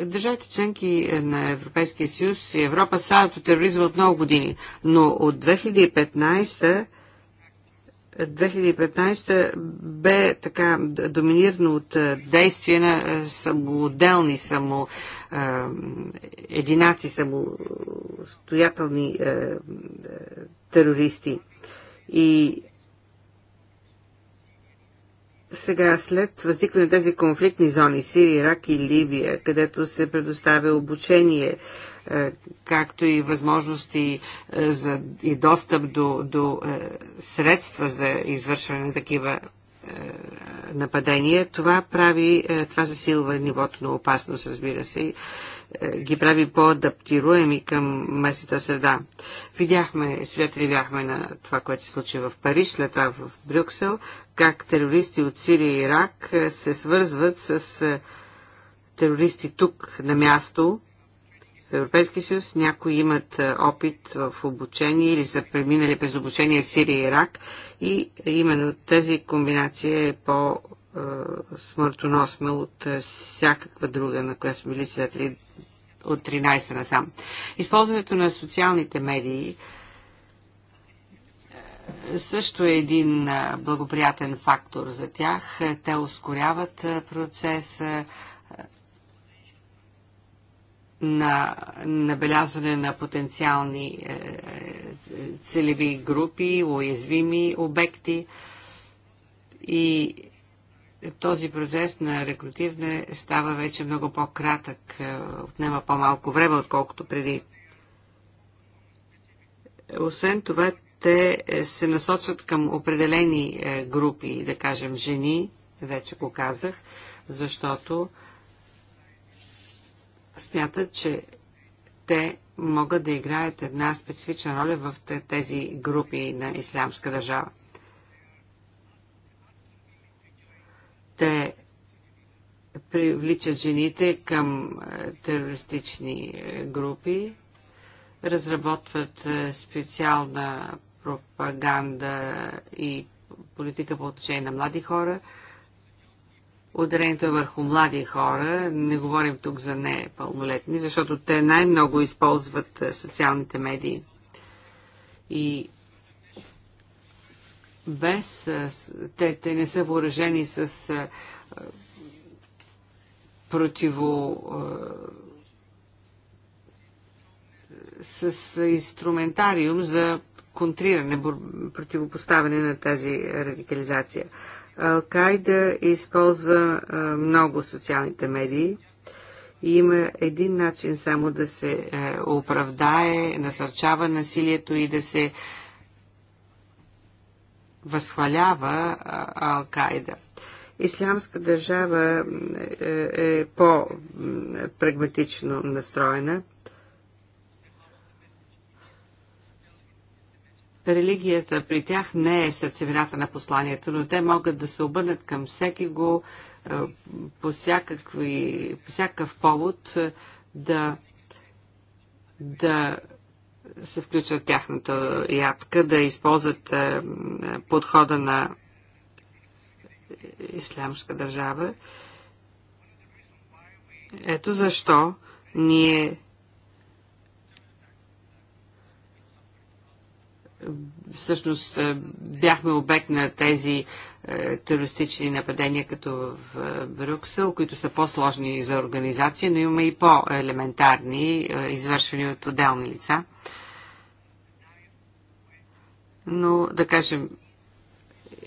Държавите членки на Европейския съюз и Европа страдат от тероризма от много години, но от 2015 2015 бе така доминирано от действия на самоделни, само единаци, самостоятелни терористи. И сега, след възникване на тези конфликтни зони, Сирия, Ирак и Ливия, където се предоставя обучение, е, както и възможности е, за, и достъп до, до е, средства за извършване на такива нападения. Това прави, е, това засилва нивото на опасност, разбира се, и е, ги прави по-адаптируеми към местната среда. Видяхме, свидетели бяхме на това, което се случи в Париж, след това в Брюксел, как терористи от Сирия и Ирак е, се свързват с терористи тук на място, в Европейския съюз. Някои имат опит в обучение или са преминали през обучение в Сирия и Ирак и именно тази комбинация е по смъртоносна от всякаква друга, на която сме били свидетели от 13 насам. Използването на социалните медии също е един благоприятен фактор за тях. Те ускоряват процеса, на набелязване на потенциални е, е, целеви групи, уязвими обекти и този процес на рекрутиране става вече много по-кратък, е, отнема по-малко време, отколкото преди. Освен това, те се насочат към определени групи, да кажем жени, вече го казах, защото смятат, че те могат да играят една специфична роля в тези групи на ислямска държава. Те привличат жените към е, терористични е, групи, разработват е, специална пропаганда и политика по отношение на млади хора – Ударението е върху млади хора. Не говорим тук за непълнолетни, защото те най-много използват е, социалните медии. И без... Е, те, те не са въоръжени с е, противо... с инструментариум за контриране, противопоставяне на тази радикализация. Алкайда използва много социалните медии и има един начин само да се е, оправдае, насърчава насилието и да се възхвалява Алкайда. Ислямска държава е, е, е по-прагматично настроена религията при тях не е сърцевината на посланието, но те могат да се обърнат към всеки го е, по, всякакви, по всякакъв повод е, да, да се включат тяхната ядка, да използват е, подхода на ислямска държава. Ето защо ние всъщност е, бяхме обект на тези е, терористични нападения, като в е, Брюксел, които са по-сложни за организация, но има и по-елементарни, извършвани от отделни лица. Но, да кажем,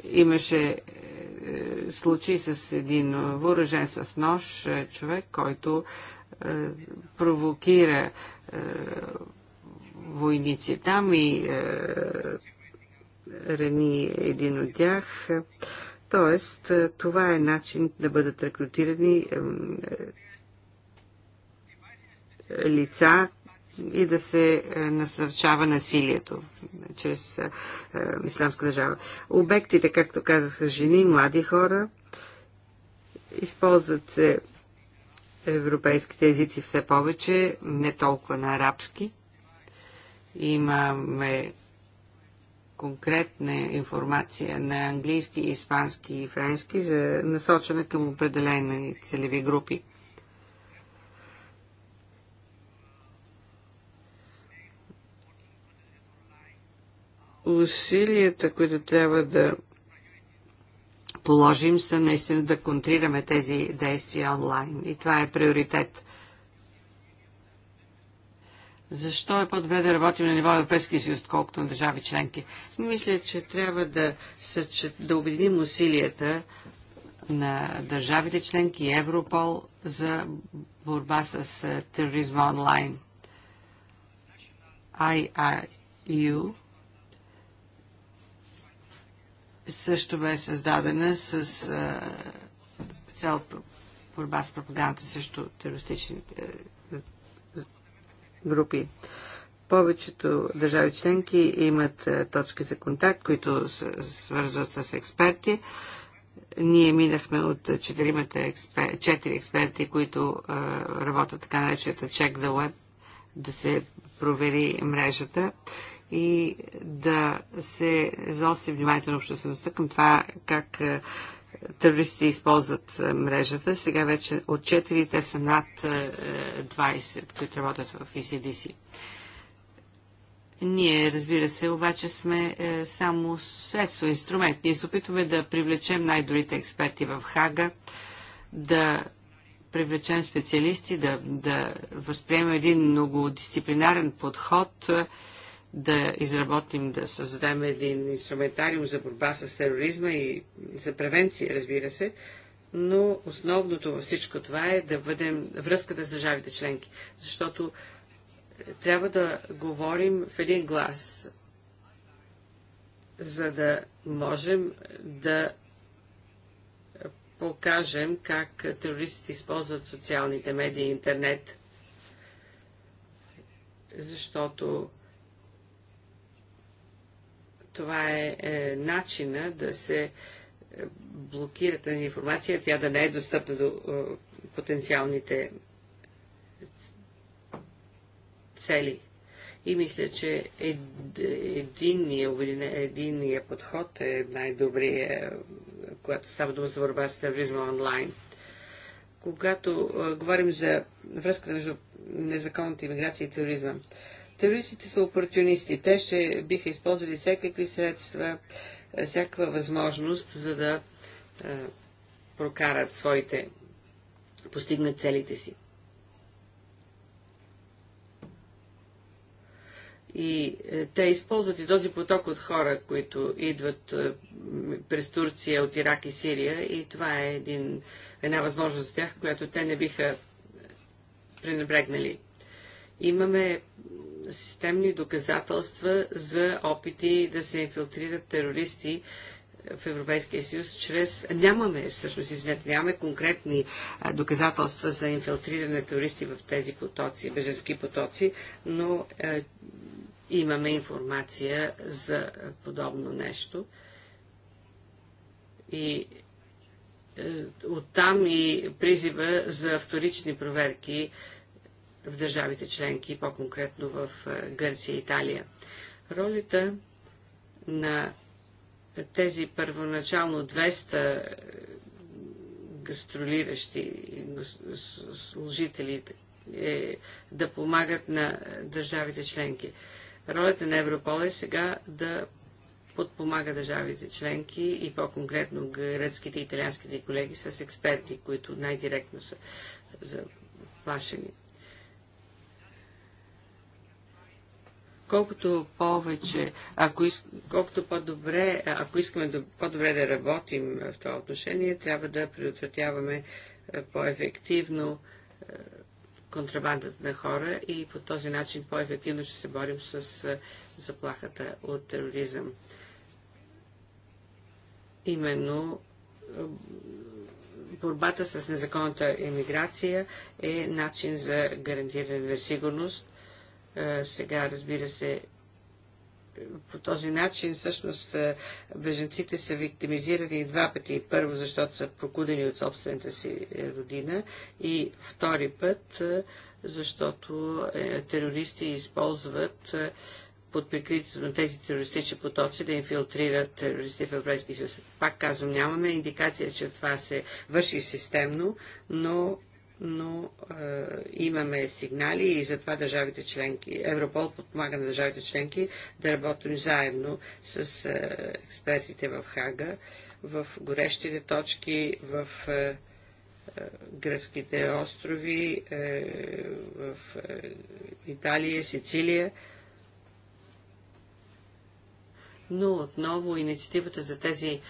имаше случай с един въоръжен с нож човек, който провокира войници там и е, рани един от тях. Тоест, е, това е начин да бъдат рекрутирани е, е, лица и да се е, насърчава насилието чрез е, е, исламска държава. Обектите, както казах, са жени, млади хора. Използват се европейските езици все повече, не толкова на арабски. Имаме конкретна информация на английски, испански и френски, за насочена към определени целеви групи. Усилията, които трябва да положим, са наистина да контрираме тези действия онлайн. И това е приоритет. Защо е по-добре да работим на ниво Европейския съюз, отколкото на държави членки? Мисля, че трябва да, съчет, да обединим усилията на държавите членки и Европол за борба с тероризма онлайн. IIU също бе създадена с цял борба с пропаганда срещу терористични групи. Повечето държави членки имат е, точки за контакт, които се свързват с експерти. Ние минахме от четиримата експерти, четири експерти, които а, е, работят така наречената Check the Web, да се провери мрежата и да се заостри внимателно на обществеността към това как е, Терористите използват е, мрежата. Сега вече от 4 те са над 20, е, които работят в ECDC. Ние, разбира се, обаче сме е, само средство, инструмент. Ние се опитваме да привлечем най-добрите експерти в Хага, да привлечем специалисти, да, да възприемем един многодисциплинарен подход, да изработим, да създадем един инструментариум за борба с тероризма и за превенция, разбира се, но основното във всичко това е да бъдем връзката с държавите членки, защото е, трябва да говорим в един глас, за да можем да покажем как терористите използват социалните медии и интернет, защото това е, е начина да се е, блокира тази информация, тя да не е достъпна до е, потенциалните цели. И мисля, че ед, единния, единния подход е най-добрият, е, когато става дума за борба с тероризма онлайн. Когато е, говорим за връзката между незаконната иммиграция и тероризма, е, Терористите са опортунисти. Те ще биха използвали всякакви средства, всякаква възможност, за да е, прокарат своите, постигнат целите си. И е, те използват и този поток от хора, които идват е, през Турция от Ирак и Сирия. И това е един, една възможност за тях, която те не биха пренебрегнали. Имаме системни доказателства за опити да се инфилтрират терористи в Европейския съюз чрез... Нямаме, всъщност, извинете, нямаме конкретни доказателства за инфилтриране на терористи в тези потоци, беженски потоци, но е, имаме информация за подобно нещо. И е, оттам и призива за вторични проверки в държавите членки, по-конкретно в е, Гърция и Италия. Ролята на тези първоначално 200 е, гастролиращи служители е да помагат на държавите членки. Ролята на Европол е сега да подпомага държавите членки и по-конкретно гръцките и италианските колеги с експерти, които най-директно са заплашени. колкото повече, ако, колкото по-добре, ако искаме по-добре да работим в това отношение, трябва да предотвратяваме е, по-ефективно е, контрабандата на хора и по този начин по-ефективно ще се борим с е, заплахата от тероризъм. Именно борбата с незаконната иммиграция е начин за гарантиране на сигурност сега, разбира се, по този начин всъщност беженците са виктимизирани два пъти. Първо, защото са прокудени от собствената си е, родина и втори път, защото е, терористи използват под прикритието на тези терористични потоци да инфилтрират терористи в Европейския съюз. Пак казвам, нямаме индикация, че това се върши системно, но но е, имаме сигнали и затова държавите членки, Европол подпомага на държавите членки да работим заедно с е, експертите в Хага, в горещите точки, в е, е, гръцките острови, е, в е, Италия, Сицилия. Но отново инициативата за тези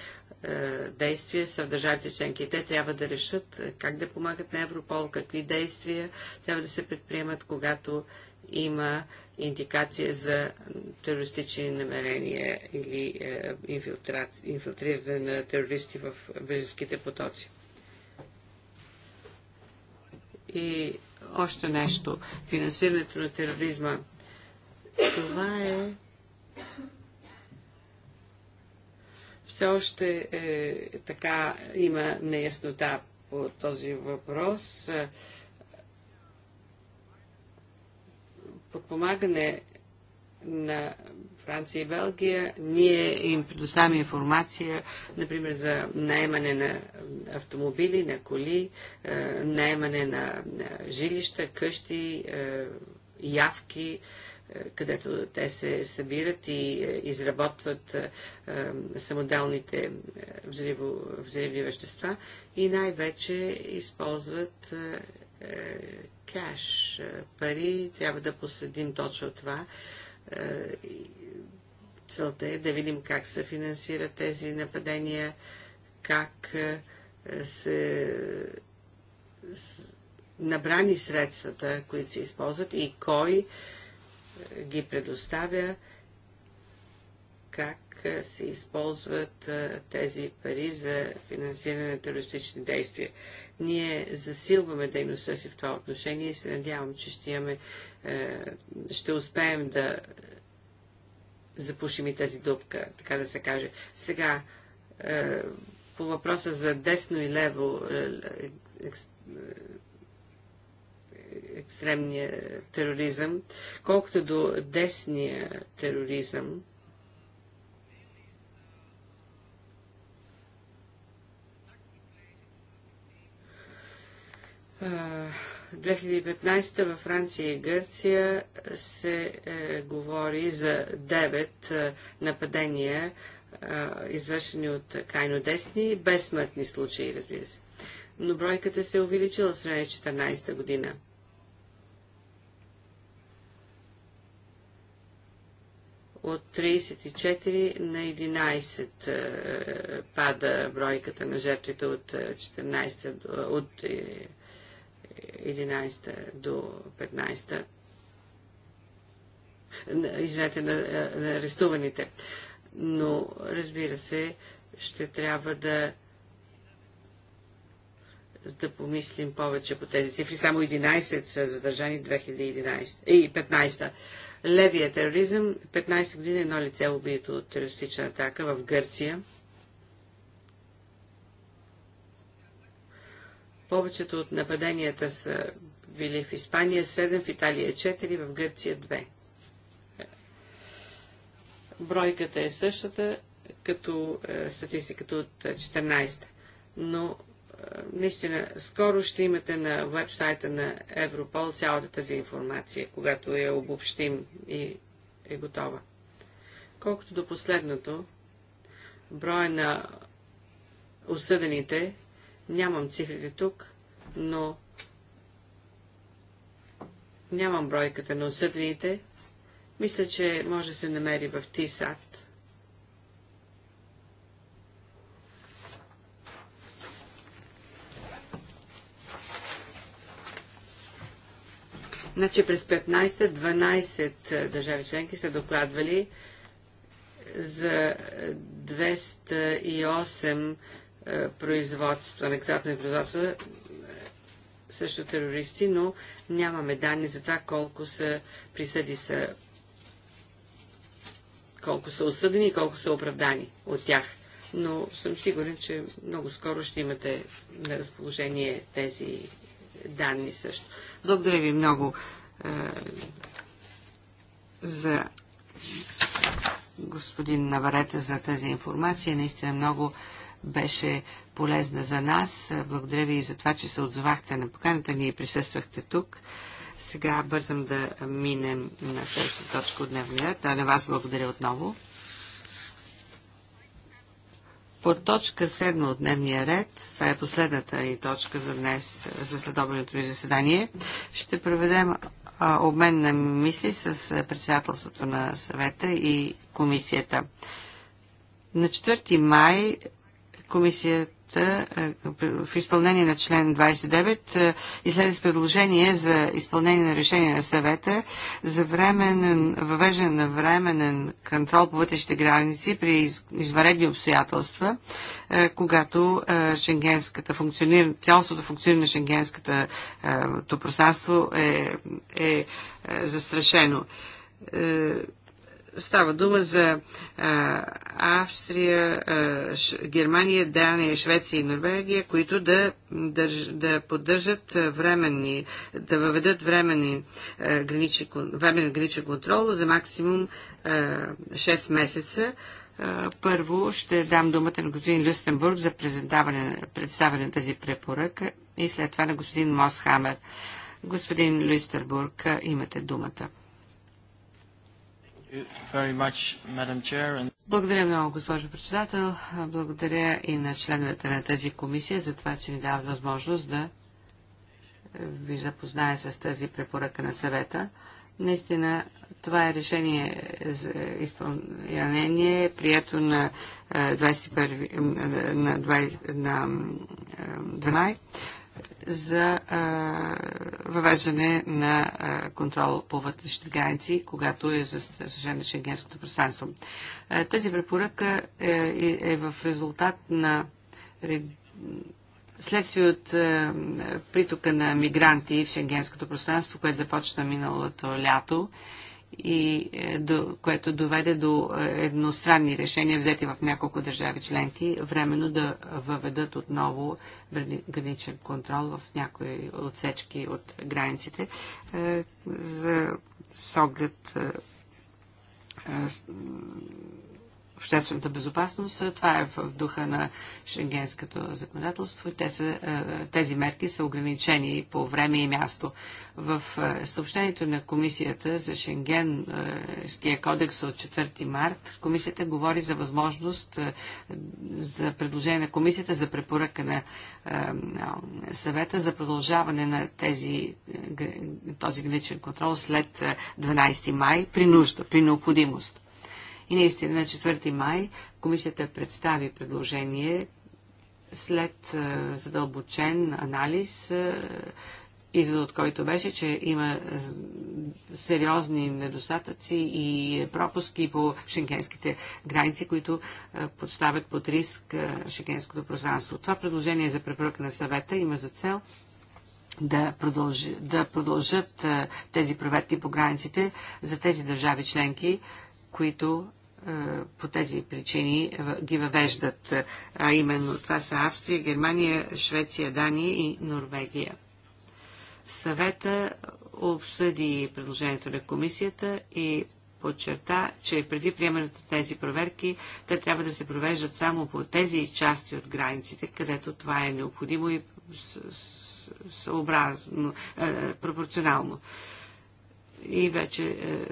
е, действия са в държавите членки. Те трябва да решат е, как да помагат на Европол, какви действия трябва да се предприемат, когато има индикация за терористични намерения или е, инфилтриране на терористи в близките потоци. И още нещо. Финансирането на тероризма. Това е все още е, така има неяснота по този въпрос. Е, подпомагане на Франция и Белгия, ние им предоставяме информация, например, за наемане на автомобили, на коли, е, наемане на жилища, къщи, е, явки, е, където те се събират и е, изработват е, самоделните взривни вещества и най-вече използват кеш, пари. Трябва да последим точно това. Целта е да видим как се финансират тези нападения, как се набрани средствата, които се използват и кой ги предоставя, как се използват тези пари за финансиране на терористични действия. Ние засилваме дейността си в това отношение и се надявам, че ще, имаме, ще успеем да запушим и тази дупка, така да се каже. Сега, по въпроса за десно и лево е, е, е, екстремния тероризъм, колкото до десния тероризъм, В 2015 във Франция и Гърция се е, говори за 9 е, нападения, е, извършени от крайно десни, безсмъртни случаи, разбира се. Но бройката се е увеличила в 2014 14 година. от 34 на 11 е, пада бройката на жертвите от, 14, е, е, от 11 до 15. Извинете, на, на арестуваните. Но, разбира се, ще трябва да да помислим повече по тези цифри. Само 11 са задържани 2011 и 15 левия тероризъм. 15 години едно лице е убито от терористична атака в Гърция. Повечето от нападенията са били в Испания 7, в Италия 4, в Гърция 2. Бройката е същата като е, статистиката от 14, но е, наистина скоро ще имате на вебсайта на Европол цялата тази информация, когато я обобщим и е готова. Колкото до последното, броя на осъдените, нямам цифрите тук, но нямам бройката на осъдените. Мисля, че може да се намери в ТИСАТ Значи през 15-12 е, държави членки са докладвали за 208 е, производства, наказателни производства е, също терористи, но нямаме данни за това колко са присъди са колко са осъдени и колко са оправдани от тях. Но съм сигурен, че много скоро ще имате на разположение тези данни също. Благодаря ви много е, за господин Наварете за тази информация. Наистина много беше полезна за нас. Благодаря ви и за това, че се отзовахте на поканата ни и присъствахте тук. Сега бързам да минем на следващата точка от дневния ред. на вас благодаря отново. По точка 7 от дневния ред, това е последната ни точка за днес, за следобедното ни заседание, ще проведем а, обмен на мисли с председателството на съвета и комисията. На 4 май комисията комисията е, в изпълнение на член 29 е, излезе с предложение за изпълнение на решение на съвета за временен, въвеждане на временен контрол по вътрешните граници при изваредни обстоятелства, е, когато шенгенската функционира, цялостното функциониране на шенгенската пространство е, е застрашено Става дума за а, Австрия, а, Ш, Германия, Дания, Швеция и Норвегия, които да, държ, да поддържат временни, да въведат временни, а, граничен, временен граничен контрол за максимум а, 6 месеца. А, първо ще дам думата на господин Люстенбург за представяне на тази препоръка и след това на господин Мосхамер. Господин Люстербург, имате думата. Благодаря много, госпожо председател. Благодаря и на членовете на тази комисия за това, че ни дава възможност да ви запозная с тази препоръка на съвета. Наистина, това е решение за изпълнение, прието на 21 на, 2. на 12 за а, въвеждане на а, контрол по вътрешните граници, когато е на шенгенското пространство. А, тази препоръка е, е, е в резултат на следствие от а, притока на мигранти в шенгенското пространство, което започна миналото лято. А, и е, до, което доведе до е, едностранни решения, взети в няколко държави членки, временно да въведат отново граничен контрол в някои отсечки от границите е, за с оглед е, е обществената безопасност. Това е в духа на шенгенското законодателство и те са, тези мерки са ограничени по време и място. В е, съобщението на комисията за Шенгенския е, кодекс от 4 март, комисията говори за възможност е, за предложение на комисията за препоръка на съвета за продължаване на тези, този граничен контрол след 12 май при нужда, при необходимост. И наистина на 4 май комисията представи предложение след задълбочен анализ изводът от който беше, че има сериозни недостатъци и пропуски по шенгенските граници, които подставят под риск шенгенското пространство. Това предложение за препоръка на съвета има за цел да, продължи, да продължат тези проверки по границите за тези държави членки, които по тези причини ги въвеждат. А именно това са Австрия, Германия, Швеция, Дания и Норвегия. Съвета обсъди предложението на комисията и подчерта, че преди приемането на тези проверки, те трябва да се провеждат само по тези части от границите, където това е необходимо и съобразно, е, пропорционално. И вече е,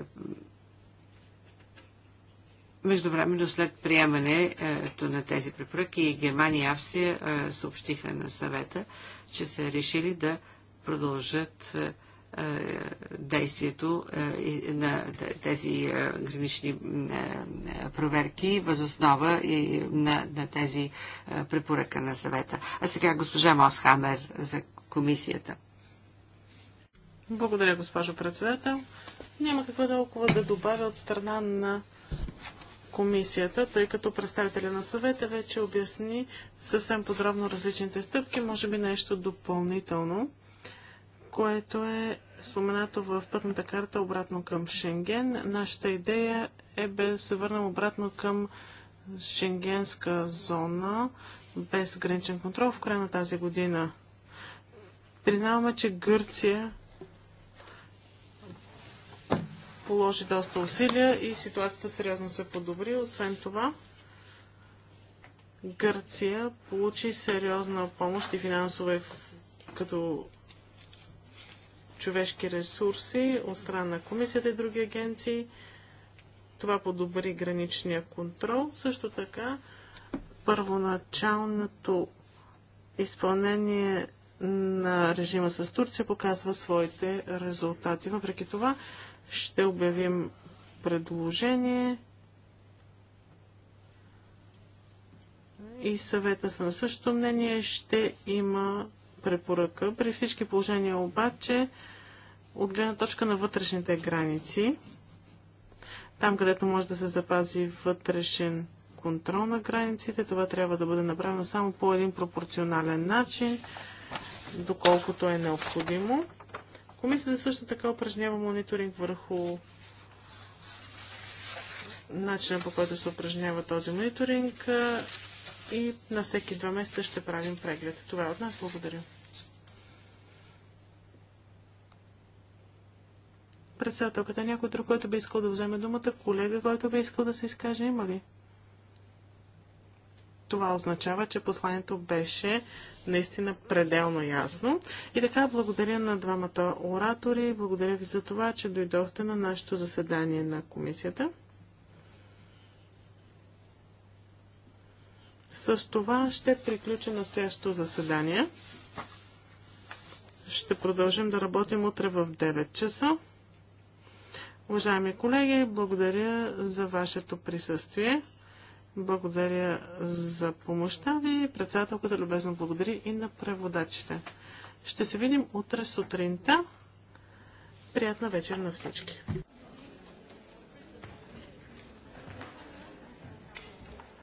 Междувременно след приемането е, на тези препоръки Германия и Австрия е, съобщиха на съвета, че са решили да продължат е, е, действието е, на тези гранични проверки възоснова и на, на тези препоръка на съвета. А сега госпожа Мосхамер за комисията. Благодаря, госпожо председател. Няма какво толкова да добавя от страна на комисията, тъй като представителя на съвета вече обясни съвсем подробно различните стъпки, може би нещо допълнително което е споменато в пътната карта обратно към Шенген. Нашата идея е да се върнем обратно към Шенгенска зона без граничен контрол в края на тази година. Признаваме, че Гърция положи доста усилия и ситуацията сериозно се подобри. Освен това, Гърция получи сериозна помощ и финансова като човешки ресурси от страна на комисията и други агенции. Това подобри граничния контрол. Също така, първоначалното изпълнение на режима с Турция показва своите резултати. Въпреки това, ще обявим предложение и съвета съм на същото мнение. Ще има препоръка. При всички положения обаче, от гледна точка на вътрешните граници, там където може да се запази вътрешен контрол на границите, това трябва да бъде направено само по един пропорционален начин, доколкото е необходимо. Комисията също така упражнява мониторинг върху начина по който се упражнява този мониторинг и на всеки два месеца ще правим преглед. Това е от нас. Благодаря. Председателката, някой друг, който би искал да вземе думата, колега, който би искал да се изкаже, има ли? Това означава, че посланието беше наистина пределно ясно. И така, благодаря на двамата оратори, благодаря ви за това, че дойдохте на нашето заседание на комисията. С това ще приключи настоящото заседание. Ще продължим да работим утре в 9 часа. Уважаеми колеги, благодаря за вашето присъствие. Благодаря за помощта ви. Председателката любезно благодари и на преводачите. Ще се видим утре сутринта. Приятна вечер на всички!